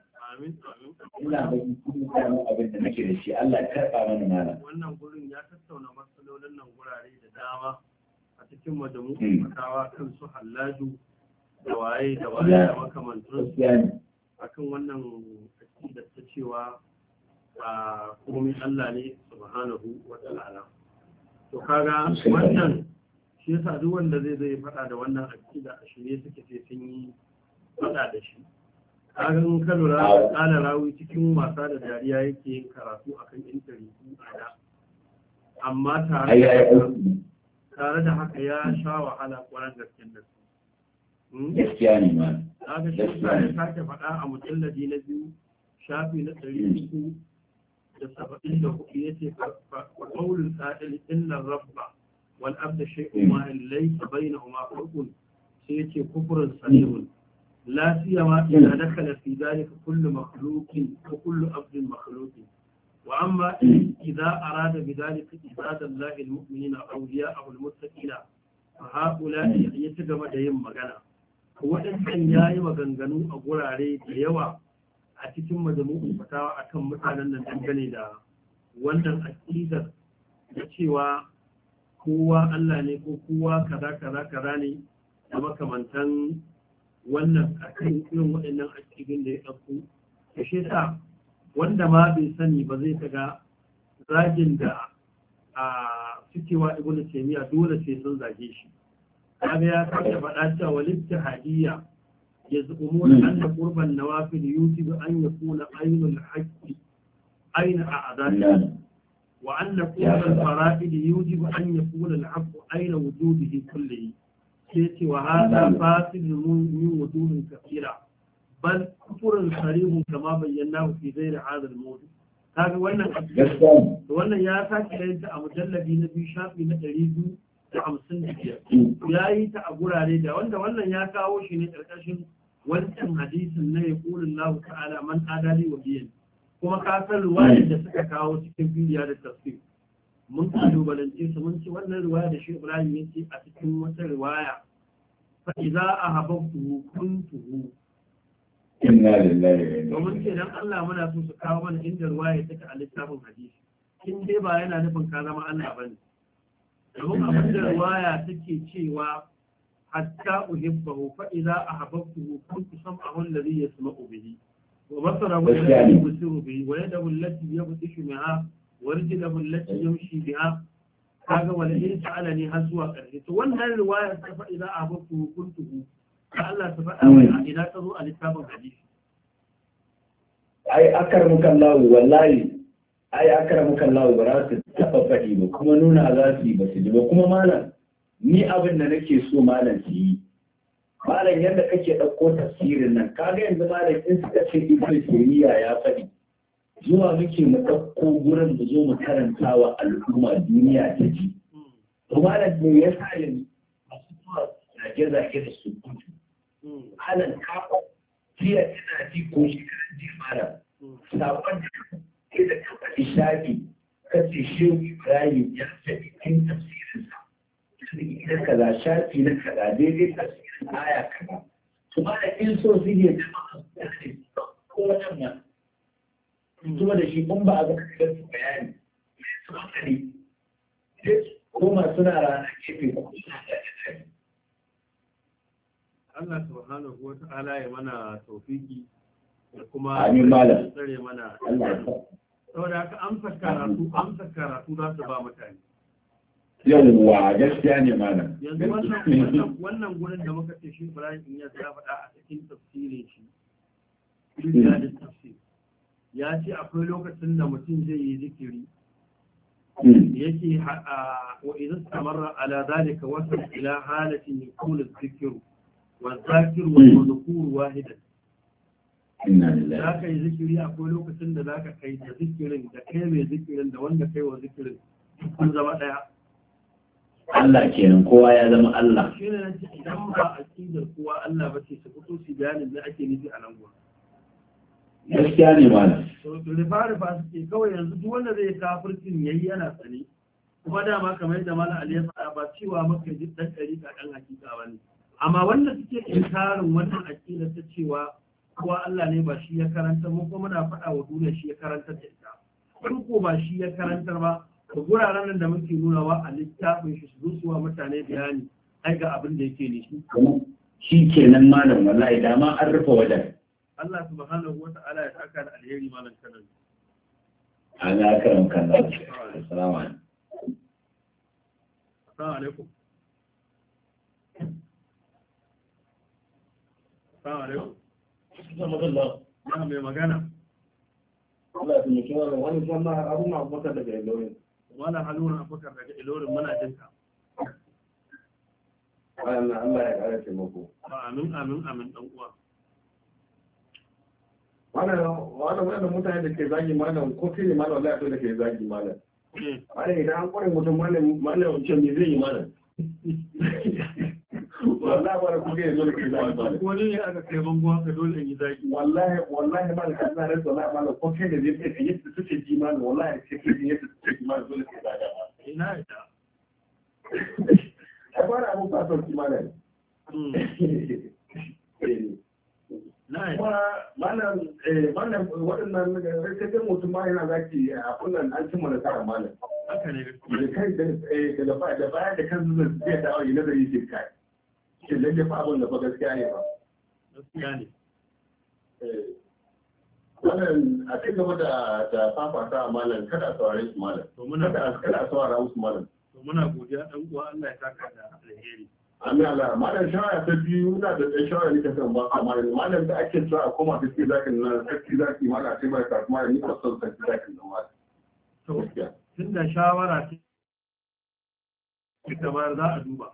ina ba ku kuma abin da nake da shi Allah ya karba mana mana wannan gurin ya tattauna matsalolin nan gurare da dama a cikin madamu hmm. fatawa kan su hallaju da waye da waye makamantansu akan wannan da ta cewa a komai Allah ne subhanahu wa ta'ala to kaga wannan shi yasa duk wanda zai zai faɗa da wannan aqida a shirye suke sai sun yi faɗa da shi kagan ka lura kana rawi cikin wasa da dariya yake yin karatu akan intariku a da amma tare da haka ya sha wahala kwarar gaskiyar da su hmm? gaskiya ne ma. Kaga shi ya sake faɗa a mujalladi na biyu shafi na ɗari da saba'in da hudu ya ce wa ƙaunin sa'il inna rabba wal abda shay'un ma laysa bainahuma farqun sai yace kufrun sanirun la siyama idza dakhala fi dhalika kullu makhluqin wa kullu abdin makhluqin wa amma idza arada bi dhalika ibada Allah al mu'minina awliya'ahu al muttaqina fa haula ya ci gaba da yin magana waɗannan yayi maganganu a gurare da yawa a cikin majalisun fatawa akan mutanen nan dangane da wannan aqidar da cewa kowa Allah ne ko kowa kaza kaza kaza ne da makamantan wannan akan irin waɗannan aqidun da ya ɗauko da shi sa wanda ma bai sani ba zai kaga zagin da a cikewa ibnu taymiya dole sai sun zage shi kaga ya kaga faɗa cewa walittihadiyya يزعمون أن قرب النوافل يوجب أن يكون عين الحج عين أعداده وأن قرب الفرائض يوجب أن يكون العفو عين وجوده كله كيتي وهذا فاسد من وجوه كثيرة بل كفر صريح كما بيناه في غير هذا الموضوع kaga wannan wannan ya sake yanta a mujallabi na biyu shafi na ɗari biyu da hamsin da biyar ya yi ta a gurare da wanda wannan ya kawo shi ne ƙarƙashin wancan hadisin na ya kulun lahu ta'ala man adali wa biyan kuma ka san ruwaya da suka kawo cikin bidiya da tafsir mun kalubalance su mun ci wannan ruwaya da shi ibrahim ya ce a cikin wata ruwaya fa idza a kuntu inna lillahi wa mun ce dan Allah muna so su kawo mana inda ruwaya take a littafin hadisi Kin dai ba yana nufin ka zama Allah bane domin abin da ruwaya take cewa hatta uhibbahu fa idza ahabbtuhu kuntu sam'ahu alladhi yasma'u bihi wa basarahu alladhi yubsiru bihi wa yadahu allati yabtishu biha wa rijluhu allati yamshi biha kaga wala in ta'alani har zuwa karshe to wannan riwaya ta fa idza ahabbtuhu kuntu Allah ta ina a littafin ai wallahi ai akar muka ba za su taɓa faɗi ba kuma nuna za su yi ba su ji ba kuma malam ni abin da nake so malam yi malam yadda kake ɗauko tafsirin nan kaga yanzu malam in suka ce ibnu taymiya ya faɗi zuwa muke mu ɗauko gurin mu zo mu karanta wa al'umma duniya ta ji to malam me sa yanzu masu zuwa zage-zage da su gudu malam ka jiya ina ji ko shekaran ji malam sakon da ke da kafa kace shehu ibrahim ya faɗi in tafsirinsa jirgi na kaza shafi na kaza daidai tasirin aya kaza da in so su yi ko kuma da shi kun ba a zaka su bayani me kuma suna rana ko suna da Allah subhanahu wa mana amsa karatu amsa karatu za su ba mutane yawwa gaskiya ne malam yanzu wannan gurin da muka ce shi Ibrahim ya ya faɗa a cikin tafsirin shi ilmi hmm. tafsir ya ce akwai lokacin da mutum zai yi zikiri hmm. yake wa idan samarra ala zalika wasu ila halatin yakuna zikiru wa zakiru wa hmm. dhukuru wahidan za ka yi zikiri akwai lokacin da za ka kai da zikirin da kai mai zikirin da wanda kai wa zikirin sun zama ɗaya Allah kenan kowa ya zama Allah. Shi ne nace idan ba a aqidar kowa Allah ba ce su fito su bayanin da ake nufi a nan gurin. Gaskiya ne malam. To rifa rifa suke kawai yanzu duk wanda zai kafircin yayi yana tsani. Kuma dama kamar yadda malam Ali ya faɗa ba cewa maka ji dan ɗarika dan hakika ba ne. Amma wanda suke inkarin wannan aqidar ta cewa kowa Allah ne ba shi ya karanta mu kuma muna faɗa wa duniya shi ya karanta da ita. Ko ba shi ya karantar ba Ka guraren nan da muke nunawa a littafin shi su zuwa mutane bayani ai ga abin da yake ne shi shi kenan malam wallahi da ma an rufe wajen Allah subhanahu wa ta'ala ya saka da alheri malam kanan an ya karam kan da assalamu alaikum assalamu alaikum assalamu alaikum assalamu alaikum magana Allah ya tsaye wani jama'a abun abubakar daga yau wala haluna abubakar daga ilorin muna jinka Allah Allah ya kara taimako amin amin amin dan uwa wannan mutane da ke zagi malam ko fi malam wallahi to da ke zagi malam eh. malam idan an kware mutum malam malam ce me zai yi malam wallahi wani kuma ya zo da ke zaki wani ne aka kai bango haka dole in yi zaki wallahi wallahi ma da kana da wallahi ma da ko kai da zai kai yadda suke ji ma wallahi sai kai yadda suke ji ma dole ke zaki ma ina ita ai ba na mun fasa ki ma da hmm. malam eh, malam waɗannan eh, sai mutum ma yana zaki a kullum an cimma da tsarin malam haka ne da kai da eh, baya da kan zuwa zai dawo yi nazari shi shi lalle fa abin da fa gaskiya ne ba gaskiya ne eh, wannan a cikin gaba da da fafata a malam kada saurare su malam to muna kada kada saurara musu malam to muna godiya dan uwa Allah ya saka da alheri Amin Allah malam shawara ta biyu muna da ɗan shawara ne kasan ba a malam malam da ake cewa a koma ta ce zakin nan sarki zaki malam a ce mai kasu malam ni ba son sarki zakin nan malam. To tun da shawara ce ita ba za a duba.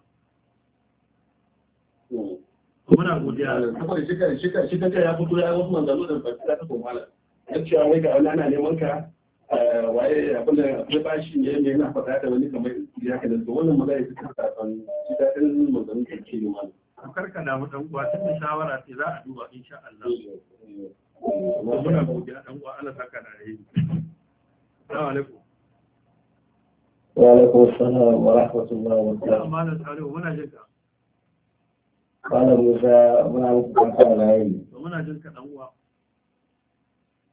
muna godiya saboda shi kan shi kan shi kan ya fito ya wasu manzanni da fasira ta komala dan cewa wai ga wani ana neman ka eh, waye abin da ya bashi ne me yana faɗa da wani kamar ya ka da wannan maza ya magana ta kasa san shi dadin manzanni da ke neman Kar ka mu dan uwa tun shawara ce za a duba insha Allah eh, eh, muna godiya dan uwa Allah saka da yi assalamu alaikum wa alaikum assalam wa rahmatullahi wa barakatuh malam salihu muna jinka Wanda Musa muna mutu kwanta da yayi. Muna jin kaɗan uwa.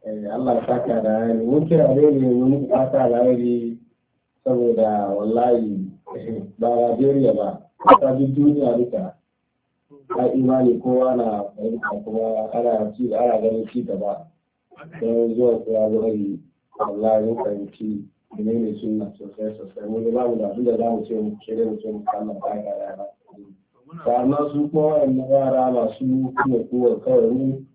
Eh, Allah ya saka da yayi. Mun kira alheri ne muku kwanta da yayi saboda wallahi ba Najeriya ba. Ta bi duniya duka. Ta imani kowa na fahimta kuma ana ci ana ganin ci da ba Don zuwa kuwa zuwa wallahi mun fahimci menene sunna sosai sosai. Mun ba mu da abin da za mu ce mu kere mu ce mu ta kayan yara. ta amma su kowa wa'annan yara ba su kuma kowa kawai ne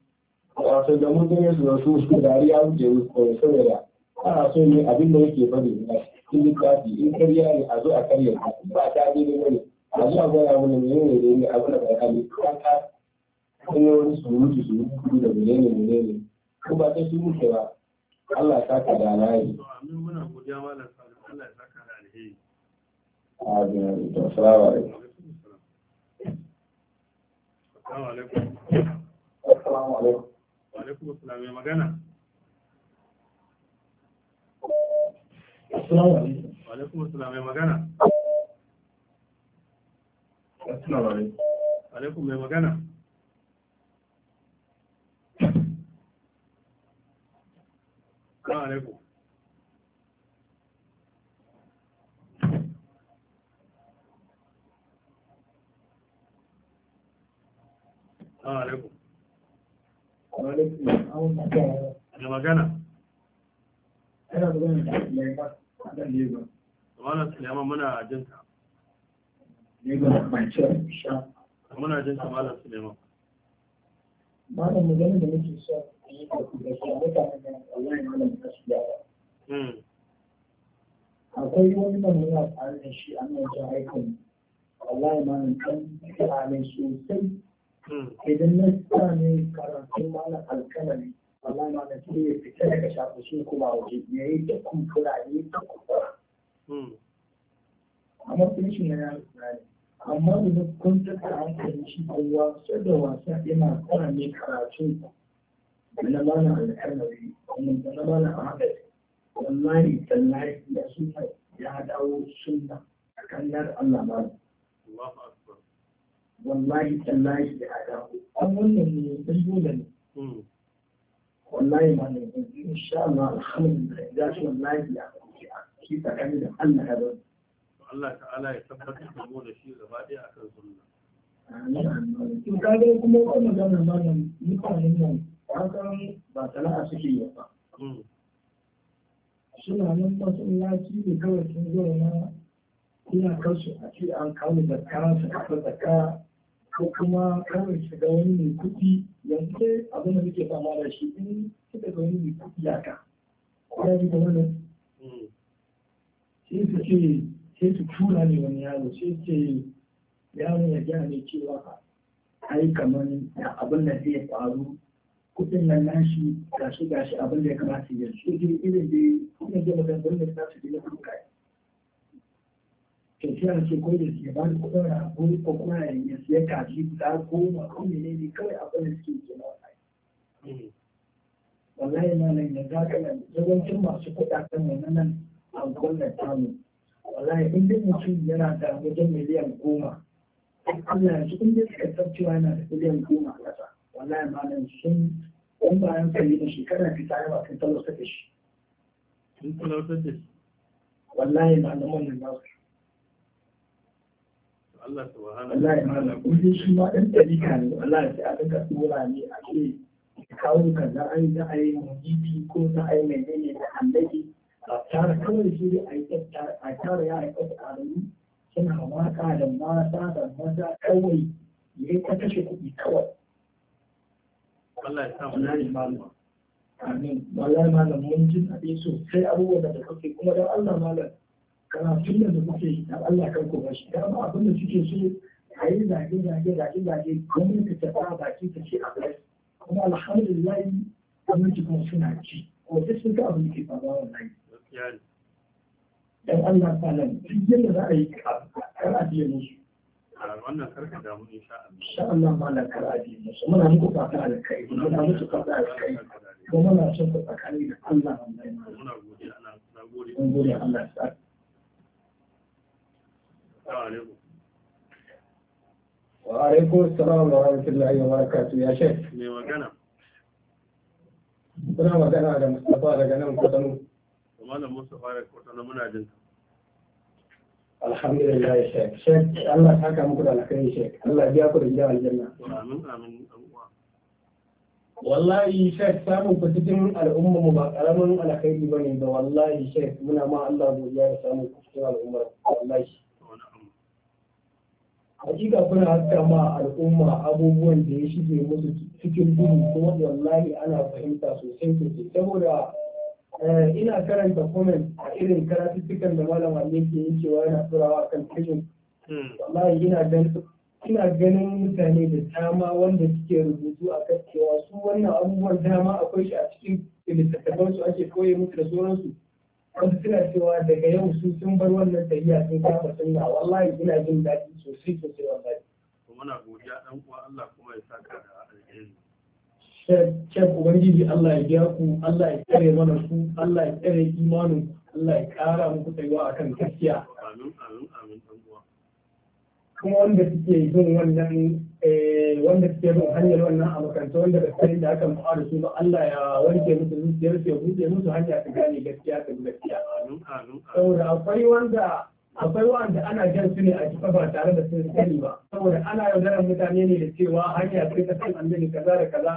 wasu da zuwa su su dari ya wuce kawai saboda ana so ne abin da yake bari na cikin littafi in karya ne a zo a karya ba ba ta ne ne bane a zo a gwada mana ne ne ne abin da bai hali kan ka kun yi wani su mutu da menene menene ko ba ta surutu ba Allah ya saka da layi. muna godiya malam Allah ya saka da alheri. Amin. Assalamu alaikum. Assalamu alaikum. Assalamu alaikum. Wa alaikum assalam mai magana. Assalamu alaikum. Wa alaikum assalam mai magana. Assalamu alaikum. Wa alaikum magana. Assalamu alaikum. alaikum da magana ana magana da Suleiman a Malam Suleiman muna jin sha muna jin Malam Suleiman Malam da so yi da da da da hmm. akwai wani nan a tare da shi a nan jihar Kano wallahi malam sosai Hmm. idan na sami karatun malam alkalami Allah ma na ce ya fita daga shafushin kuma waje ya yi da kumfura ya yi da kumfura hmm. amma kun shi na yaro ne amma idan kun taka hankali shi kowa sai da wasa yana kara ne karatu na malam alkalami kuma na malam ahmed wallahi tallahi ya suna ya dawo sunna a kan Allah malam wallahi tallahi da ada an wannan ne dan dole ne hmm. wallahi ma ne insha Allah alhamdulillah ga shi wallahi ya kuke a ki tsakani da Allah ya bari Allah ta'ala ya tabbatar da mu da shi gaba daya akan sunna amin amin kin ga kuma wannan magana ma nan mutanen nan hakan ba sana'a suke yi ba hmm. suna nan masallaci ne kawai sun zauna ina kansu a ce an kawo da su kafa tsaka ko kuma kan shiga wani mai kuɗi yanzu sai abin da muke fama da shi in kika ga wani mai kuɗi ya ka kwarar da wani hmm. sai su ce sai su tura ne wani yaro sai su ce yaro ya gaya ne cewa ai kamar da abin da zai faru kuɗin nan nashi gashi gashi abin da ya kamata ya yi sai dai irin dai kuɗin da mutum da ta su je na kuɗi tafiya ce ko da ke ba da kuɗin rago ko kuma ya siya kaji guda goma ko mene ne kawai a da suke ke na wallahi. Wallahi na nan za haka nan yawancin masu kuɗaɗen wannan nan a gwamnan tamu. Wallahi in dai mutum yana da wajen miliyan goma. Allah yanzu in dai suka san cewa yana da miliyan goma a ƙasa. Wallahi ma nan sun in bayan kai da shekara tsaya ba sun talauta da shi. Sun talauta da shi. Wallahi malaman nan nasu. Allah a a ai mujibi ko da ai menene da annabi a tara kawai shi da ai a tara ya ai tsakarin suna waka da mata da maza kawai kashe kuɗi kawai Allah ya sa malama amin malam mun ji sosai abubuwan da kake kuma dan Allah malam karatun da muke yi da Allah kan ba shi dan ba abin da suke so a yi zage zage zage zage gwamnati ta fara baki ta ce a bai kuma alhamdulillah gwamnati kuma suna ci ko sai sun ga abin da ke faruwa wallahi dan Allah salam duk yadda za a yi kar a biye musu wannan karka damu insha Allah insha Allah malam kar a biye musu muna muku fata alkai muna muku fata alkai kuma muna son ku tsakani da Allah wallahi muna godiya Allah na gode Allah wa alaikun salam wa rahmatullahi wa barakatu ya shek mai magana kuna magana da mustapha daga nan kwatano kuma da mustapha daga kwatano muna jin alhamdulillah shek shek allah ta kama da alkhairi shek allah biya ku da gidan aljanna amin amin wallahi shek samun ku cikin al'umma mu ba karamin alkhairi bane da wallahi shek muna ma allah godiya da samun ku cikin al'ummar wallahi hakika kuna haska ma al'umma abubuwan da ya shige musu cikin duhu kuma wallahi ana fahimta sosai sosai saboda eh, ina karanta comment a irin karatuttukan da malama ne ke yi cewa yana turawa kan cikin hmm. wallahi ina ganin ina ganin mutane da dama wanda suke rubutu a kan cewa su wannan abubuwan dama akwai shi a cikin littattafansu ake koye musu da sauransu wasu suna cewa daga yau su sun bar wannan tafiya sun kafa sunna wallahi ina jin daɗi sosai sosai wallahi muna godiya dan uwa Allah kuma ya saka da alheri Shek Ubangiji Allah ya biya ku, Allah ya tsare mana ku, Allah ya tsare imanin Allah ya ƙara muku tsayuwa akan gaskiya. Amin, amin, amin, kuma wanda suke bin wannan eh, wanda suke bin hanyar wannan a makaranta wanda da sai da aka mu'a da su ba Allah ya warke musu su ya buɗe musu hanya su gane gaskiya su gaskiya saboda akwai wanda akwai wanda ana jan su ne a jifa ba tare da sun sani ba saboda ana yaudarar mutane ne da cewa hanya sai ta san annabi kaza da kaza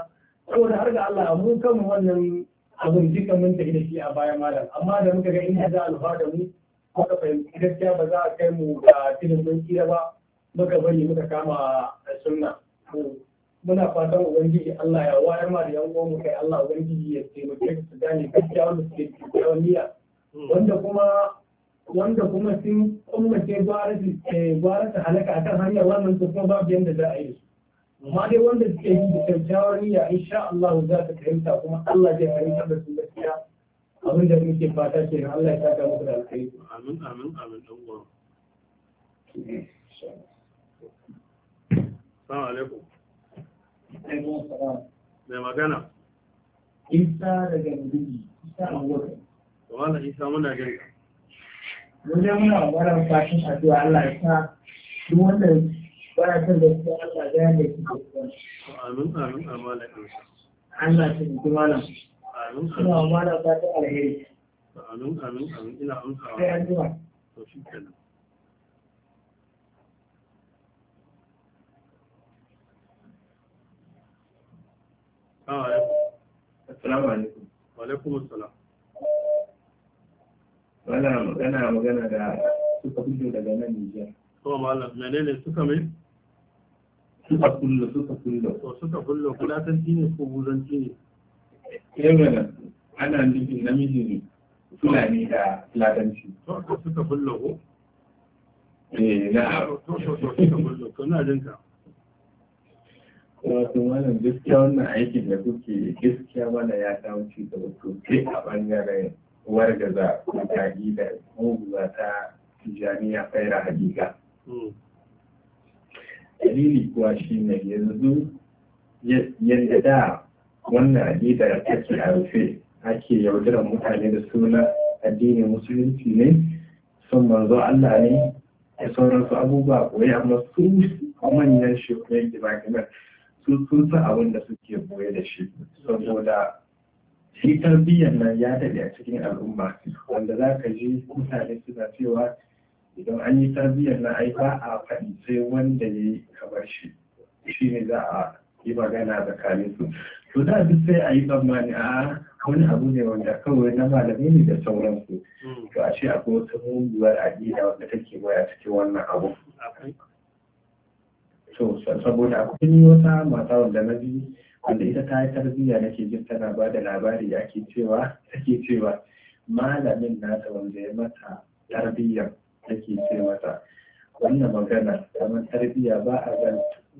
saboda har ga Allah mun kanmu wannan abun duka mun tafi da shi a baya malam amma da muka ga inda za a alfa da mu muka fahimci gaskiya ba za a kai mu ga tilin mun kira ba muka bari muka kama a sunna muna fatan ubangiji Allah ya wayar ma da yan uwan kai Allah ubangiji ya taimake su gane gaskiya wanda suke kyakkyawan niyya hmm. wanda kuma wanda kuma sun kummace eh, gwara su halaka akan hanyar wannan su kuma babu yadda za a yi su amma dai wanda suke yi da kyakkyawar niyya insha Allah za ta fahimta kuma Allah zai fahimta da su gaskiya abin da muke fata ke Allah ya saka muku da alkhairi amin amin amin dan uwa Salamu alaikum. Mai magana. Isa daga Maiduguri, Isa Abubakar. Kamala Isa muna gari. Wajen muna wannan fashin addu'a Allah ya sa duk wanda baya son gaskiya Allah ya gane shi gaskiya. Amin amin amala Isa. Allah ya ji malam. Amin amin. Ina amala ta alheri. Amin amin amin ina amsawa. Sai addu'a. To shi kenan. Assalamu alaikum. Wa alaikum assalam. magana magana da suka fito daga nan Nijar. To malam menene suka mai? Suka kullo suka kullo. To suka kullo kulatanci ne ko buzanci ne? Eh mana ana nufin namiji ne. Fulani da Fulatanci. To suka kullo ko? Eh na. To to to suka kullo to na jinka. wato malam gaskiya wannan aikin da kuke gaskiya mana ya kawo ci gaba a bangaren wargaza mataki da muguza ta jami'a faira hakika hmm. dalili kuwa shi ne yanzu yadda da wannan aƙida take a rufe ake yaudarar mutane da suna addinin musulunci ne sun manzo Allah ne da sauransu abubuwa koyi amma su manyan shi ne sun sun sa abin da suke boye da shi saboda shi tarbiyyar nan ya daɗe a cikin al'umma wanda za ka ji mutane suna cewa idan an yi tarbiyyar na ai ba a faɗi sai wanda ya yi kamar shi shi ne za a yi magana tsakanin su to da duk sai a yi tsammani a wani abu ne wanda kawai na malami ne da sauransu hmm. to a ce akwai wata mummuwar aƙida wanda take waya cikin wannan abu to saboda akwai wata mata wanda na bi wanda ita ta yi tarbiyya ke jin tana ba da labari ake cewa take cewa malamin nata wanda ya mata tarbiyya take ce mata wannan magana kamar tarbiyya ba a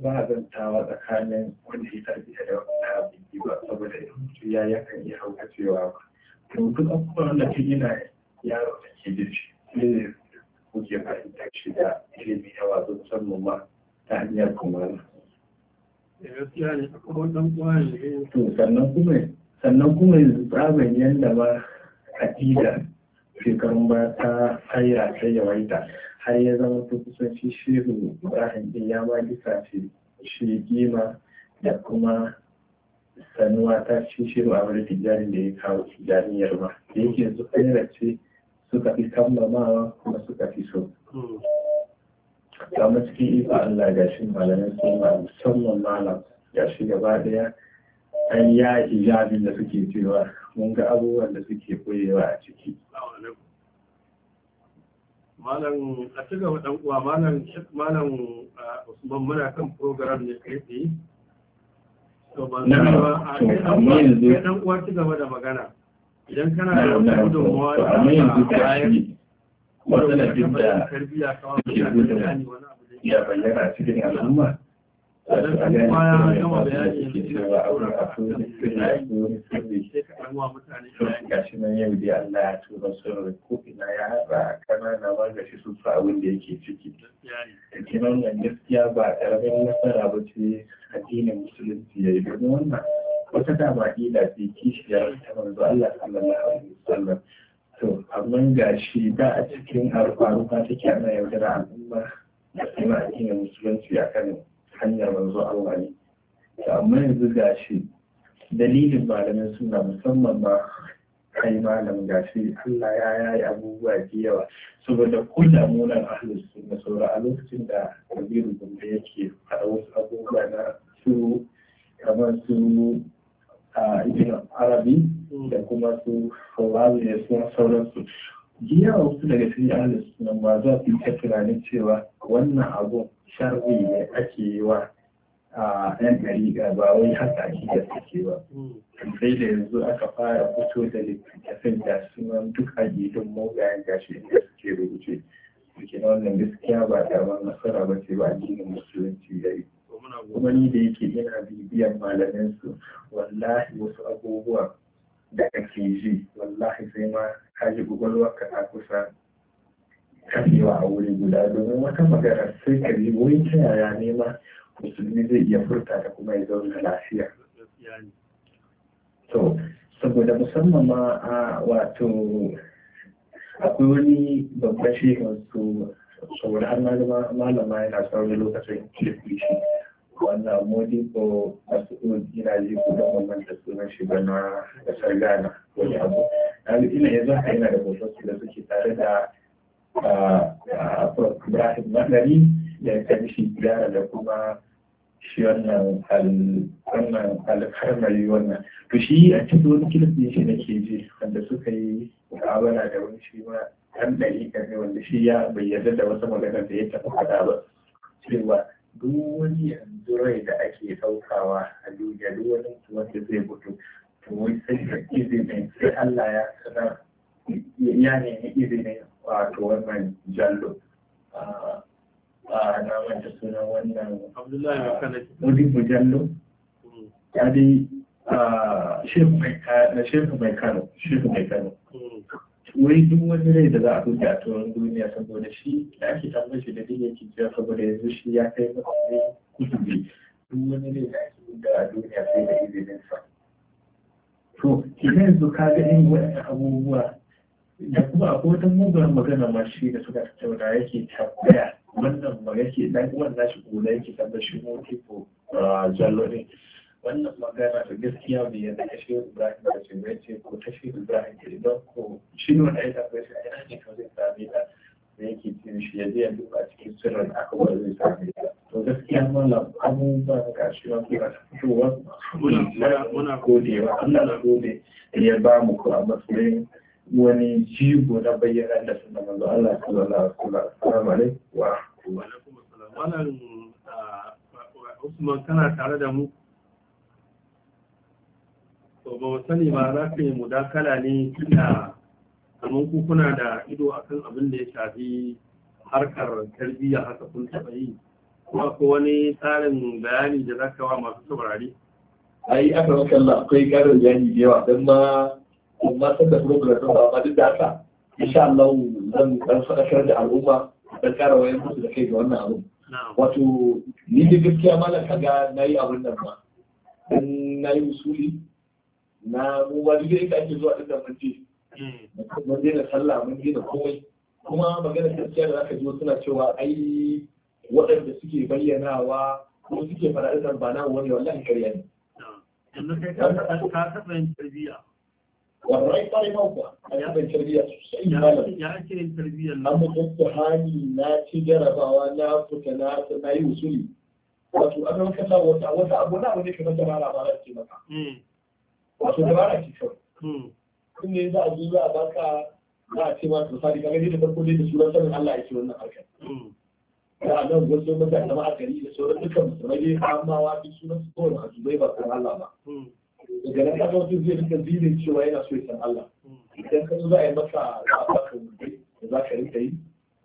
ba a zantawa tsakanin wanda ya tarbiyya da wanda ya ba saboda ya yakan iya hauka cewa ba duk abubuwan da yana yaro da ke jin shi ne kuke fahimta shi da ilimi yawa mu ma ta kumara eh, to sannan kuma sannan kuma yadda ma hadida shekarun ba ta haira ta yawaita har ya zama ta kusan shi shehu ibrahim din ya ma lissafi shi kima da kuma sanuwa ta shi shehu a wani tijarin da ya kawo tijarin da yake su ce suka fi kammamawa kuma suka fi so hmm. ga maski iko Allah ga shi malamin sunna musamman malam ga shi gaba daya an ya ijabin da suke cewa mun ga abubuwan da suke koyewa a ciki malam a ci gaba dan uwa malam malam Usman muna kan program ne kai tsaye to ban a kai dan uwa ci gaba da magana idan kana da gudunmawa da bayan matsalafin da ke gudun ya bayyana cikin al'umma a cewa a tuni tuni a tuni yau dai ya tura sun ko ya haɗa kanana ma gashi sun abin da yake ciki kinan nan ba ƙaramin nasara ba ce addinin musulunci ya yi domin wannan wata dama ƙila ce kishiyar ta manzo Allah sallallahu alaihi wasallam to abin shi da a cikin harfaru ta take ana yaudara al'umma da kuma addinin musulunci a kan hanyar manzo Allah ne to amma yanzu ga shi dalilin malamin suna musamman ma kai malam gashi Allah ya yayi abubuwa da yawa saboda ko da munan ahlus sunna saura a lokacin da kabiru gumbe yake faɗa wasu abubuwa na su kamar su ibn arabi da kuma su fawali da suna sauransu jiya wasu daga cikin ahalin suna ba za su yi tunanin cewa wannan abun sharri ne ake yi wa yan ga ba wai haka ake da suke ba sai da yanzu aka fara fito da littattafin da sunan duk aƙidun mugayen gashi da suke rubuce suke na wannan gaskiya ba da nasara ba ce ba addinin musulunci ya wani da yake yana bibiyan malaminsu wallahi wasu abubuwa da ake ji wallahi sai ma kaji gugulwa ka a kusa kafewa a wuri guda domin wata magana sai ka ji wurin ta yaya nema musulmi zai iya furta da kuma ya zauna lafiya to saboda musamman ma a wato akwai wani babban shehun su saboda har malama yana sauri lokacin kirki shi wanda modi ko masu ina ji ko don wannan da sunan shi ba na kasar ghana wani abu na ina yanzu haka yana da hoton da suke tare da ibrahim magani da ya kai shi gyara da kuma shi wannan wannan wannan to shi a cikin wani kilifin shi nake ji wanda suka yi abana da wani shi ma ɗan ɗarika ne wanda shi ya bayyana da wasu maganar da ya taɓa faɗa ba cewa duk wani yanzu rai da ake ɗaukawa a duniya duk wani wanda zai mutu to wai sai da izinin sai Allah ya sanar ya nemi izinin wato wannan jallo a na wanda suna wannan Abdullahi Jallo mm. ya dai shehu mai kano shehu mai kano mm. wai duk wani rai da za a buɗe a turan duniya saboda shi da ake tambar da duk yake jiya saboda yanzu shi ya kai ne kusurbe duk wani rai da ake buɗe a duniya sai da izinin sa to idan yanzu ka ga irin wani abubuwa da kuma akwai wata mugun magana ma shi da suka tattauna yake tabbaya wannan ma yake dan uwan nashi kula yake tabbashi shi motifo ah, jallo ne wannan magana da gaskiya bai yadda ta shi ibrahim da ce bai ce ko ta shi ibrahim ke idan ko shi ne wanda ya tafi shi a ne kan zai same ta da yake ce shi ya je ya duba cikin sirrin aka ba zai same ta to gaskiya mallam abubuwa da gashi wa ke ba fitowa muna godewa Allah na gode ya ba mu ko a matsayin wani jigo na bayyana da sunan manzo Allah sallallahu alaihi wasallam alaikum wa alaikum assalam wannan uh, Usman kana tare da mu to ba sani ba za ka yi mudakala ne da kamar ku kuna da ido akan abin da ya shafi harkar tarbiyya haka kun taɓa yi kuma ko wani tsarin bayani da za ka wa masu saurari ai aka makalla akwai karin bayani da yawa don ma amma san da program ɗin ba duk da haka insha Allah zan ɗan faɗakar da al'umma don kara wayan musu da kai ga wannan abu wato ni da gaskiya malam kaga na yi abin nan ba don na yi usuli na ruwa da inda ake zuwa inda mun je hmm. mun da sallah mun da komai kuma magana gaskiya da aka ji suna cewa ai waɗanda suke bayyanawa ko suke faɗa idan ba na wani wallahi ƙarya ne yanzu kai ka taɓa yin tarbiyya wallahi ƙwarai ma kuwa a yaɓin tarbiyya sosai ya ce yin tarbiyya na amma duk hali na ci jarabawa na fita na na yi usuli wato an ka sa wata wata abu na wani kamar jama'a labarai ce maka hmm. wato dabara ce kawai kun ne za a zo za hmm. a baka za a ce ma to sadi kaga dai da farko dai da sunan sanin Allah yake wannan harkar hmm. da a nan wasu mutane ma akari da sauran dukkan musulmai dai amawa duk sunan su kawai a ba san Allah ba hmm. daga nan kaga wasu zai rika zinin cewa yana so ya san Allah idan ka zo za a yi masa za a baka wuri da za ka rika yi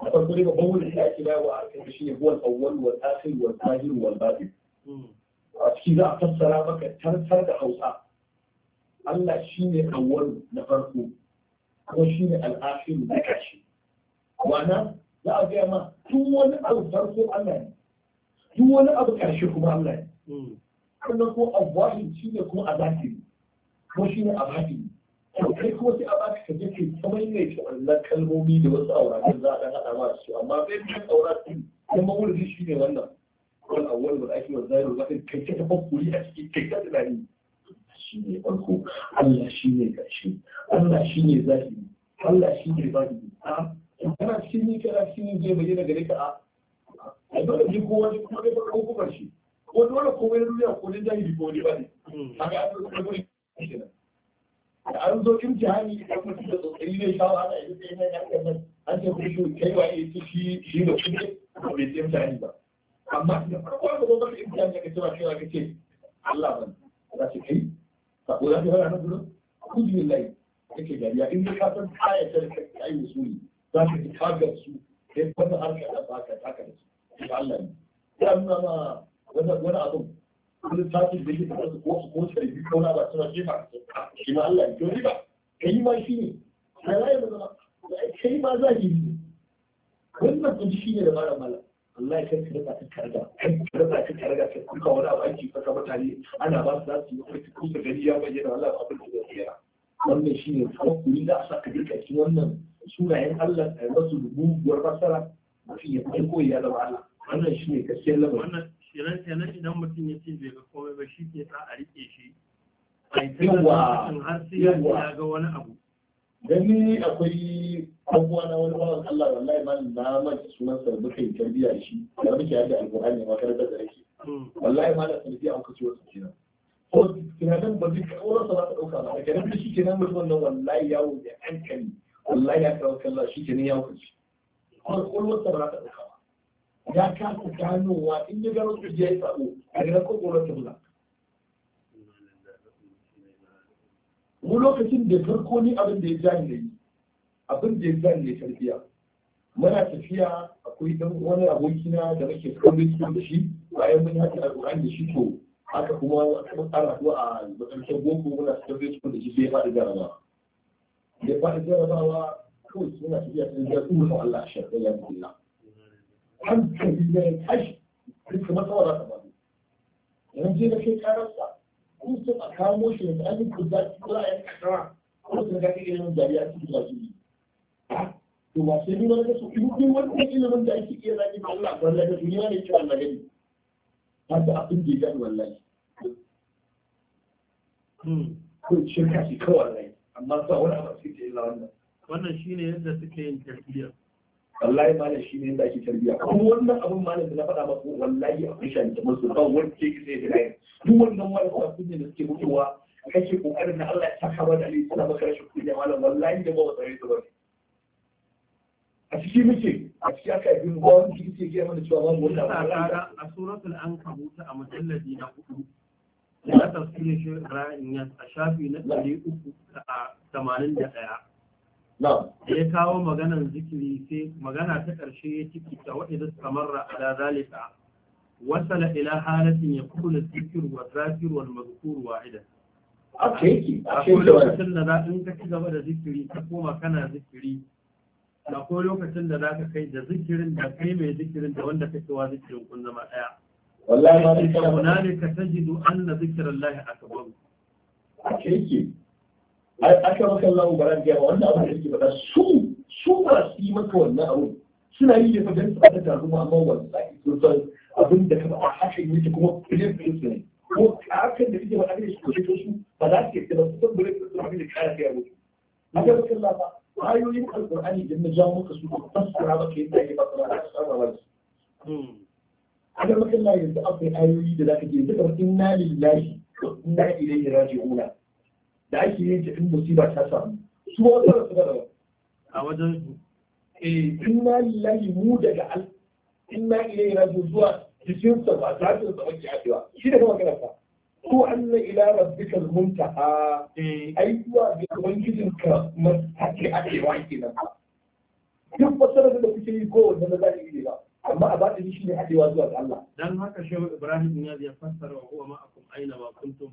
a farko dai babban wurin da ake bayarwa a kan shi ne buwan awwal wal akhir wal zahir wal batin a ciki za a fassara maka tartar da Hausa Allah shi ne awwalu na farko kuma shi ne al'ashiru na ƙarshe wana za a gaya ma tun wani abu farko Allah ne tun wani abu ƙarshe kuma Allah ne hmm. sannan ko awwalin shi ne kuma a zahiri kuma shi ne a batini to kai kuma sai a baka ka je ke kamar ne wannan kalmomi da wasu auratin za a ɗan haɗa ma su amma bai da auratin kuma wurfi shi ne wannan wal awwal wal akhir wal zahir wal batin kai ta tafakuri a cikin kai ta tunani shi ne farko Allah shi ne ƙarshe Allah shi ne zahiri Allah shi ne zahiri a kana cikin ni kana cikin ni zai bayyana gare ka a ai dole ji ko wani kuma dai farko kuma shi ko dole ko wani duniya ko dai zahiri ko ne ba ne a an zo da gure kenan an zo imtihani da mutum da tsotsi ne shawo ana yi sai ne ya kan an ce ku shi kai wa yi shi shi da kuke ko bai imtihani ba amma da farko da gobe imtihani ka ce ba shi ka ce Allah ba za su kai sako ya fi hana na gurin kujin lai yake dariya in ka san kaya ta ka yi usuli za ka ji kagar su sai wata harka da ba ka taka da su ga Allah ne ya nuna ma wani abu wani tafi da yake tafiya ko su ko su rubi ko ba suna jefa shi ma Allah ne to riba kai ma shi ne da kai ma za ki wannan kun shi ne da mara Allah ya kai raba ta karga raba ta karga ta kuka wani abu aiki faka mutane ana ba su za su yi wani kusa gari ya bayyana Allah abin da zai yi wannan shi ne tsawon da a saka wannan sunayen Allah a yanzu su rubuwar masara mafi ya fi koyi ya zama Allah wannan shi ne gaskiyar lamarin wannan shirin kenan idan mutum ya ce bai ga komai ba shi ke sa a rike shi a yi har sai ya ga wani abu dan akwai abubuwa na wani bawan Allah wallahi malam na manta sunan sa muka yi tarbiya da shi da muke yadda alqur'ani ma karanta da yake wallahi malam sai biya an kace wasu kenan ko tunanin ba duk auren sa za ta dauka ba daga nan shi kenan mutumin nan wallahi yawo da hankali wallahi ya kawo kallon shi kenan ya wuce kuma kullum sa ba za ta dauka ba ya kasa ganowa in ya gano su je ya sabo a ga ko gurin ta mu lokacin da farko ni abin da ya ja ne. abin da ya ja ni tarbiya muna tafiya akwai dan wani abokina da muke kallon su da shi bayan mun haɗa alƙur'ani da shi to haka kuma kuma tsara ko a makarantar boko muna kallon su da shi sai ya faɗi jarabawa ya faɗi jarabawa kawai suna tafiya sun ga ko Allah a shaɗa ya bulla hankali ne tashi duk kuma tsawara ta ba yanzu na kai karasa kun a kamo shi da tsanin kuzari ko a a cikin to ba sai su in wani da zaki ba Allah da duniya ne Allah gani ba da abin da ya gani wallahi hmm. ko shirka shi kawai amma ba wani abu sai da wannan wannan shine yadda suke yin tarbiyya wallahi malam shi ne yadda ake tarbiyya kuma wannan abin malam da na faɗa maka wallahi kun shani da masu ba wanda ke sai da layin duk wannan marasa kunya da suke mutuwa kake kokarin da Allah ya saka wa da Ali suna maka rashin kunya malam wallahi da ba wasare su ba a ciki muke a ciki aka yi mu ba wani kike ga mana cewa ba. babu wannan a suratul ankabut a mujalladi na hudu da tafsirin shi Ibrahim ya a shafi na 381 ya kawo maganar zikiri sai magana ta ƙarshe ya ciki ta wa'idu samarra ala zalika wasala ila halatin ya kula zikir wa zafir wal mazkur wahida aka lokacin da za in ka ci da zikiri ka koma kana zikiri da ko lokacin da za ka kai da zikirin da kai mai zikirin da wanda kake wa zikirin kun zama daya wallahi ka ta hunalika tajidu anna zikrullahi akbar aka yake aka maka Allah ba ran ga wannan abu da yake faɗa su su ba su yi maka wannan abu suna yi ne fa dan su ta taru amma wallahi sun san abin da ka ba haka yake kuma kullum su ne ko hakan da yake faɗa ne su ko su ba za su yi ba su san bare su abin da kara kai abu aka maka Allah ba ayoyin alqur'ani da na jawo maka su ba fassara maka yadda yake fassara ba su ba su aka maka Allah yanzu akwai ayoyi da zaka je da kamar inna lillahi wa inna ilaihi raji'una da ake yin ta in musiba ta samu su wata da suka daban a wajen su eh inna lillahi mu daga al inna ilaihi raji'un zuwa jikin sa ba za ta zama kiyayewa shi da kuma kana fa ko anna ila rabbika al-muntaha eh. ai zuwa ga ubangijin ka mastaki a cewa kenan duk fasarar da kuke yi ko wanda na zai yi ba amma a batini shi ne hadewa zuwa ga Allah dan haka shehu Ibrahim ya fassara wa huwa ma'akum aina ma kuntum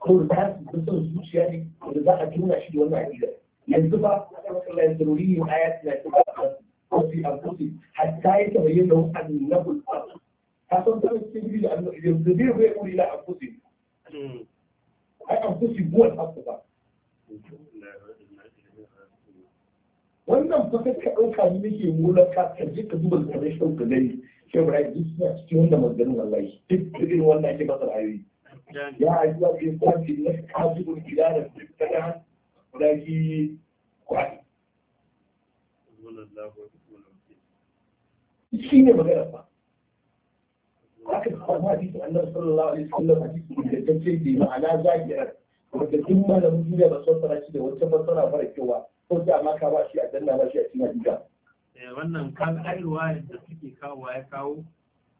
ko da su son zuciya ne da za a tuna shi wani wannan aƙida yanzu ba a Allah ya zaruri ne a yaki na kuma a kusi a kusi hatta ya tabayyana da wani na bulfa ka san ta cikin biyu da annabi da zai bai kuri na a kusi ai a kusi buwan haku ba wannan fa ka ɗauka ni nake mulaka ka je ka duba da shi ka gani shi ba ya ji suna cikin wannan maganin wallahi duk irin wannan ake masa ra'ayoyi يا أيها الإنسان في نفسك حاجب إلى نفسك فلها ولكن قرآن shi ne magana ba haka kawai hadisi annabi sallallahu alaihi wasallam hadisi da tace bi ma'ana zakira wanda duk malamin duniya ba son fara shi da wata fassara mara kyau ba ko da ma ka ba a danna ba shi a cikin hadisa wannan kan ayruwa da suke kawo ya kawo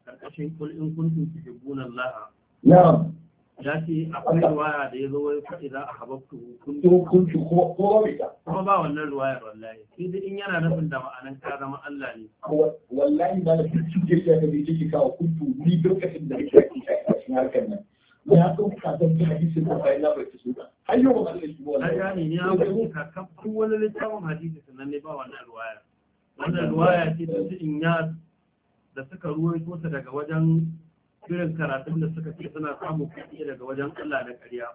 karkashin kul in kuntum tuhibbuna Allah ya ce akwai ruwaya da ya zo wai faɗi za a habaktu hukunci kuma ba wannan ruwaya wallahi sai dai in yana nufin da ma'anan ka zama Allah ne wallahi ba da ke jirgin da bai jiki kawo kuntu ni lokacin da nake aiki a cikin harkar nan ya ɗauka don ta hadisin ko bayan na bai fi suka ayyo ba da shi ba wallahi ya ni an wala ne ta wannan hadisi sannan ne ba wannan ruwaya wannan ruwaya ce ta su in ya da suka ruwaito ta daga wajen irin karatun da suka ce suna samun kuɗi daga wajen Allah da ƙarya.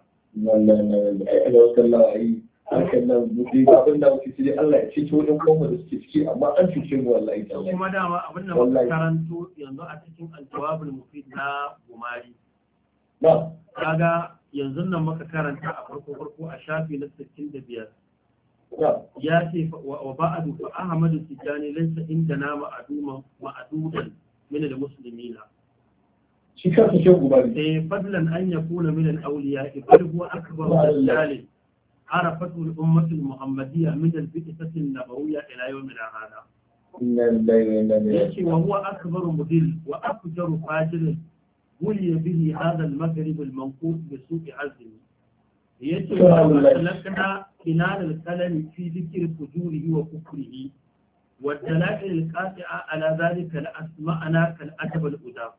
abin da muke ciki Allah ya cece wajen kuma da suke ciki amma an cuce mu wallahi ta kuma dama abin da muka karanto yanzu a cikin aljawabul mufid na gumari kaga yanzu nan muka karanta a farko farko a shafi na sittin da biyar. ya ce wa ba'adu fa ahmadu tijani laysa inda na ma'aduma ma'adudan min al-muslimina shi kansa shi gubari eh fadlan an yakuna min al-awliya bal huwa عرفته الأمة المحمدية من البعثة النبوية إلى يومنا هذا. إن الله وهو أكبر مدل وأفجر فاجر ولي به هذا المغرب المنقوص بسوء عزمه. يجي وأسلكنا خلال الكلام في ذكر فجوره وكفره والدلائل القاطعة على ذلك لأسمعنا كالأدب الأداب.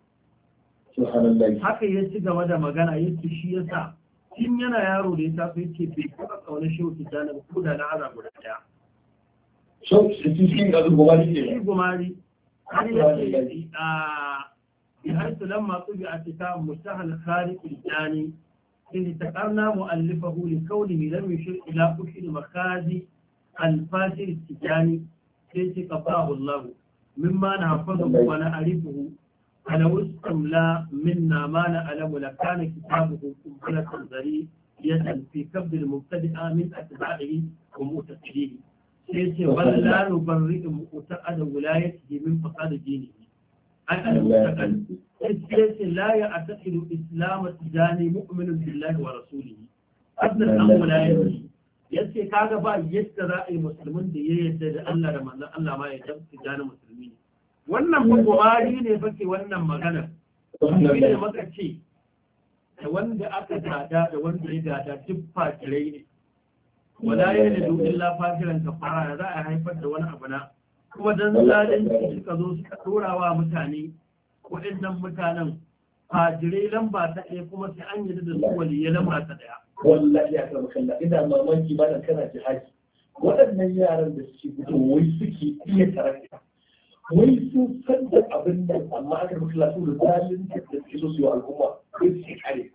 haka ya ci gaba da magana ya shi ya sa in yana yaro da ya tafi ya ce bai taɓa ƙaunar shehu tijjani ba ko da na aza guda ɗaya. Shehu tijjani ga gumari ke. Shi gumari. Har ya ce بحيث لما طبع كتاب مشتهى الخالق الثاني إن ذكرنا مؤلفه لكونه لم يشر إلى أشر مخازي الفاجر التجاني كيف قضاه الله مما نحفظه ونعرفه ألو استملى منا ما نعلم لكان كتابه قنبلة ذرية في كبد المبتدئ من أتباعه ومؤتقديه سيسي ولا نبرئ مؤتقد ولايته من فقد دينه أي المؤتقد سيسي لا يعتقد إسلام تجاني مؤمن بالله ورسوله أبن الأم ولايته yace kaga ba yadda za a yi musulmin da ya yarda da Allah da manzon Allah ma ya tabbata musulmi ne wannan ba buhari ne ba ke wannan magana shi ne maka ce da wanda aka gada da wanda ya gada duk fakirai ne wala ya da domin lafafiran ka fara za a haifar da wani abu na kuma don zalunci suka zo suka dora wa mutane waɗannan mutanen fajirai lamba ta ɗaya kuma sai an yi da su waliyai lamba ta ɗaya wallahi ya kama kalla ina mamaki ba da kana jihadi waɗannan yaran da suke fito wai suke iya tarakta wai sun san da abin da amma aka rufe lasu da zalin da ke so su yi al'umma wai su kare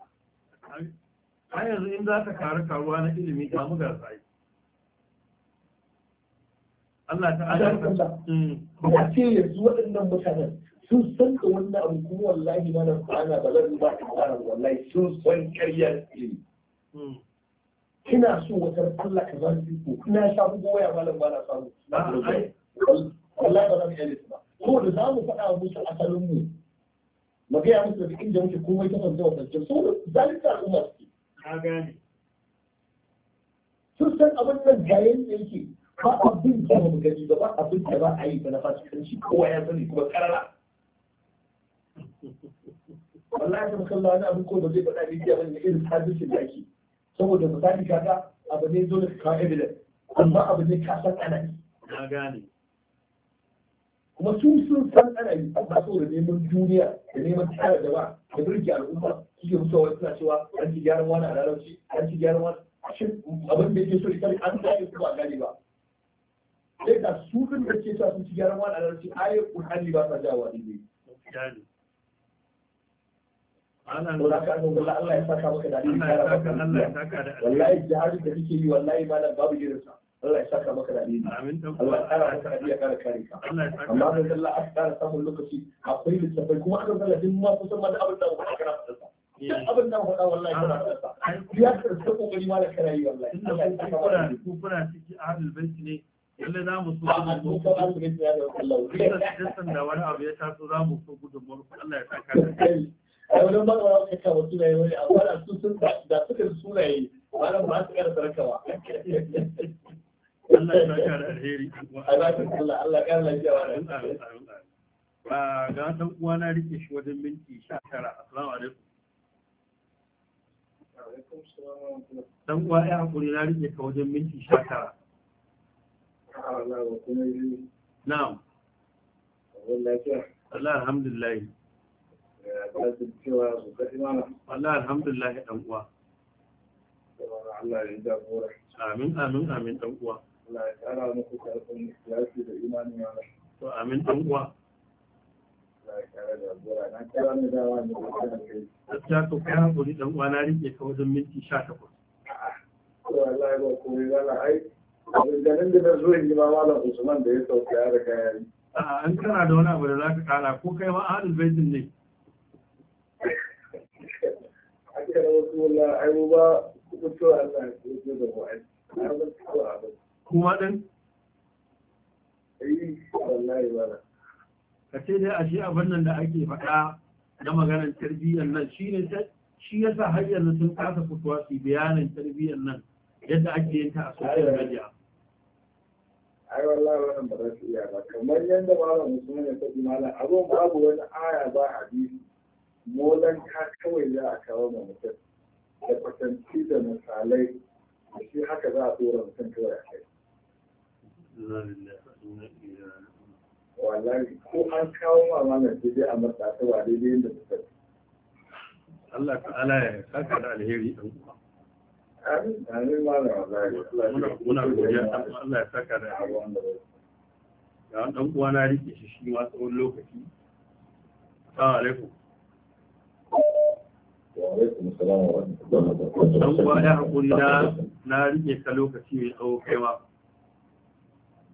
a yanzu in za ka kare karuwa na ilimi ta mu gasa yi Allah ta ala mm. ba ce yanzu waɗannan mutanen sun san da wannan abu kuma wallahi na nan ana ba zan ba ta kara wallahi sun san karyar ilimi mm. kina so wata Allah ka zarfi ko kina shafi goya malam ba na samu wallahi ba za mu iya ba ko da za mu faɗa wa musu asalin mu mu gaya musu daga inda muke komai ta fanzu wa fanzu su zalunta al'umma suke ka gane su san abin nan gayen da yake ba abin da ba mu gani ba ba abin da ba a yi ba na fasikanci kowa ya sani kuma karara wallahi ta musalla wani abin ko ba zai faɗa ne jiya bane irin sabisin da ake saboda misali kaga abu ne dole ka kawo evidence amma abu ne ka san ana yi na gane kuma su sun san ana yi amma saboda neman duniya da neman tsara da ba da birki al'umma suke mutuwa suna cewa an ci gyaran wani a larabci an ci gyaran wani shin abin da yake so ya an tsaye kuma ba gane ba sai ka su sun da ke sa sun ci gyaran wani a larabci ayi kur'ani ba sa jawo ne Allah ya saka maka da Allah ya saka da wallahi jihadi da kike yi wallahi malam babu irinsa Allah ya saka maka da alheri Allah ya kara maka da ya kare ka amma dan Allah aka kara samun lokaci akwai littafai kuma aka zalla din ma kusan ma da abin da aka kara fasa duk abin da eh. faɗa wallahi kana fasa ya karanta kokari ma da kana yi wallahi Allah ya saka maka ku kuna ciki ahlul ne lalle za mu so gudunmu da wani abu ya taso za mu so gudunmu Allah ya saka a wani bakawa ka kawo sunaye wani abu da su sun da suka sunaye ba ba su ƙara sarkawa Allah ya saka da alheri Allah Allah ya lafiya wa ga dan uwa na rike shi wajen minti 19 assalamu alaikum dan uwa ya hakuri na rike ka wajen minti 19 na'am Allah alhamdulillah Allah alhamdulillah dan uwa Amin amin amin dan uwa Allah ya kara da imani ya Allah to amin kai hakuri dan uwa na rike ka wajen minti 18. ba ku da in yi ma malam Usman da ya sauka ya ya yi. A'a an kana da wani abu da zaka kara ko kai ma ahlul baitin ne. Akwai wasu wallahi ai ba ku to Allah ya ji da Ai ba ku kuma ɗin? ka ce dai a shi abin nan da ake faɗa na maganar tarbiyyar nan shi ne shi ya sa har yanzu sun kasa fitowa su bayanin tarbiyyar nan yadda ake yin ta a social media ai wallahi wannan ba za su iya ba kamar yadda ba ba musulmi ne sai malam abun babu wani aya ba hadisi molan ka kawai za a kawo ma mutum da kwatanci da misalai da shi haka za a dora mutum kawai a kai wallahi ko an kawo ma mana daidai a marta ta ba daidai yadda ta tafi Allah ta'ala ya saka da alheri ɗan uwa muna godiya Allah ya saka da alheri ga dan uwa na rike shi shi ma tsawon lokaci assalamu alaikum ɗan uwa ya haƙuri na rike ka lokaci mai tsawo kaiwa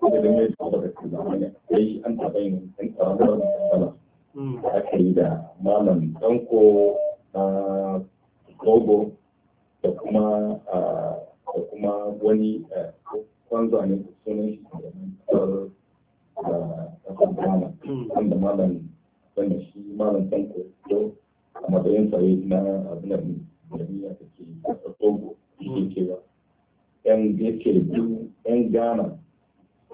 da da mai da da zamani sai an taɓa yin ɗan ƙaramar matsala da aka yi da malam danko na gogo da kuma da kuma wani kwanza ne sunan shi da ƙasar ghana wanda malam wanda shi malam danko yau a matsayin tsaye na abin da jami'a da ke ƙasar togo shi ke cewa yan yake biyu yan ghana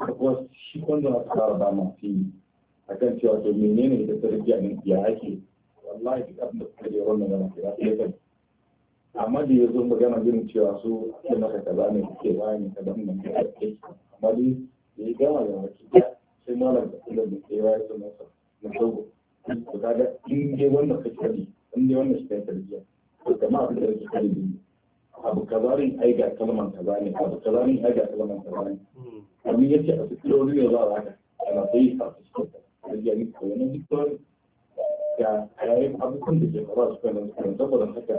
Akwai shi kwanda na fara ba masu yi a kan cewa to menene ita tarbiyya ne ya ake wallahi duk abin da kuka je wannan yana kira sai kai amma da ya zo magana irin cewa su ake maka kaza ne kuke baya ne kaza ne kuke kai amma dai ya yi gama da waki sai malam da kula da kai ya zo masa na sauko to kaga in dai wannan kake kadi in dai wannan shi kai tarbiyya to kamar abin da kake kadi abu kaza ne ai ga kalman kaza ne abu kaza ne ai kalman kaza ne hmm. también ya se asistió un río dada a la fecha el día que fue en Victoria ya ya yi abubuwan da ke faruwa su kan nan saboda haka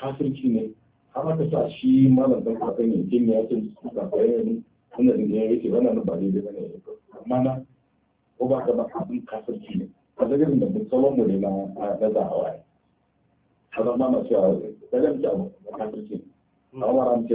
kafirci ne har aka sa shi malam dan kakan ya ce ne ya ce su ka ne wannan ne ya ce wannan ba ne ne amma na ko ba ka ba abin kafirci ne a zagayen da na na zawa ne a zama masu yawa zagayen da abu kafirci ne a wara mu ce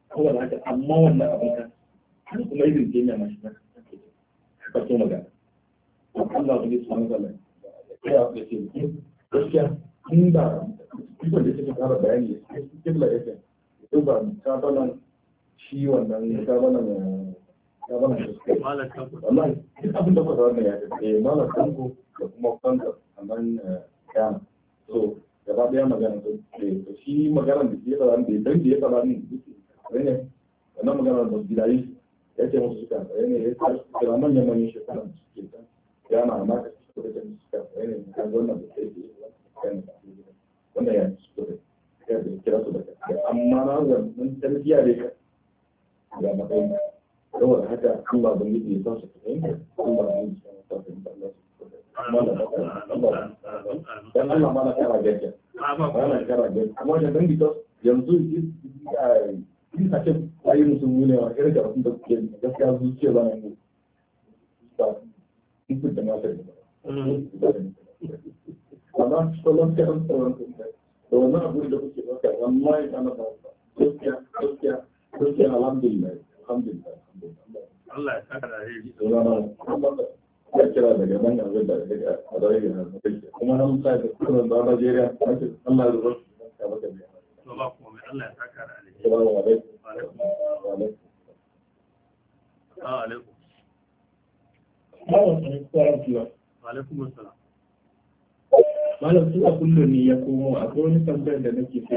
kawai haka amma wannan abin kuma har kuma ibn a a shi ka ka so a Allah ya subhanahu wa ta'ala ya ya ce gaskiya in ba dukkan da suka fara bayani ya kibla ya ce duk ba mutabalan shi wannan ta mutabalan da suka wallahi duk abin da kuka ya ce eh malam kanko da kuma kanka amman ya so gaba daya magana to shi magana da ke fara da dan da ya fara ne ne wannan magana da gidayi ya ce musu suka tsaye ne ya tashi kira manyan manyan shekaran da suke ta ya na amma ka da suka tsaye ne wannan da ke ke wannan ya ci suka kai kira su da kai amma na wannan tarbiyya ne ka ga matsayin saboda haka Allah ya sa su ya sa su su da in a ce ayi musulmi ne wa irin da abin da kuke yi gaskiya zuciya ba na yi ba in kun da mata ne ba mm. amma kullum sai an tsoron kuma da wannan abin da kuke ba kai wallahi ana ba gaskiya gaskiya gaskiya alhamdulillah alhamdulillah Allah ya saka da rage ya kira daga nan a zai daga daga a zai da nan kuma nan sai da kuma da Najeriya Allah ya zuwa ka baka ne Allah ya saka da Malam suna kullum ne ya komo akwai wani tambayar da nake so.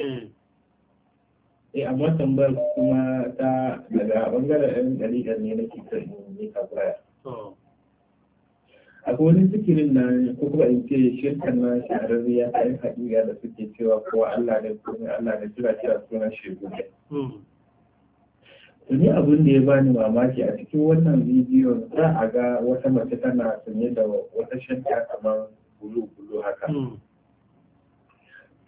Eh. eh amma tambayar kuma ta daga bangaren ɗan ɗariƙar ne nake so in yi tambaya. akwai wani zikirin na ko kuma in ce shirkan na ya ta yin haƙiƙa da suke cewa kowa Allah ne kuma Allah ne kira kira suna shegu ne. Hmm. Tuni abin da ya bani mamaki a cikin wannan bidiyon za a ga wata mace tana sanye da wata shanta kamar bulu-bulu haka. Hmm.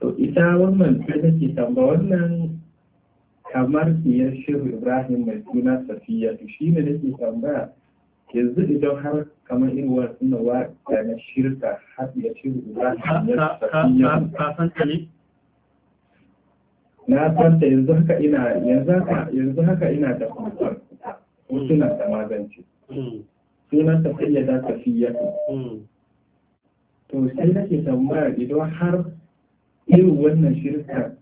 To ita wannan sai nake tamba wannan kamar siyar Shehu Ibrahim mai suna Safiya to shi ne nake tambaya yanzu idan har kamar irin wa suna wa da na shirka har ya ce ruwa ka san ta ne na san ta yanzu haka ina yanzu haka yanzu haka ina da kusan ko suna da magance hmm. sunan ta sayyada tafiya hmm. to sai ke tambaya idan har irin wannan shirka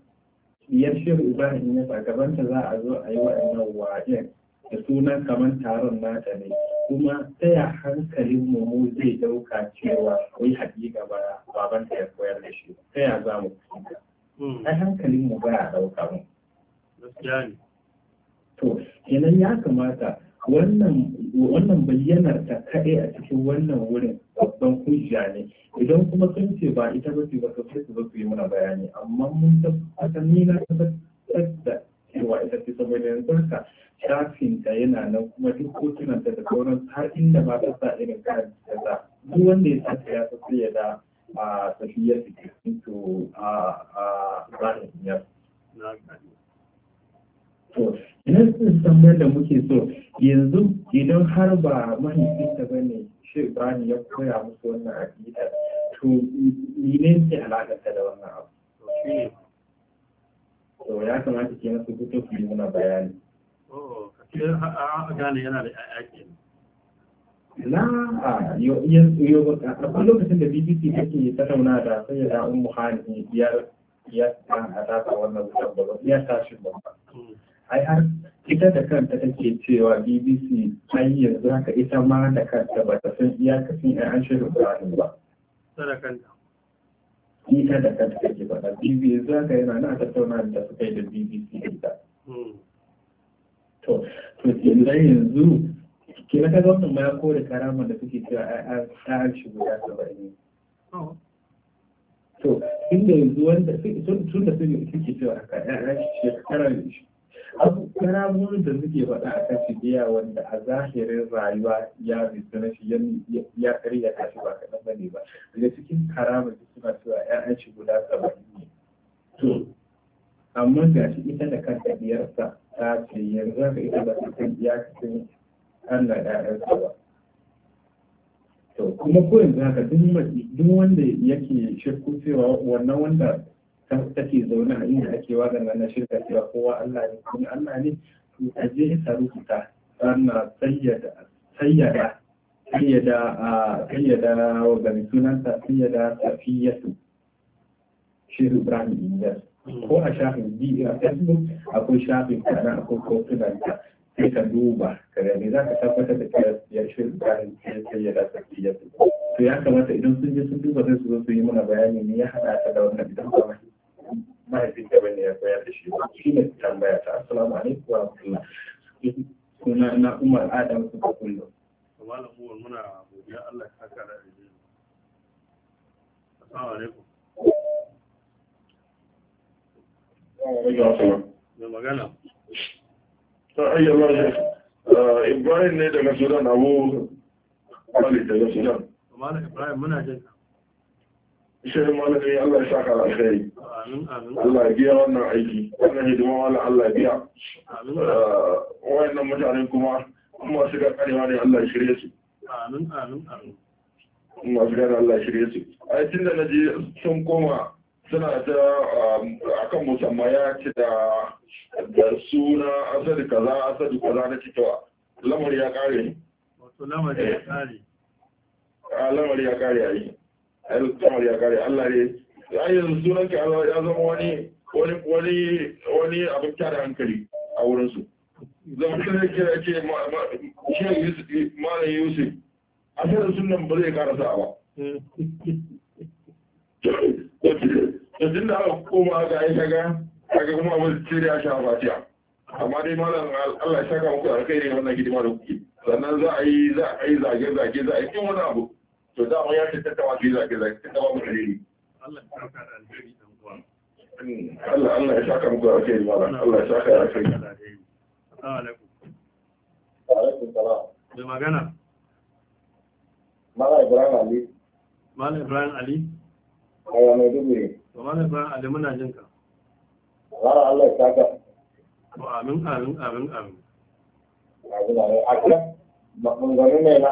diyar uba ibrahim ya sa gabanta za a zo a yi wa'annan wa'adin da sunan kamar taron nata ne kuma taya hankalin mu zai dauka cewa wai hakika ba baban ya koyar da shi ya za mu fita hmm. hankalin mu baya dauka mu to kenan ya kamata wannan wannan bayyanar ta kaɗai a cikin wannan wurin babban hujja ne idan kuma sun ce ba ita ba ce ba su sai yi mana bayani amma mun tabbatar ni na tabbatar da cewa ita saboda yanzu ka shafin ta yana nan kuma duk hotunan ta da sauran har inda ma ta sa irin kayan ta sa duk wanda ya sata ya sa sai ya da a tafiyar da ke to a ya to ina sun tambayar da muke so yanzu idan har ba mahaifinta ba ne shi bani ya koya musu wannan aƙidar to menene alaƙar ta da wannan abu to ya kamata ke masu hutun su yi muna bayani oh, gane yana da ƴaƴa na a yau a lokacin da bbc take tattauna da sai da ummu hani biyar ya kan hada ta wannan wutar ba ya tashi ba ai har ita da kanta take cewa bbc ai yanzu haka ita ma da kanta ba ta san iyakacin ƴan shirin ba ba ita da kanta ke faɗa bbc za ka yana na tattauna da su kai da bbc ita to to kenan yanzu na ka gwamnan ma ya kore karama da suke cewa ta shi shigo ya saba ne to inda yanzu wanda tun da suke cewa ka ya shekara abubuwan da muke faɗa a kan shigiya wanda a zahirin rayuwa ya na shi ya karya ta shi ba kaɗan ba ne ba daga cikin karamar da suna cewa ‘ya'yan shi guda saba'in ne to amma ga shi ita da kanta biyarsa ta ce yanzu haka ita ba ta kan iyakacin Allah ‘ya'yansa ba to kuma ko yanzu haka duk wanda yake shirku cewa wannan wanda take zaune a inda ake wagan na shirka cewa kowa Allah ne kuma Allah ne to a je ta rubuta ana sayyada sayyada sayyada a sayyada wa sunanta sayyada safiyatu shehu ibrahim indiyar ko a shafin biyu facebook akwai shafin kana akwai kotunan ta sai ka duba ka gani za ka tabbatar da cewa ya shehu ibrahim ya sayyada safiyatu to ya kamata idan sun je sun duba sai su zo su yi mana bayani ne ya hada ta da wannan idan ba mahaifinta bane ya koyar da shi ba shi ne tambaya ta assalamu alaikum wa rahmatullah suna na umar adam su ka kullum malam umar muna godiya Allah ya saka da alheri assalamu alaikum mai magana ta ayyar eh, ibrahim ne daga sudan abu kwalita daga sudan malam ibrahim muna jin shirin malami Allah ya saka alkhairi Allah ya biya wannan aiki wannan hidima wala Allah ya biya eh, wayannan mutane kuma kuma su ga karewa ne Allah ya shirye su amin amin amin kuma su Allah ya shirye su ai tunda na je sun koma suna ta um, akan musamman ya ci da da suna asali kaza asali kaza na cikewa lamari ya kare wato lamari ya kare eh, lamari ya kare a yi a yi kamar ya kare Allah ne ya yi yanzu sunanka wani abin hankali a wurinsu ce yusuf a sunan ba zai ba aka koma ga aisha ga kuma ya sha fatiya amma saka muku alkhairi wannan hidima da kuke sannan za a yi za a yi zage zage za a yi wani abu to za mu ya ce tattawa ke zage zage tattawa mu ne Allah ya saka da alheri ke uwa Allah ya saka ya saka assalamu magana Ibrahim Ali Ibrahim Ali mai dubi Ibrahim Ali muna jin ka Allah ya amin amin amin amin a kira ne na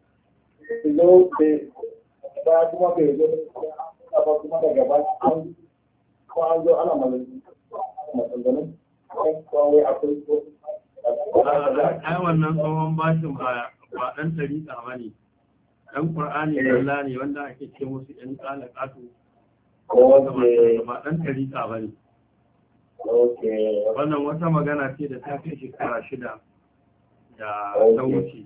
zo ba kuma bai zo ba kuma daga ba an akwai wannan tsohon bashin ba ba eh. Allah ne wanda ake ce musu yan qalaqatu ko ba dan ba bane wannan wata magana ce da ta kai shekara shida da ta wuce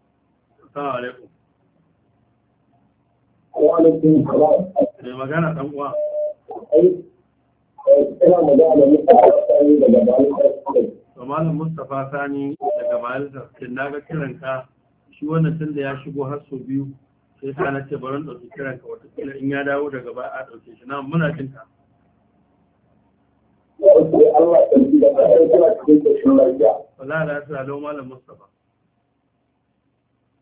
Assalamu alaikum. magana uwa? Ina magana Mustapha Sani daga Balisar To Malam Mustapha Sani daga Balisar State na ga kiranka shi wannan tun da ya shigo har sau biyu sai sa na ce baron ɗauki kiranka watakila in ya dawo daga ba a ɗauke shi na muna jin ka. Allah ya ɗauki da ƙasar kira cikin ƙarshen lafiya. Wala da ya sa Malam Mustapha.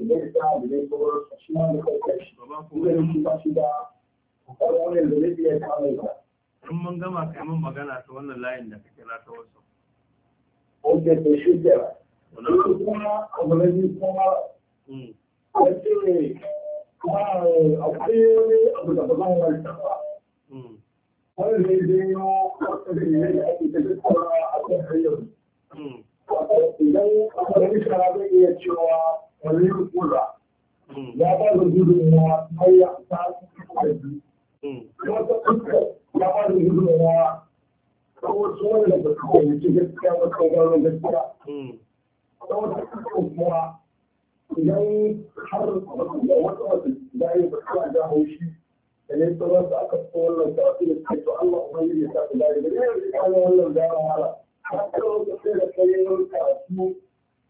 idan ta da zai kowar da zai da da iya kawai in mun gama kai magana ta wannan layin da kake ta wasu. ok to shi ke kuma abu na biyu kuma hmm. a ce kuma eh, akwai wani abu da ba zan hmm. wani wani zai zai yi wata da ne ake ta tattara a kan hanyar. idan abu da zai iya cewa ƙwarin kura hmm. ya ba da gudunmuwa mai ya hmm. ta ƙarfi wata fuska ya ba da gudunmuwa ta wasu wani da kawai yake gaskiya ba kan gano gaskiya hmm. ta wata fuska kuma idan har da wata wata da ya ba kawai da haushi da ne sauran su aka fi wannan tafi da kai to Allah ubangiji ya sa su da ya ga ne ya wannan da ya wahala har kawai da sai da kai yin karatu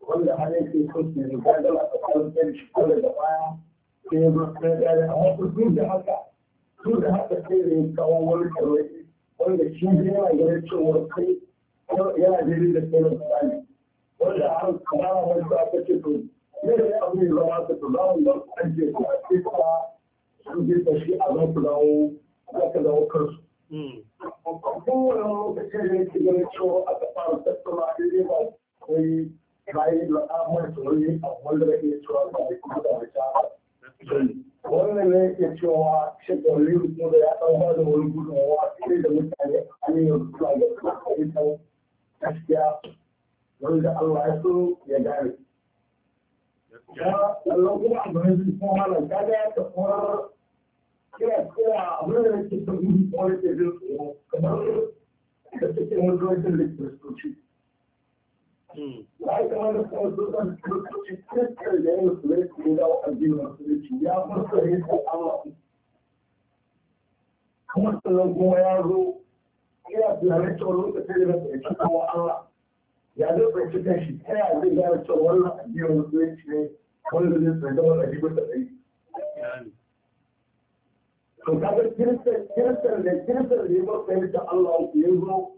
wanda har yake so su yi gadar a ɗan shi da baya sai ya zo sai ya yi amma duk da haka duk da haka sai da ya kawo wani karwai wanda shi yana ganin cewa kai yana daidai da kai da misali wanda har kamar wanda aka ce to ne ne abu ne zama ka to za mu ga an ce ko sai kuma sun je da shi a zan ku dawo za ka dawo kansu. Hmm. Kowane lokaci da yake ganin cewa aka fara tattauna daidai ba kai bayan da amur tsoron a wanda da ke cewa cewa shekaru ya ɗauka da wani a da an yi rubuta da a shi kamar da suke wani lokacin ya yi kama da kawai dukkan lokaci tattar da kuma kuma sannan kuma ya zo ina tunanin cewa lokacin da na fahimci kawo Allah ya zai fahimci shi ta yaya zai gane cewa wannan addinin musulunci ne wanda zai tsaye da wannan addinin da tsaye. To kaga kiristan da kiristan da ya Allah ya zo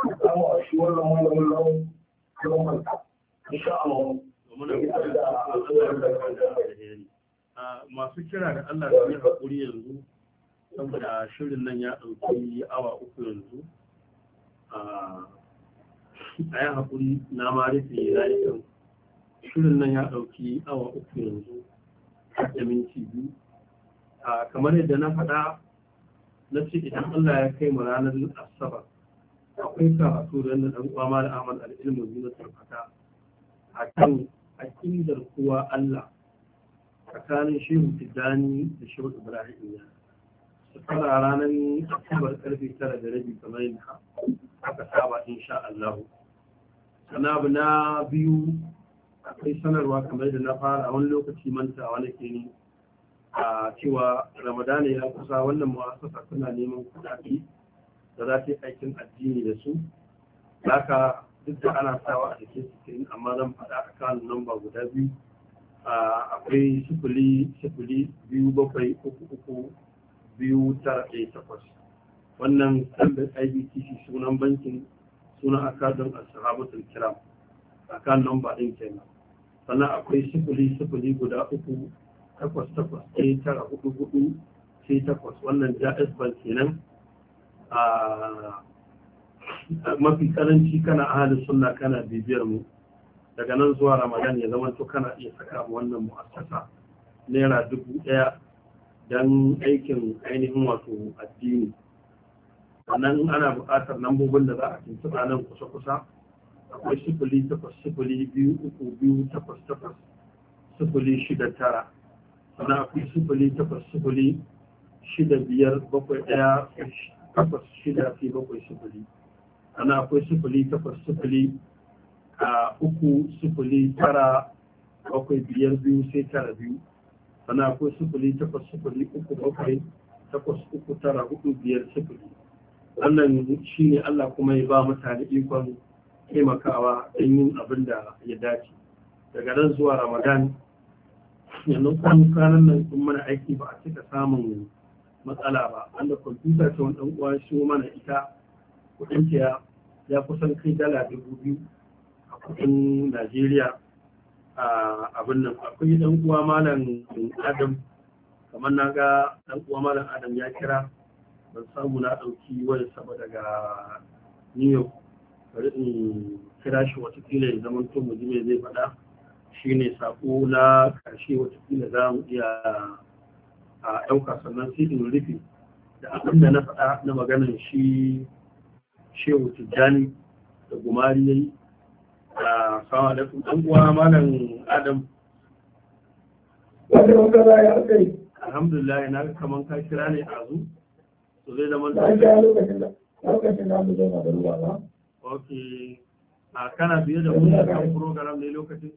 ka samu a Allah masu kira da Allah da yi haƙuri yanzu saboda shirin nan ya ɗauki awa uku yanzu a yi haƙuri na ma rufe rayukan shirin nan ya ɗauki awa uku yanzu da minti biyu kamar yadda na faɗa na ce idan Allah ya kai mu ranar asabar akwai a da na ɗan kwama da Ahmad al zuwa tarfata a kan aƙidar kowa Allah tsakanin Shehu Tijjani da Shehu Ibrahim ya. fara ranar Asabar karfe tara da rabi kamar yadda aka saba insha Allah. Sana abu na biyu akwai sanarwa kamar da na fara wani lokaci mantawa nake ne a cewa Ramadana ya kusa wannan mu'asasa suna neman kuɗaɗe da za ta yi aikin addini da su ka duk da ana sawa a jikin sikirin amma zan faɗa a kan namba guda biyu akwai sifili sifili biyu bakwai uku uku biyu tara ɗaya takwas wannan tambin ibtc sunan bankin sunan akadun ashabatul kiram kan namba ɗin kenan sannan akwai sifili sifili guda uku takwas takwas ɗaya tara hudu hudu sai takwas wannan ja'is bank kenan mafi karanci kana ahalin suna kana bibiyar mu daga nan zuwa ramadan ya zama to kana iya saka wannan mu'assasa naira dubu ɗaya don aikin ainihin wato addini sannan ana buƙatar lambobin da za a tuntuɓa nan kusa-kusa akwai sifili takwas sifili biyu uku biyu takwas takwas sifili shida tara sannan akwai sifili takwas sifili shida biyar bakwai ɗaya takwas shida fi bakwai sifili ana akwai sifili takwas sifili a uku sifili tara bakwai biyar biyu sai tara biyu ana akwai sifili takwas sifili uku bakwai takwas uku tara hudu biyar sifili wannan ne Allah kuma ya ba mutane ikon taimakawa don yin abin da ya dace daga nan zuwa ramadan yanzu kwanan nan sun mana aiki ba a cika samun matsala ba wanda kwamfuta ta wani uwa shi mana ita kudin ya ya kusan kai dala dubu biyu a kudin najeriya a abin nan akwai dan uwa malam adam kamar na ga dan uwa malam adam ya kira ban samu na ɗauki wani saba daga new york bari in kira shi watakila ya zama to mu zai faɗa shine sako na ƙarshe watakila za mu iya a ɗauka sannan sai rufi. da abin da na faɗa na maganar shi shehu tijjani da gumari ya yi a sama da ɗan uwa malam adam wanda wanda za ya kai alhamdulillah na kaman ka kira ne a zu to zai zama da ga lokacin da lokacin da da ruwa ba Ok, a kana biye da mu kan program ne lokacin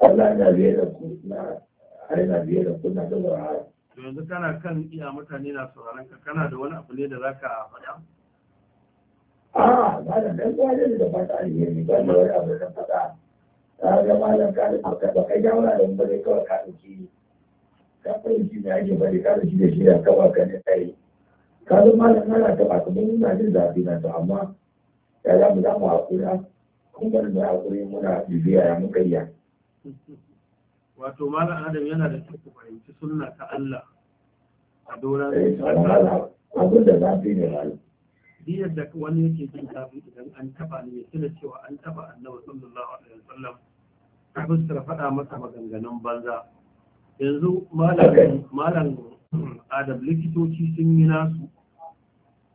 wallahi na biye da ku na a yana biye da kuna ta zura'ar to yanzu kana kan iya mutane na sauraron ka kana da wani abu ne da zaka faɗa a ba da dan gwaje da fata alheri ba da wani abu da faɗa ta ga malam ka da ba kai jawara da ba dai kawai ka dauki ka fahimci me ake bari ka shi da shi da kawa ka ne tsaye ka zo malam na ta ba ka mun na jin zafi na ta amma ya za mu za mu haƙura kun bari mu haƙuri muna bibiya ya muka iya wato malam adam yana da kyau ku fahimci sunna ta Allah a doran eh, abin da zafi ne rani diyar da wani yake jin zafi idan an taba ne ya tuna cewa an taba annabi sallallahu alaihi wasallam ta fuskar faɗa masa maganganun banza yanzu malam adam likitoci sun yi nasu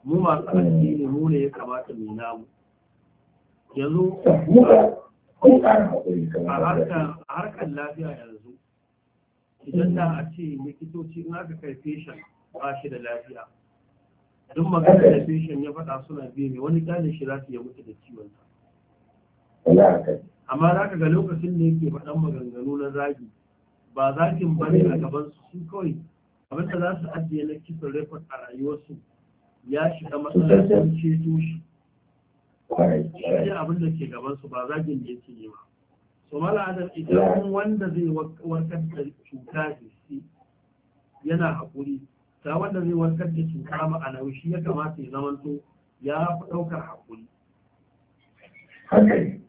mu masu hmm. addini mu ne ya kamata mu namu yanzu a harkar lafiya yanzu idan da a ce likitoci in aka kai fashion ba shi da lafiya Don magana da feshan ya faɗa suna biyu ne wani ƙanin shi za su yi mutu da ciwon ta amma za ka ga lokacin da yake faɗan maganganu na zagi ba zagin ba a gaban su kawai abin da za su ajiye na kisan rekod a rayuwarsu ya shiga matsalar sun ceto shi shi abin da ke gabansu su ba zagin da yake nema ba so mala adam idan wanda zai warkar da cuta yana haƙuri ta wanda zai warkar da cuta ma'ana shi ya kamata ya zamanto ya fi ɗaukar haƙuri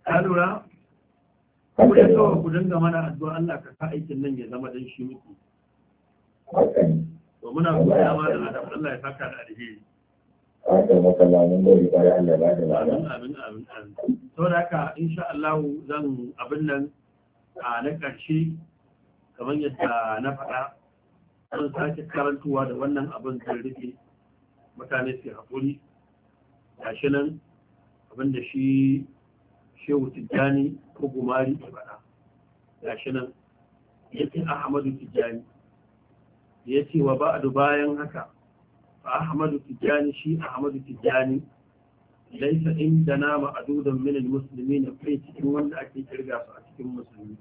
ka lura ku da kawai ku dinga mana addu'a Allah ka sa aikin nan ya zama dan shi muku to muna goya ma da Allah ya saka da alheri haka maka lamun gori bayan Allah ba da lamun. Amin amin amin. Sau da haka insha Allah zan abin nan a na ƙarshe kamar yadda na faɗa zan sake karantuwa da wannan abin zan rufe mutane su haƙuri. Gashi nan abin da shi shehu tijjani ko gumari ke faɗa. Gashi nan yake Ahmadu tijjani. Ya ce wa ba'adu bayan haka فأحمد تجاني شي أحمد تجاني ليس عندنا معدودا من المسلمين في تكون ولا أكي ترجع فأتكون مسلمين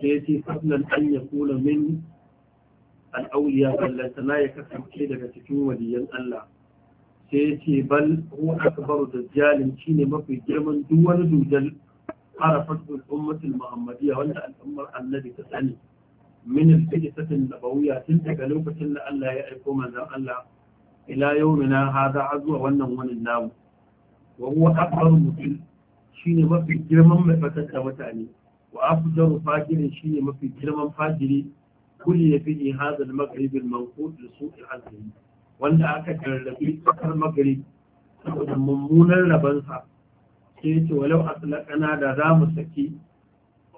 سيتي فضلا أن يكون من الأولياء التي لا يكفي كيدا تكون وليا الله سيتي بل هو أكبر دجال شين ما في جرمن دول دجال عرفته الأمة المحمدية ولا الأمة الذي تسأل من الفتنة النبوية تلك لوكة الله يعرفه من الله ila yawmina hada azwa wannan wani namu wa huwa akbaru mutum shine mafi girman mai fatanta mutane wa afdaru fajirin shine mafi girman fajiri kulli yafi hada al-maghrib al-manqut li su'i wanda aka karrabi tsakar maghrib saboda mummunan rabansa sai ce walau aslaqana da za mu saki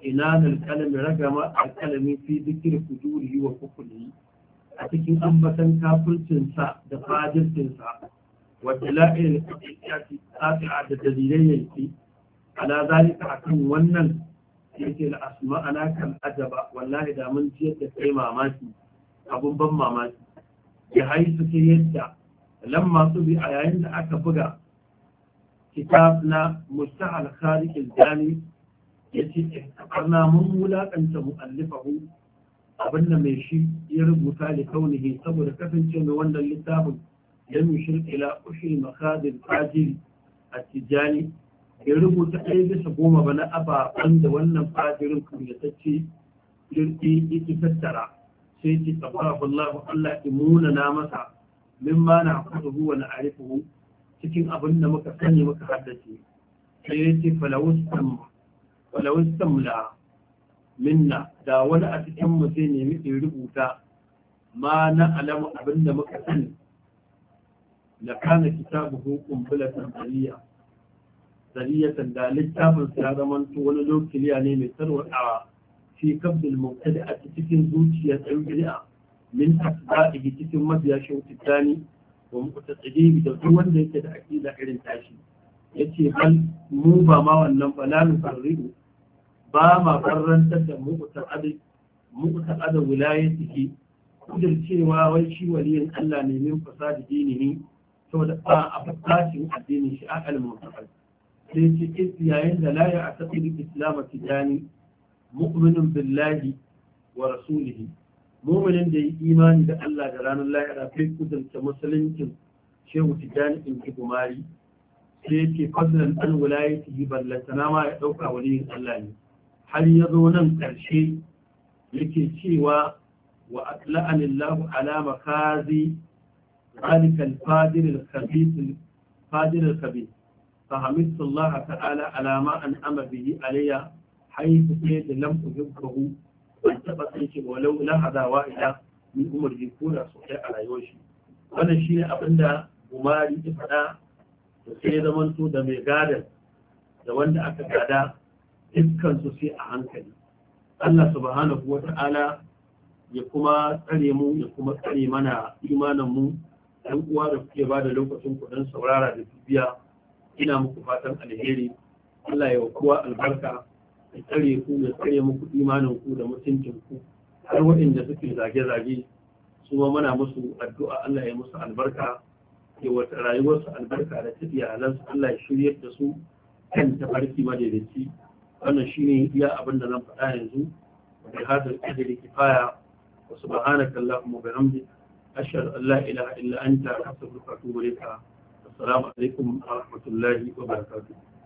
ina da kalami ragama kalami fi dhikri fujurihi wa kukuli a cikin ambatan kafircinsa da fajircinsa wadda la'ilin kasiyasi tsafi'a da dalilai yanki ala zalika akan wannan ce da asma ana kan ajaba wallahi da mun ji yadda kai mamaki abun ban mamaki ya haisu ta yadda lamma su bi a yayin da aka buga kitab na mustahal khariq ya ce. yace eh, ihtabarna mun wulakanta mu'allifahu abin da mai shi ya rubuta da saboda kasance mai wannan littafin lam yushrik ila ushri makadir fajiri a tijani ya rubuta ɗaya bisa goma ba na aba da wannan fajirin kuryatacce jirgi iki tattara sai ci tsabarafu Allah Allah muna na masa min ma na kudu wa na arifu cikin abin da muka sani muka haddace sai ya ce falawus tamla minna da wani a cikin mu sai ne muke rubuta ma na alamu abinda muka sani da kana kitabu kitabuhu kumbula aliya zariyatan da littafin ya to wani lokiliya ne mai a fi kabdul mubtada a cikin zuciyar ɗan bid'a min asba'ihi cikin mabiya mu ta wa bi da duk wanda yake da aqida irin tashi yace bal mu ba ma wannan ba la ba ma barrantar da mukutar ada wilayar suke cewa wai shi waliyin Allah ne min da dini ne saboda ba a fasadin addinin shi a al-mu'taqid sai ce yayin da la ya asaqil islam tijani mu'minun billahi wa rasulihi mu'minin da yi imani da Allah da ranar lahira bai kudurta musuluncin shehu tijani in ki gumari sai ce fadlan an wilayati ballantana ma ya ɗauka waliyin Allah ne har ya zo nan ƙarshe yake cewa wa la'anillahu ala makazi zalikal fadir al-kabi fahimta Allah ta'ala alama an ama bihi alayya haifu ke da lam uhibbahu an taba sai walau la ila min umar jikura su kai a rayuwar shi wannan shine da Umari ya faɗa da sai zamanto da mai gadar da wanda aka tsada. dukkansu sai a hankali Allah subhanahu wa ta'ala ya kuma tsare mu ya kuma tsare mana imanin mu ɗan uwa da kuke ba da lokacin kuɗin saurara da dubiya. ina muku fatan alheri Allah ya kowa albarka ya tsare ku ya tsare muku imanin ku da mutuncin ku har waɗanda suke zage-zage su ma muna musu addu'a Allah ya musu albarka ya wata rayuwarsu albarka da ta Allah ya shiryar da su kan tafarki madaidaici wannan ne iya abin da faɗa yanzu wa bi hadal qadri kifaya wa subhanaka allahumma wa bihamdika ashhadu an la ilaha illa anta astaghfiruka wa atubu ilayk assalamu alaikum wa rahmatullahi wa barakatuh